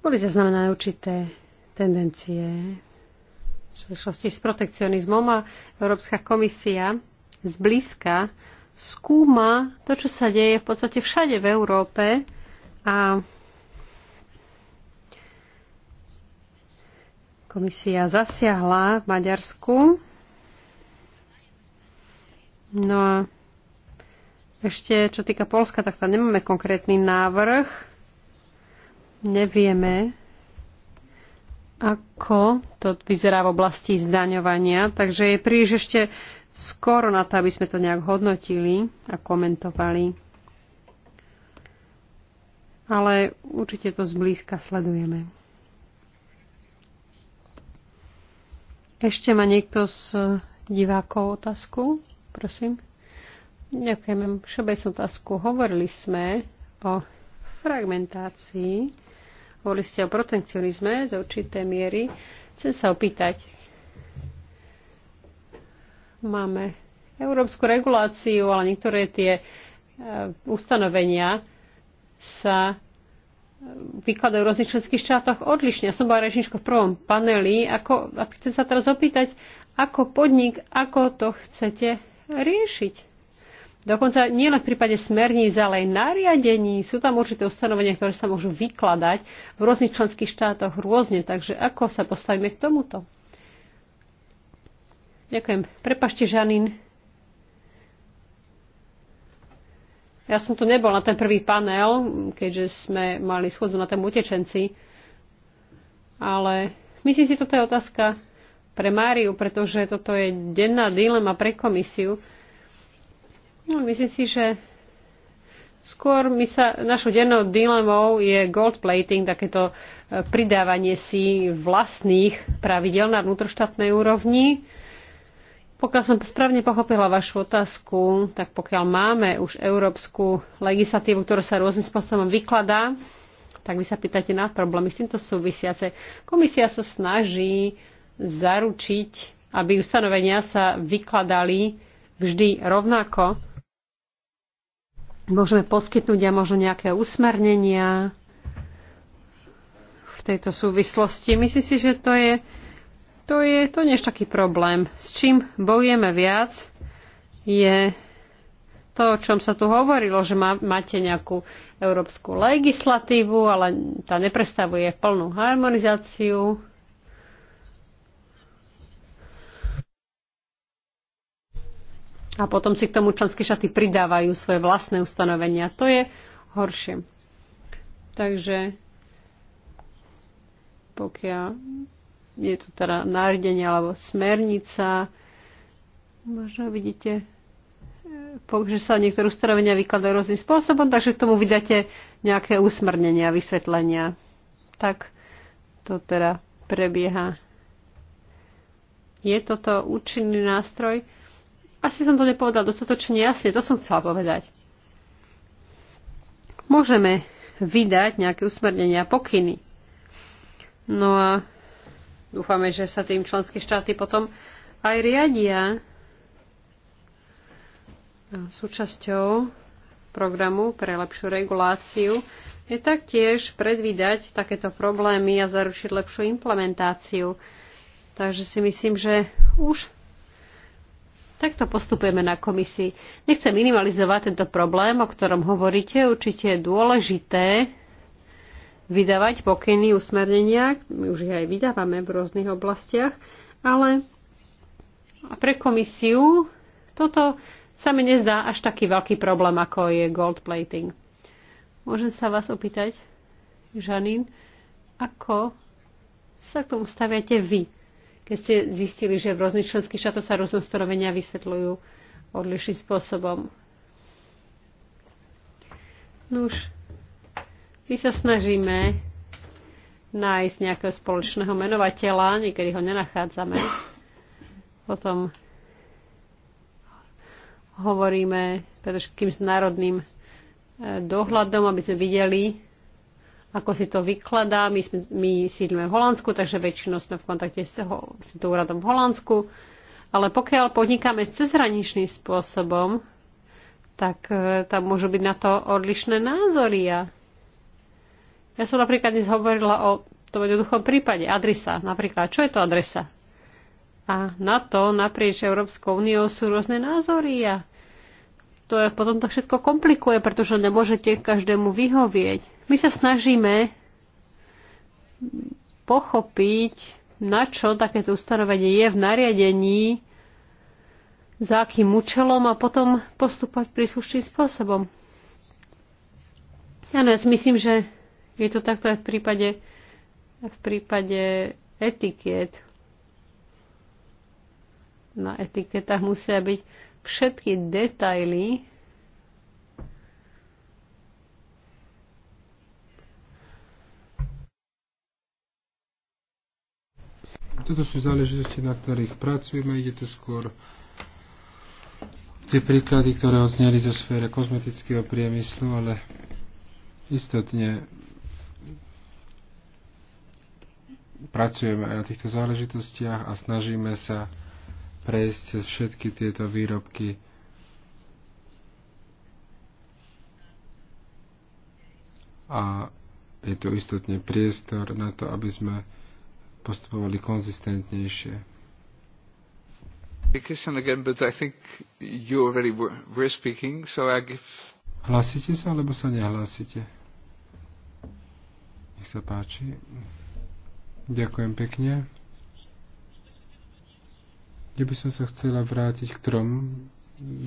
boli zaznamenané určité tendencie v súvislosti s protekcionizmom a Európska komisia zblízka skúma to, čo sa deje v podstate všade v Európe a komisia zasiahla v Maďarsku. No a ešte, čo týka Polska, tak tam nemáme konkrétny návrh. Nevieme, ako to vyzerá v oblasti zdaňovania, takže je príliš ešte skoro na to, aby sme to nejak hodnotili a komentovali. Ale určite to zblízka sledujeme. Ešte má niekto z divákov otázku? Prosím. Ďakujem. všeobecnú otázku. Hovorili sme o fragmentácii, hovorili ste o protekcionizme do určité miery. Chcem sa opýtať, máme európsku reguláciu, ale niektoré tie e, ustanovenia sa e, vykladajú v rôznych členských štátoch odlišne. Ja som bola rečnička v prvom paneli. Ako, a chcem sa teraz opýtať, ako podnik, ako to chcete riešiť? Dokonca nielen v prípade smerníc, ale aj nariadení sú tam určité ustanovenia, ktoré sa môžu vykladať v rôznych členských štátoch rôzne. Takže ako sa postavíme k tomuto? Ďakujem. Prepašte, Žanín. Ja som tu nebol na ten prvý panel, keďže sme mali schôdzu na tému utečenci, ale myslím si, toto je otázka pre Máriu, pretože toto je denná dilema pre komisiu. No, myslím si, že skôr my sa, našou dennou dilemou je gold plating, takéto e, pridávanie si vlastných pravidel na vnútroštátnej úrovni. Pokiaľ som správne pochopila vašu otázku, tak pokiaľ máme už európsku legislatívu, ktorá sa rôznym spôsobom vykladá, tak vy sa pýtate na problémy s týmto súvisiace. Komisia sa snaží zaručiť, aby ustanovenia sa vykladali vždy rovnako, môžeme poskytnúť a možno nejaké usmernenia v tejto súvislosti. Myslím si, že to je, to je to nie je taký problém. S čím bojujeme viac, je to, o čom sa tu hovorilo, že má, máte nejakú európsku legislatívu, ale tá neprestavuje plnú harmonizáciu. a potom si k tomu členské šaty pridávajú svoje vlastné ustanovenia. To je horšie. Takže pokiaľ je tu teda nariadenie alebo smernica, možno vidíte, e, že sa niektoré ustanovenia vykladajú rôznym spôsobom, takže k tomu vydáte nejaké usmrnenia, vysvetlenia. Tak to teda prebieha. Je toto účinný nástroj? Asi som to nepovedal dostatočne jasne, to som chcela povedať. Môžeme vydať nejaké usmernenia, pokyny. No a dúfame, že sa tým členské štáty potom aj riadia súčasťou programu pre lepšiu reguláciu je taktiež predvídať takéto problémy a zaručiť lepšiu implementáciu. Takže si myslím, že už Takto postupujeme na komisii. Nechcem minimalizovať tento problém, o ktorom hovoríte. Určite je dôležité vydávať pokyny, usmernenia. My už ich aj vydávame v rôznych oblastiach. Ale pre komisiu toto sa mi nezdá až taký veľký problém, ako je gold plating. Môžem sa vás opýtať, Žanín, ako sa k tomu staviate vy? keď ste zistili, že v rôznych členských štátoch sa rôzne stanovenia vysvetľujú odlišným spôsobom. Nuž, my sa snažíme nájsť nejakého spoločného menovateľa, niekedy ho nenachádzame. Potom hovoríme predovšetkým s národným eh, dohľadom, aby sme videli, ako si to vykladá. My, sme, my sídlime v Holandsku, takže väčšinou sme v kontakte s, toho, s tým úradom v Holandsku. Ale pokiaľ podnikáme cezhraničným spôsobom, tak e, tam môžu byť na to odlišné názory. A ja som napríklad dnes hovorila o tom jednoduchom prípade, adresa. Napríklad, čo je to adresa? A na to naprieč Európskou úniou sú rôzne názory a to je, potom to všetko komplikuje, pretože nemôžete každému vyhovieť. My sa snažíme pochopiť, na čo takéto ustanovenie je v nariadení, za akým účelom a potom postupovať príslušným spôsobom. Áno, ja si myslím, že je to takto aj v prípade, v prípade etikiet. Na etiketách musia byť všetky detaily Toto sú záležitosti, na ktorých pracujeme. Ide tu skôr tie príklady, ktoré odzneli zo sféry kozmetického priemyslu, ale istotne pracujeme aj na týchto záležitostiach a snažíme sa prejsť cez všetky tieto výrobky. A je tu istotne priestor na to, aby sme postupovali konzistentnejšie. Hlasíte sa, alebo sa nehlásite? Nech sa páči. Ďakujem pekne kde by som sa chcela vrátiť k trom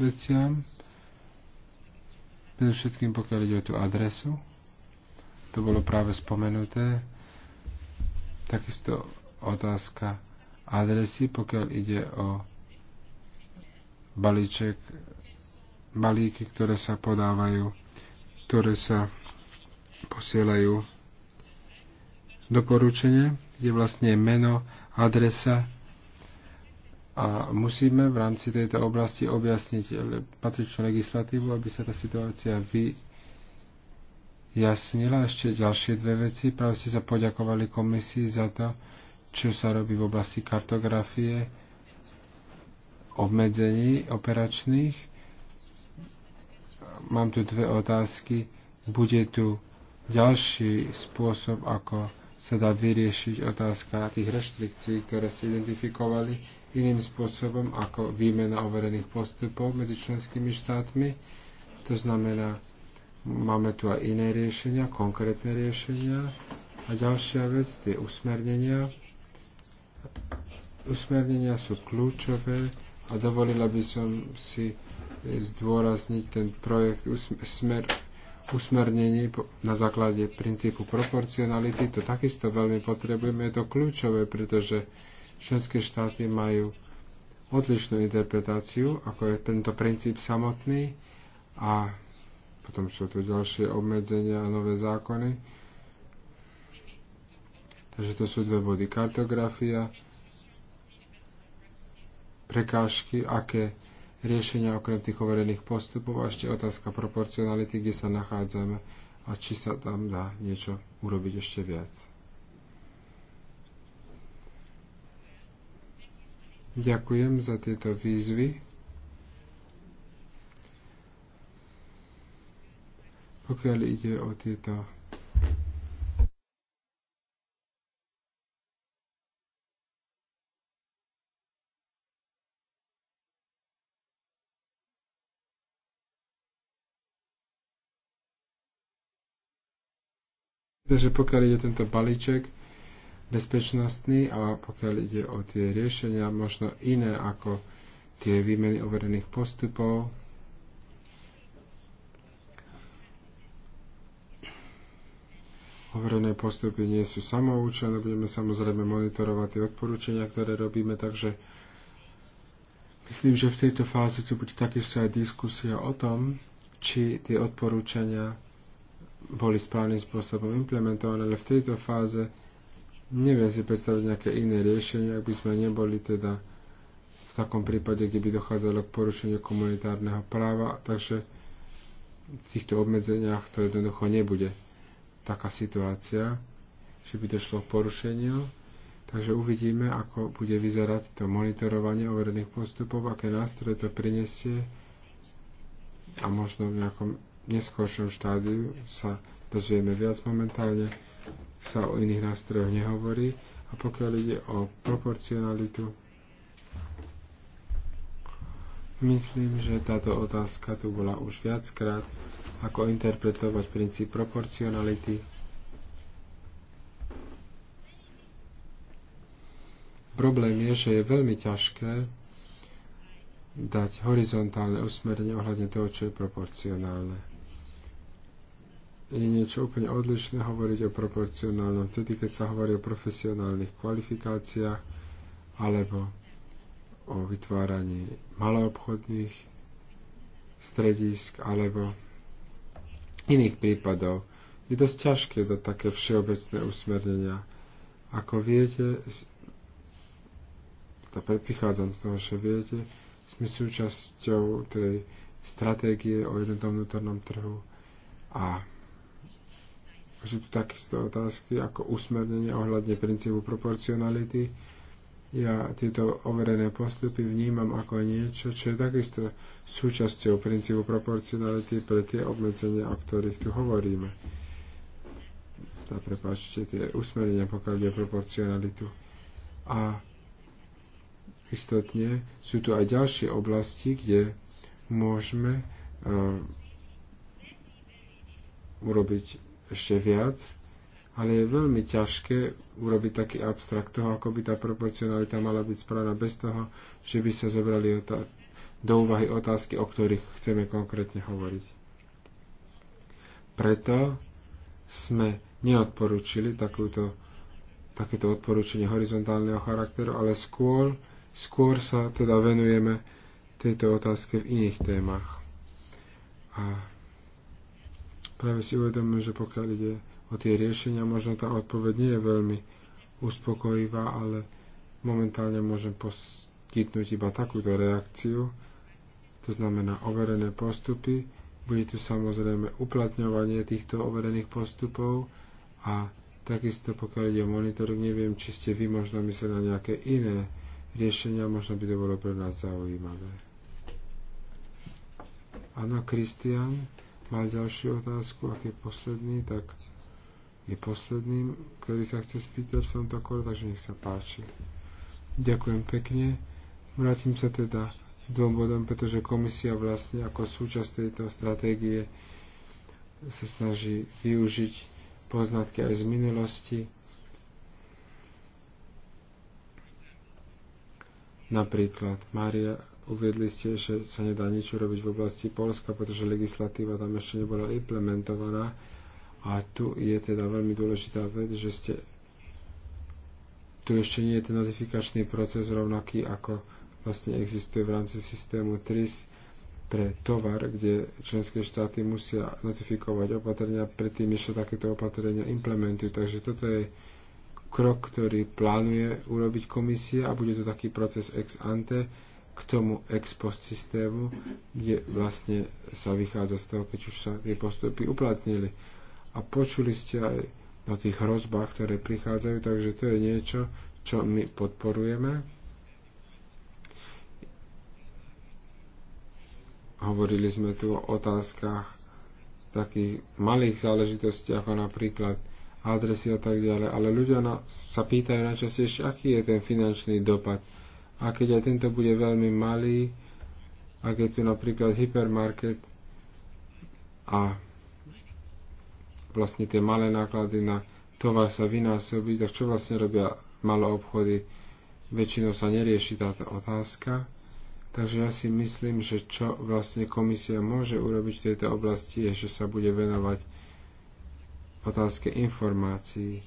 veciam. všetkým, pokiaľ ide o tú adresu, to bolo práve spomenuté. Takisto otázka adresy, pokiaľ ide o balíček, balíky, ktoré sa podávajú, ktoré sa posielajú doporučenie, kde vlastne meno, adresa a musíme v rámci tejto oblasti objasniť patričnú legislatívu, aby sa tá situácia vyjasnila. Ešte ďalšie dve veci. Práve ste sa poďakovali komisii za to, čo sa robí v oblasti kartografie, obmedzení operačných. Mám tu dve otázky. Bude tu ďalší spôsob, ako sa dá vyriešiť otázka tých reštrikcií, ktoré ste identifikovali iným spôsobom ako výmena overených postupov medzi členskými štátmi. To znamená, máme tu aj iné riešenia, konkrétne riešenia. A ďalšia vec, tie usmernenia. Usmernenia sú kľúčové a dovolila by som si zdôrazniť ten projekt smer usmernení na základe princípu proporcionality. To takisto veľmi potrebujeme. Je to kľúčové, pretože členské štáty majú odlišnú interpretáciu, ako je tento princíp samotný a potom sú tu ďalšie obmedzenia a nové zákony. Takže to sú dve body. Kartografia, prekážky, aké riešenia okrem tých overených postupov a ešte otázka proporcionality, kde sa nachádzame a či sa tam dá niečo urobiť ešte viac. Ďakujem za tieto výzvy. Pokiaľ ide o tieto Takže pokiaľ ide tento balíček bezpečnostný a pokiaľ ide o tie riešenia možno iné ako tie výmeny overených postupov, overené postupy nie sú samoučené, budeme samozrejme monitorovať tie odporúčania, ktoré robíme, takže myslím, že v tejto fáze tu bude takisto aj diskusia o tom, či tie odporúčania boli správnym spôsobom implementované, ale v tejto fáze neviem si predstaviť nejaké iné riešenie, ak by sme neboli teda v takom prípade, kde by dochádzalo k porušeniu komunitárneho práva, takže v týchto obmedzeniach to jednoducho nebude taká situácia, že by došlo k porušeniu. Takže uvidíme, ako bude vyzerať to monitorovanie overených postupov, aké nástroje to prinesie a možno v nejakom neskôršom štádiu sa dozvieme viac momentálne, sa o iných nástrojoch nehovorí. A pokiaľ ide o proporcionalitu, myslím, že táto otázka tu bola už viackrát, ako interpretovať princíp proporcionality. Problém je, že je veľmi ťažké dať horizontálne usmerenie ohľadne toho, čo je proporcionálne je niečo úplne odlišné hovoriť o proporcionálnom. Vtedy, keď sa hovorí o profesionálnych kvalifikáciách alebo o vytváraní maloobchodných stredisk alebo iných prípadov, je dosť ťažké dať také všeobecné usmernenia. Ako viete, to teda predvychádzam z toho, že viete, sme súčasťou tej stratégie o jednom vnútornom trhu a sú tu takisto otázky ako usmernenie ohľadne princípu proporcionality. Ja tieto overené postupy vnímam ako niečo, čo je takisto súčasťou princípu proporcionality pre tie obmedzenia, o ktorých tu hovoríme. A prepáčte, tie usmernenia pokiaľ ide proporcionalitu. A istotne sú tu aj ďalšie oblasti, kde môžeme uh, urobiť ešte viac, ale je veľmi ťažké urobiť taký abstrakt toho, ako by tá proporcionalita mala byť správna bez toho, že by sa zobrali do úvahy otázky, o ktorých chceme konkrétne hovoriť. Preto sme neodporúčili takúto, takéto odporúčanie horizontálneho charakteru, ale skôr, skôr sa teda venujeme tejto otázke v iných témach. A práve si uvedomujem, že pokiaľ ide o tie riešenia, možno tá odpoveď nie je veľmi uspokojivá, ale momentálne môžem poskytnúť iba takúto reakciu, to znamená overené postupy, bude tu samozrejme uplatňovanie týchto overených postupov a takisto pokiaľ ide o monitoring, neviem, či ste vy možno mysleli na nejaké iné riešenia, možno by to bolo pre nás zaujímavé. Áno, Kristian. Má ďalšiu otázku, ak je posledný, tak je posledným, ktorý sa chce spýtať v tomto kole, takže nech sa páči. Ďakujem pekne. Vrátim sa teda dvom bodom, pretože komisia vlastne ako súčasť tejto stratégie sa snaží využiť poznatky aj z minulosti. Napríklad Maria Uviedli ste, že sa nedá nič urobiť v oblasti Polska, pretože legislatíva tam ešte nebola implementovaná. A tu je teda veľmi dôležitá vec, že ste tu ešte nie je ten notifikačný proces rovnaký, ako vlastne existuje v rámci systému TRIS pre tovar, kde členské štáty musia notifikovať opatrenia predtým, ešte takéto opatrenia implementujú. Takže toto je krok, ktorý plánuje urobiť komisia a bude to taký proces ex ante, k tomu ex post systému, kde vlastne sa vychádza z toho, keď už sa tie postupy uplatnili. A počuli ste aj o tých hrozbách, ktoré prichádzajú, takže to je niečo, čo my podporujeme. Hovorili sme tu o otázkach takých malých záležitostí, ako napríklad adresy a tak ďalej, ale ľudia na, sa pýtajú najčastejšie, aký je ten finančný dopad a keď aj tento bude veľmi malý, ak je tu napríklad hypermarket a vlastne tie malé náklady na tovar sa vynásobí, tak čo vlastne robia malé obchody? Väčšinou sa nerieši táto otázka. Takže ja si myslím, že čo vlastne komisia môže urobiť v tejto oblasti, je, že sa bude venovať otázke informácií.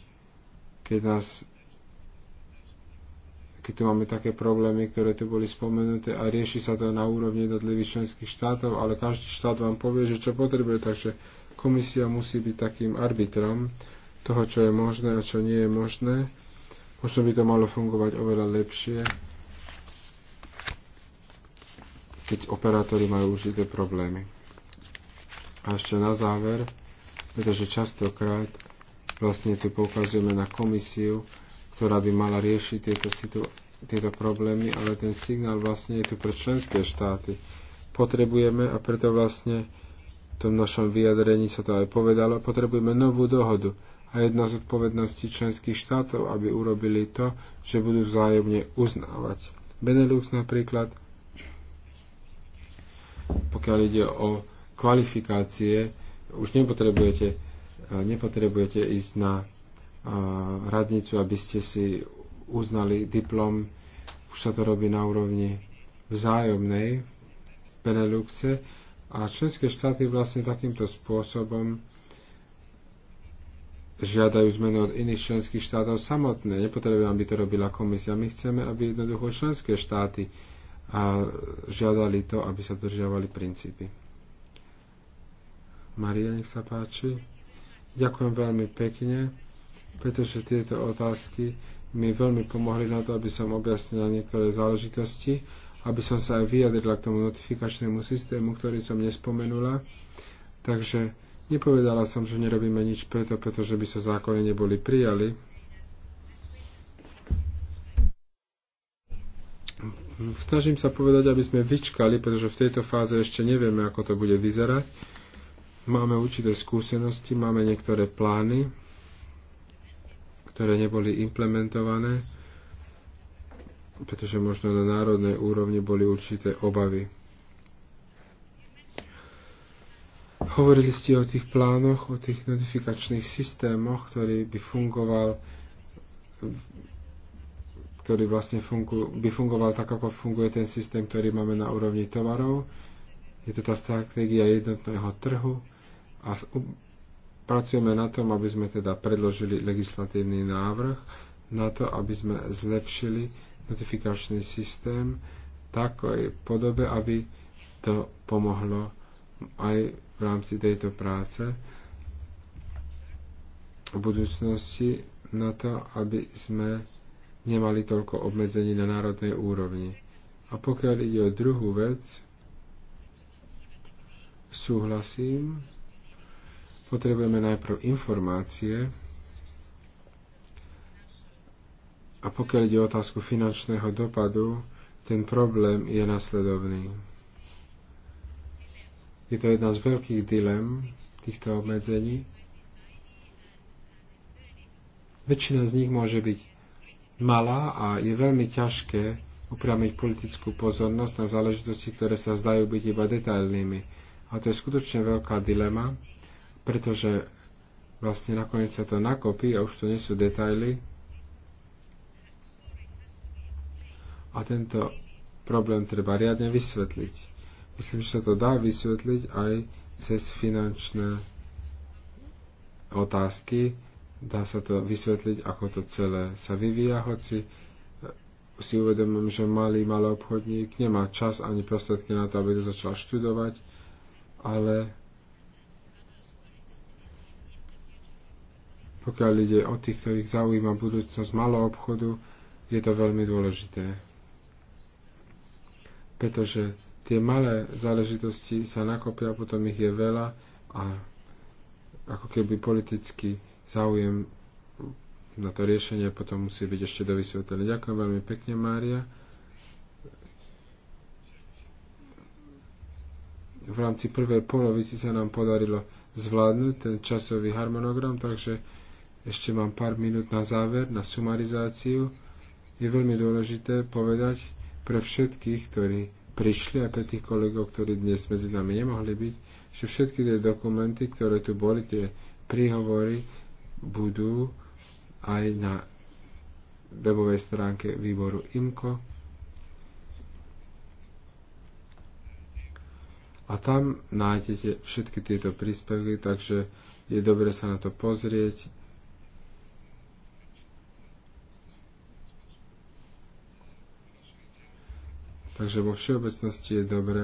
Keď nás keď tu máme také problémy, ktoré tu boli spomenuté a rieši sa to na úrovni jednotlivých členských štátov, ale každý štát vám povie, že čo potrebuje, takže komisia musí byť takým arbitrom toho, čo je možné a čo nie je možné. Možno by to malo fungovať oveľa lepšie, keď operátori majú určité problémy. A ešte na záver, pretože častokrát vlastne tu poukazujeme na komisiu, ktorá by mala riešiť tieto, situ- tieto problémy, ale ten signál vlastne je tu pre členské štáty. Potrebujeme a preto vlastne v tom našom vyjadrení sa to aj povedalo, potrebujeme novú dohodu a jedna z odpovedností členských štátov, aby urobili to, že budú vzájomne uznávať. Benelux napríklad, pokiaľ ide o kvalifikácie, už nepotrebujete, nepotrebujete ísť na radnicu, aby ste si uznali diplom. Už sa to robí na úrovni vzájomnej v Beneluxe a členské štáty vlastne takýmto spôsobom žiadajú zmenu od iných členských štátov samotné. Nepotrebujem, aby to robila komisia. My chceme, aby jednoducho členské štáty a žiadali to, aby sa držiavali princípy. Maria, nech sa páči. Ďakujem veľmi pekne pretože tieto otázky mi veľmi pomohli na to, aby som objasnila niektoré záležitosti, aby som sa aj vyjadrila k tomu notifikačnému systému, ktorý som nespomenula. Takže nepovedala som, že nerobíme nič preto, pretože by sa zákony neboli prijali. Snažím sa povedať, aby sme vyčkali, pretože v tejto fáze ešte nevieme, ako to bude vyzerať. Máme určité skúsenosti, máme niektoré plány, ktoré neboli implementované, pretože možno na národnej úrovni boli určité obavy. Hovorili ste o tých plánoch, o tých notifikačných systémoch, ktorý by fungoval ktorý vlastne fungu, by fungoval tak, ako funguje ten systém, ktorý máme na úrovni tovarov. Je to tá stratégia jednotného trhu a Pracujeme na tom, aby sme teda predložili legislatívny návrh na to, aby sme zlepšili notifikačný systém takej podobe, aby to pomohlo aj v rámci tejto práce v budúcnosti na to, aby sme nemali toľko obmedzení na národnej úrovni. A pokiaľ ide o druhú vec, súhlasím Potrebujeme najprv informácie a pokiaľ ide o otázku finančného dopadu, ten problém je nasledovný. Je to jedna z veľkých dilem týchto obmedzení. Väčšina z nich môže byť malá a je veľmi ťažké upriamiť politickú pozornosť na záležitosti, ktoré sa zdajú byť iba detailnými. A to je skutočne veľká dilema, pretože vlastne nakoniec sa to nakopí a už to nie sú detaily. A tento problém treba riadne vysvetliť. Myslím, že sa to dá vysvetliť aj cez finančné otázky. Dá sa to vysvetliť, ako to celé sa vyvíja, hoci eh, si uvedomím, že malý malý obchodník nemá čas ani prostredky na to, aby to začal študovať, ale Pokiaľ ide o tých, ktorých zaujíma budúcnosť malého obchodu, je to veľmi dôležité. Pretože tie malé záležitosti sa nakopia, potom ich je veľa a ako keby politický záujem na to riešenie potom musí byť ešte dovysvetlený. Ďakujem veľmi pekne, Mária. V rámci prvej polovici sa nám podarilo zvládnuť ten časový harmonogram, takže ešte mám pár minút na záver, na sumarizáciu, je veľmi dôležité povedať pre všetkých, ktorí prišli a pre tých kolegov, ktorí dnes medzi nami nemohli byť, že všetky tie dokumenty, ktoré tu boli, tie príhovory, budú aj na webovej stránke výboru IMCO. A tam nájdete všetky tieto príspevky, takže je dobre sa na to pozrieť, Takže vo všeobecnosti je dobré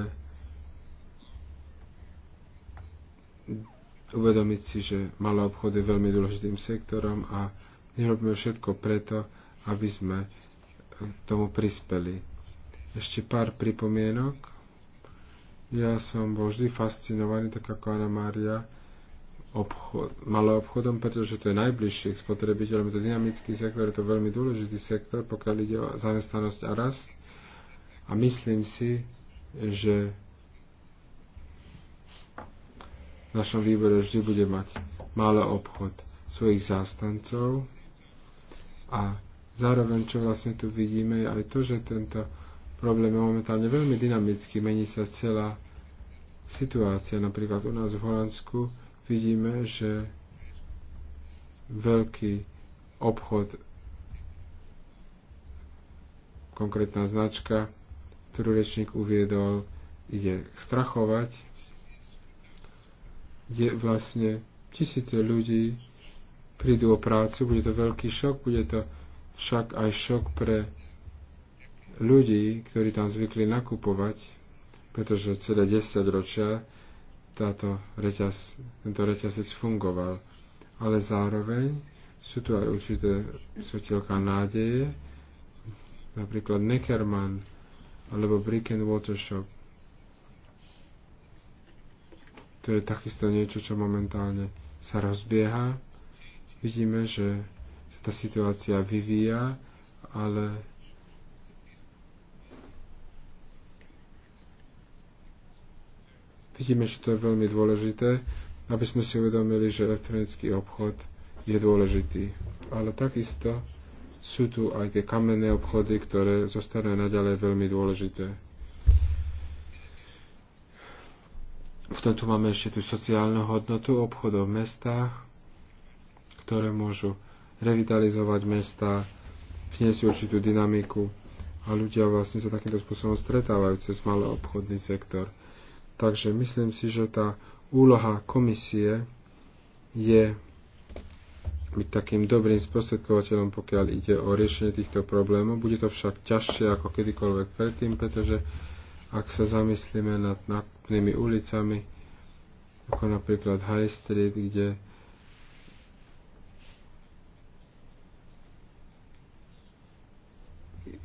uvedomiť si, že malé obchod je veľmi dôležitým sektorom a nerobíme všetko preto, aby sme k tomu prispeli. Ešte pár pripomienok. Ja som bol vždy fascinovaný, tak ako Anna Mária, obchod, malou obchodom, pretože to je najbližšie k spotrebiteľom, je to dynamický sektor, je to veľmi dôležitý sektor, pokiaľ ide o zamestnanosť a rast. A myslím si, že v našom výbore vždy bude mať malý obchod svojich zástancov a zároveň, čo vlastne tu vidíme, je aj to, že tento problém je momentálne veľmi dynamický, mení sa celá situácia. Napríklad u nás v Holandsku vidíme, že veľký obchod, konkrétna značka, ktorú rečník uviedol, ide skrachovať, je vlastne tisíce ľudí prídu o prácu, bude to veľký šok, bude to však aj šok pre ľudí, ktorí tam zvykli nakupovať, pretože celé 10 ročia táto reťaz, tento reťazec fungoval. Ale zároveň sú tu aj určité svetielka nádeje, napríklad Neckermann, alebo Brick and Water Shop. To je takisto niečo, čo momentálne sa rozbieha. Vidíme, že tá situácia vyvíja, ale vidíme, že to je veľmi dôležité, aby sme si uvedomili, že elektronický obchod je dôležitý. Ale takisto sú tu aj tie kamenné obchody, ktoré zostanú naďalej veľmi dôležité. Potom tu máme ešte tú sociálnu hodnotu obchodov v mestách, ktoré môžu revitalizovať mesta, vniesť určitú dynamiku a ľudia vlastne sa takýmto spôsobom stretávajú cez malý obchodný sektor. Takže myslím si, že tá úloha komisie je byť takým dobrým sprostredkovateľom, pokiaľ ide o riešenie týchto problémov. Bude to však ťažšie ako kedykoľvek predtým, pretože ak sa zamyslíme nad nákupnými ulicami, ako napríklad High Street, kde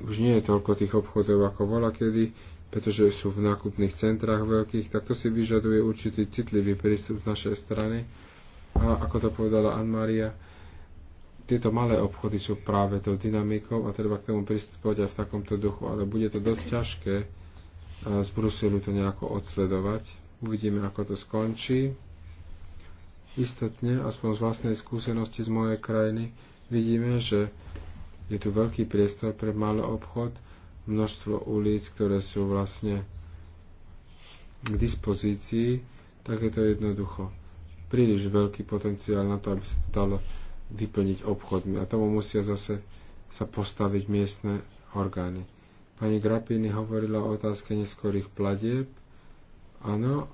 už nie je toľko tých obchodov ako bola kedy, pretože sú v nákupných centrách veľkých, tak to si vyžaduje určitý citlivý prístup z našej strany. A ako to povedala Ann Maria, tieto malé obchody sú práve tou dynamikou a treba k tomu pristupovať aj v takomto duchu, ale bude to dosť ťažké e, z Bruselu to nejako odsledovať. Uvidíme, ako to skončí. Istotne, aspoň z vlastnej skúsenosti z mojej krajiny, vidíme, že je tu veľký priestor pre malý obchod, množstvo ulic, ktoré sú vlastne k dispozícii, tak je to jednoducho príliš veľký potenciál na to, aby sa to dalo vyplniť obchodmi. A tomu musia zase sa postaviť miestne orgány. Pani Grapini hovorila o otázke neskorých platieb. Áno,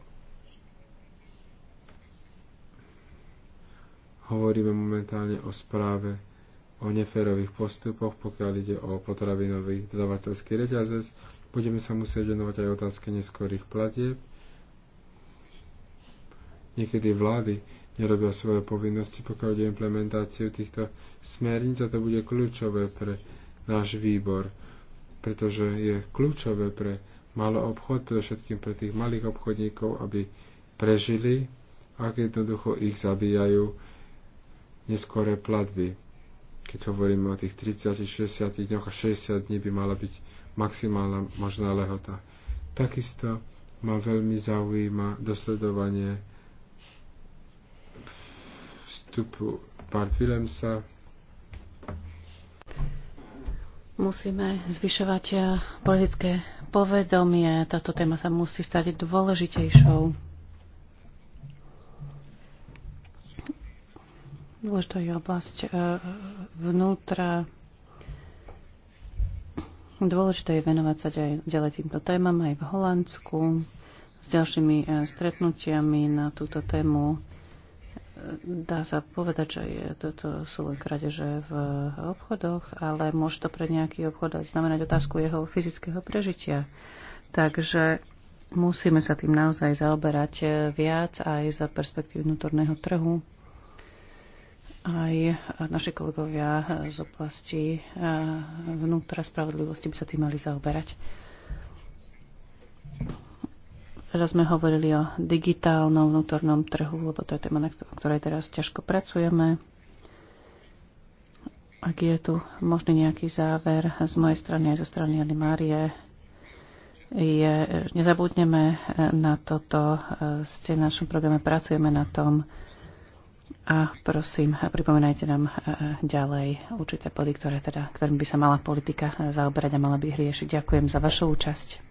hovoríme momentálne o správe o neférových postupoch, pokiaľ ide o potravinový dodavateľský reťazec. Budeme sa musieť venovať aj otázke neskorých platieb. Niekedy vlády nerobia svoje povinnosti, pokiaľ ide implementáciu týchto smerníc a to bude kľúčové pre náš výbor, pretože je kľúčové pre malo obchod, pre všetkým pre tých malých obchodníkov, aby prežili, ak jednoducho ich zabíjajú neskoré platby. Keď hovoríme o tých 30, 60 dňoch a 60 dní by mala byť maximálna možná lehota. Takisto ma veľmi zaujíma dosledovanie vstupu pán Filemsa. Musíme zvyšovať eh, politické povedomie. Táto téma sa musí stať dôležitejšou. Dôležitá je oblasť eh, vnútra. Dôležité je venovať sa aj ďalej týmto témam aj v Holandsku s ďalšími eh, stretnutiami na túto tému dá sa povedať, že je, toto sú len krádeže v obchodoch, ale môže to pre nejaký obchod znamenať otázku jeho fyzického prežitia. Takže musíme sa tým naozaj zaoberať eh, viac aj za perspektívy vnútorného trhu. Aj eh, naši kolegovia eh, z oblasti vnútra spravodlivosti by sa tým mali zaoberať. Teraz sme hovorili o digitálnom vnútornom trhu, lebo to je téma, na ktorej teraz ťažko pracujeme. Ak je tu možný nejaký záver z mojej strany aj zo strany Anny Márie, je, nezabudneme e, na toto, e, ste v našom programe, pracujeme na tom a prosím, pripomínajte nám e, ďalej určité body, ktoré teda, ktorým by sa mala politika zaoberať a mala by ich riešiť. Ďakujem za vašu účasť.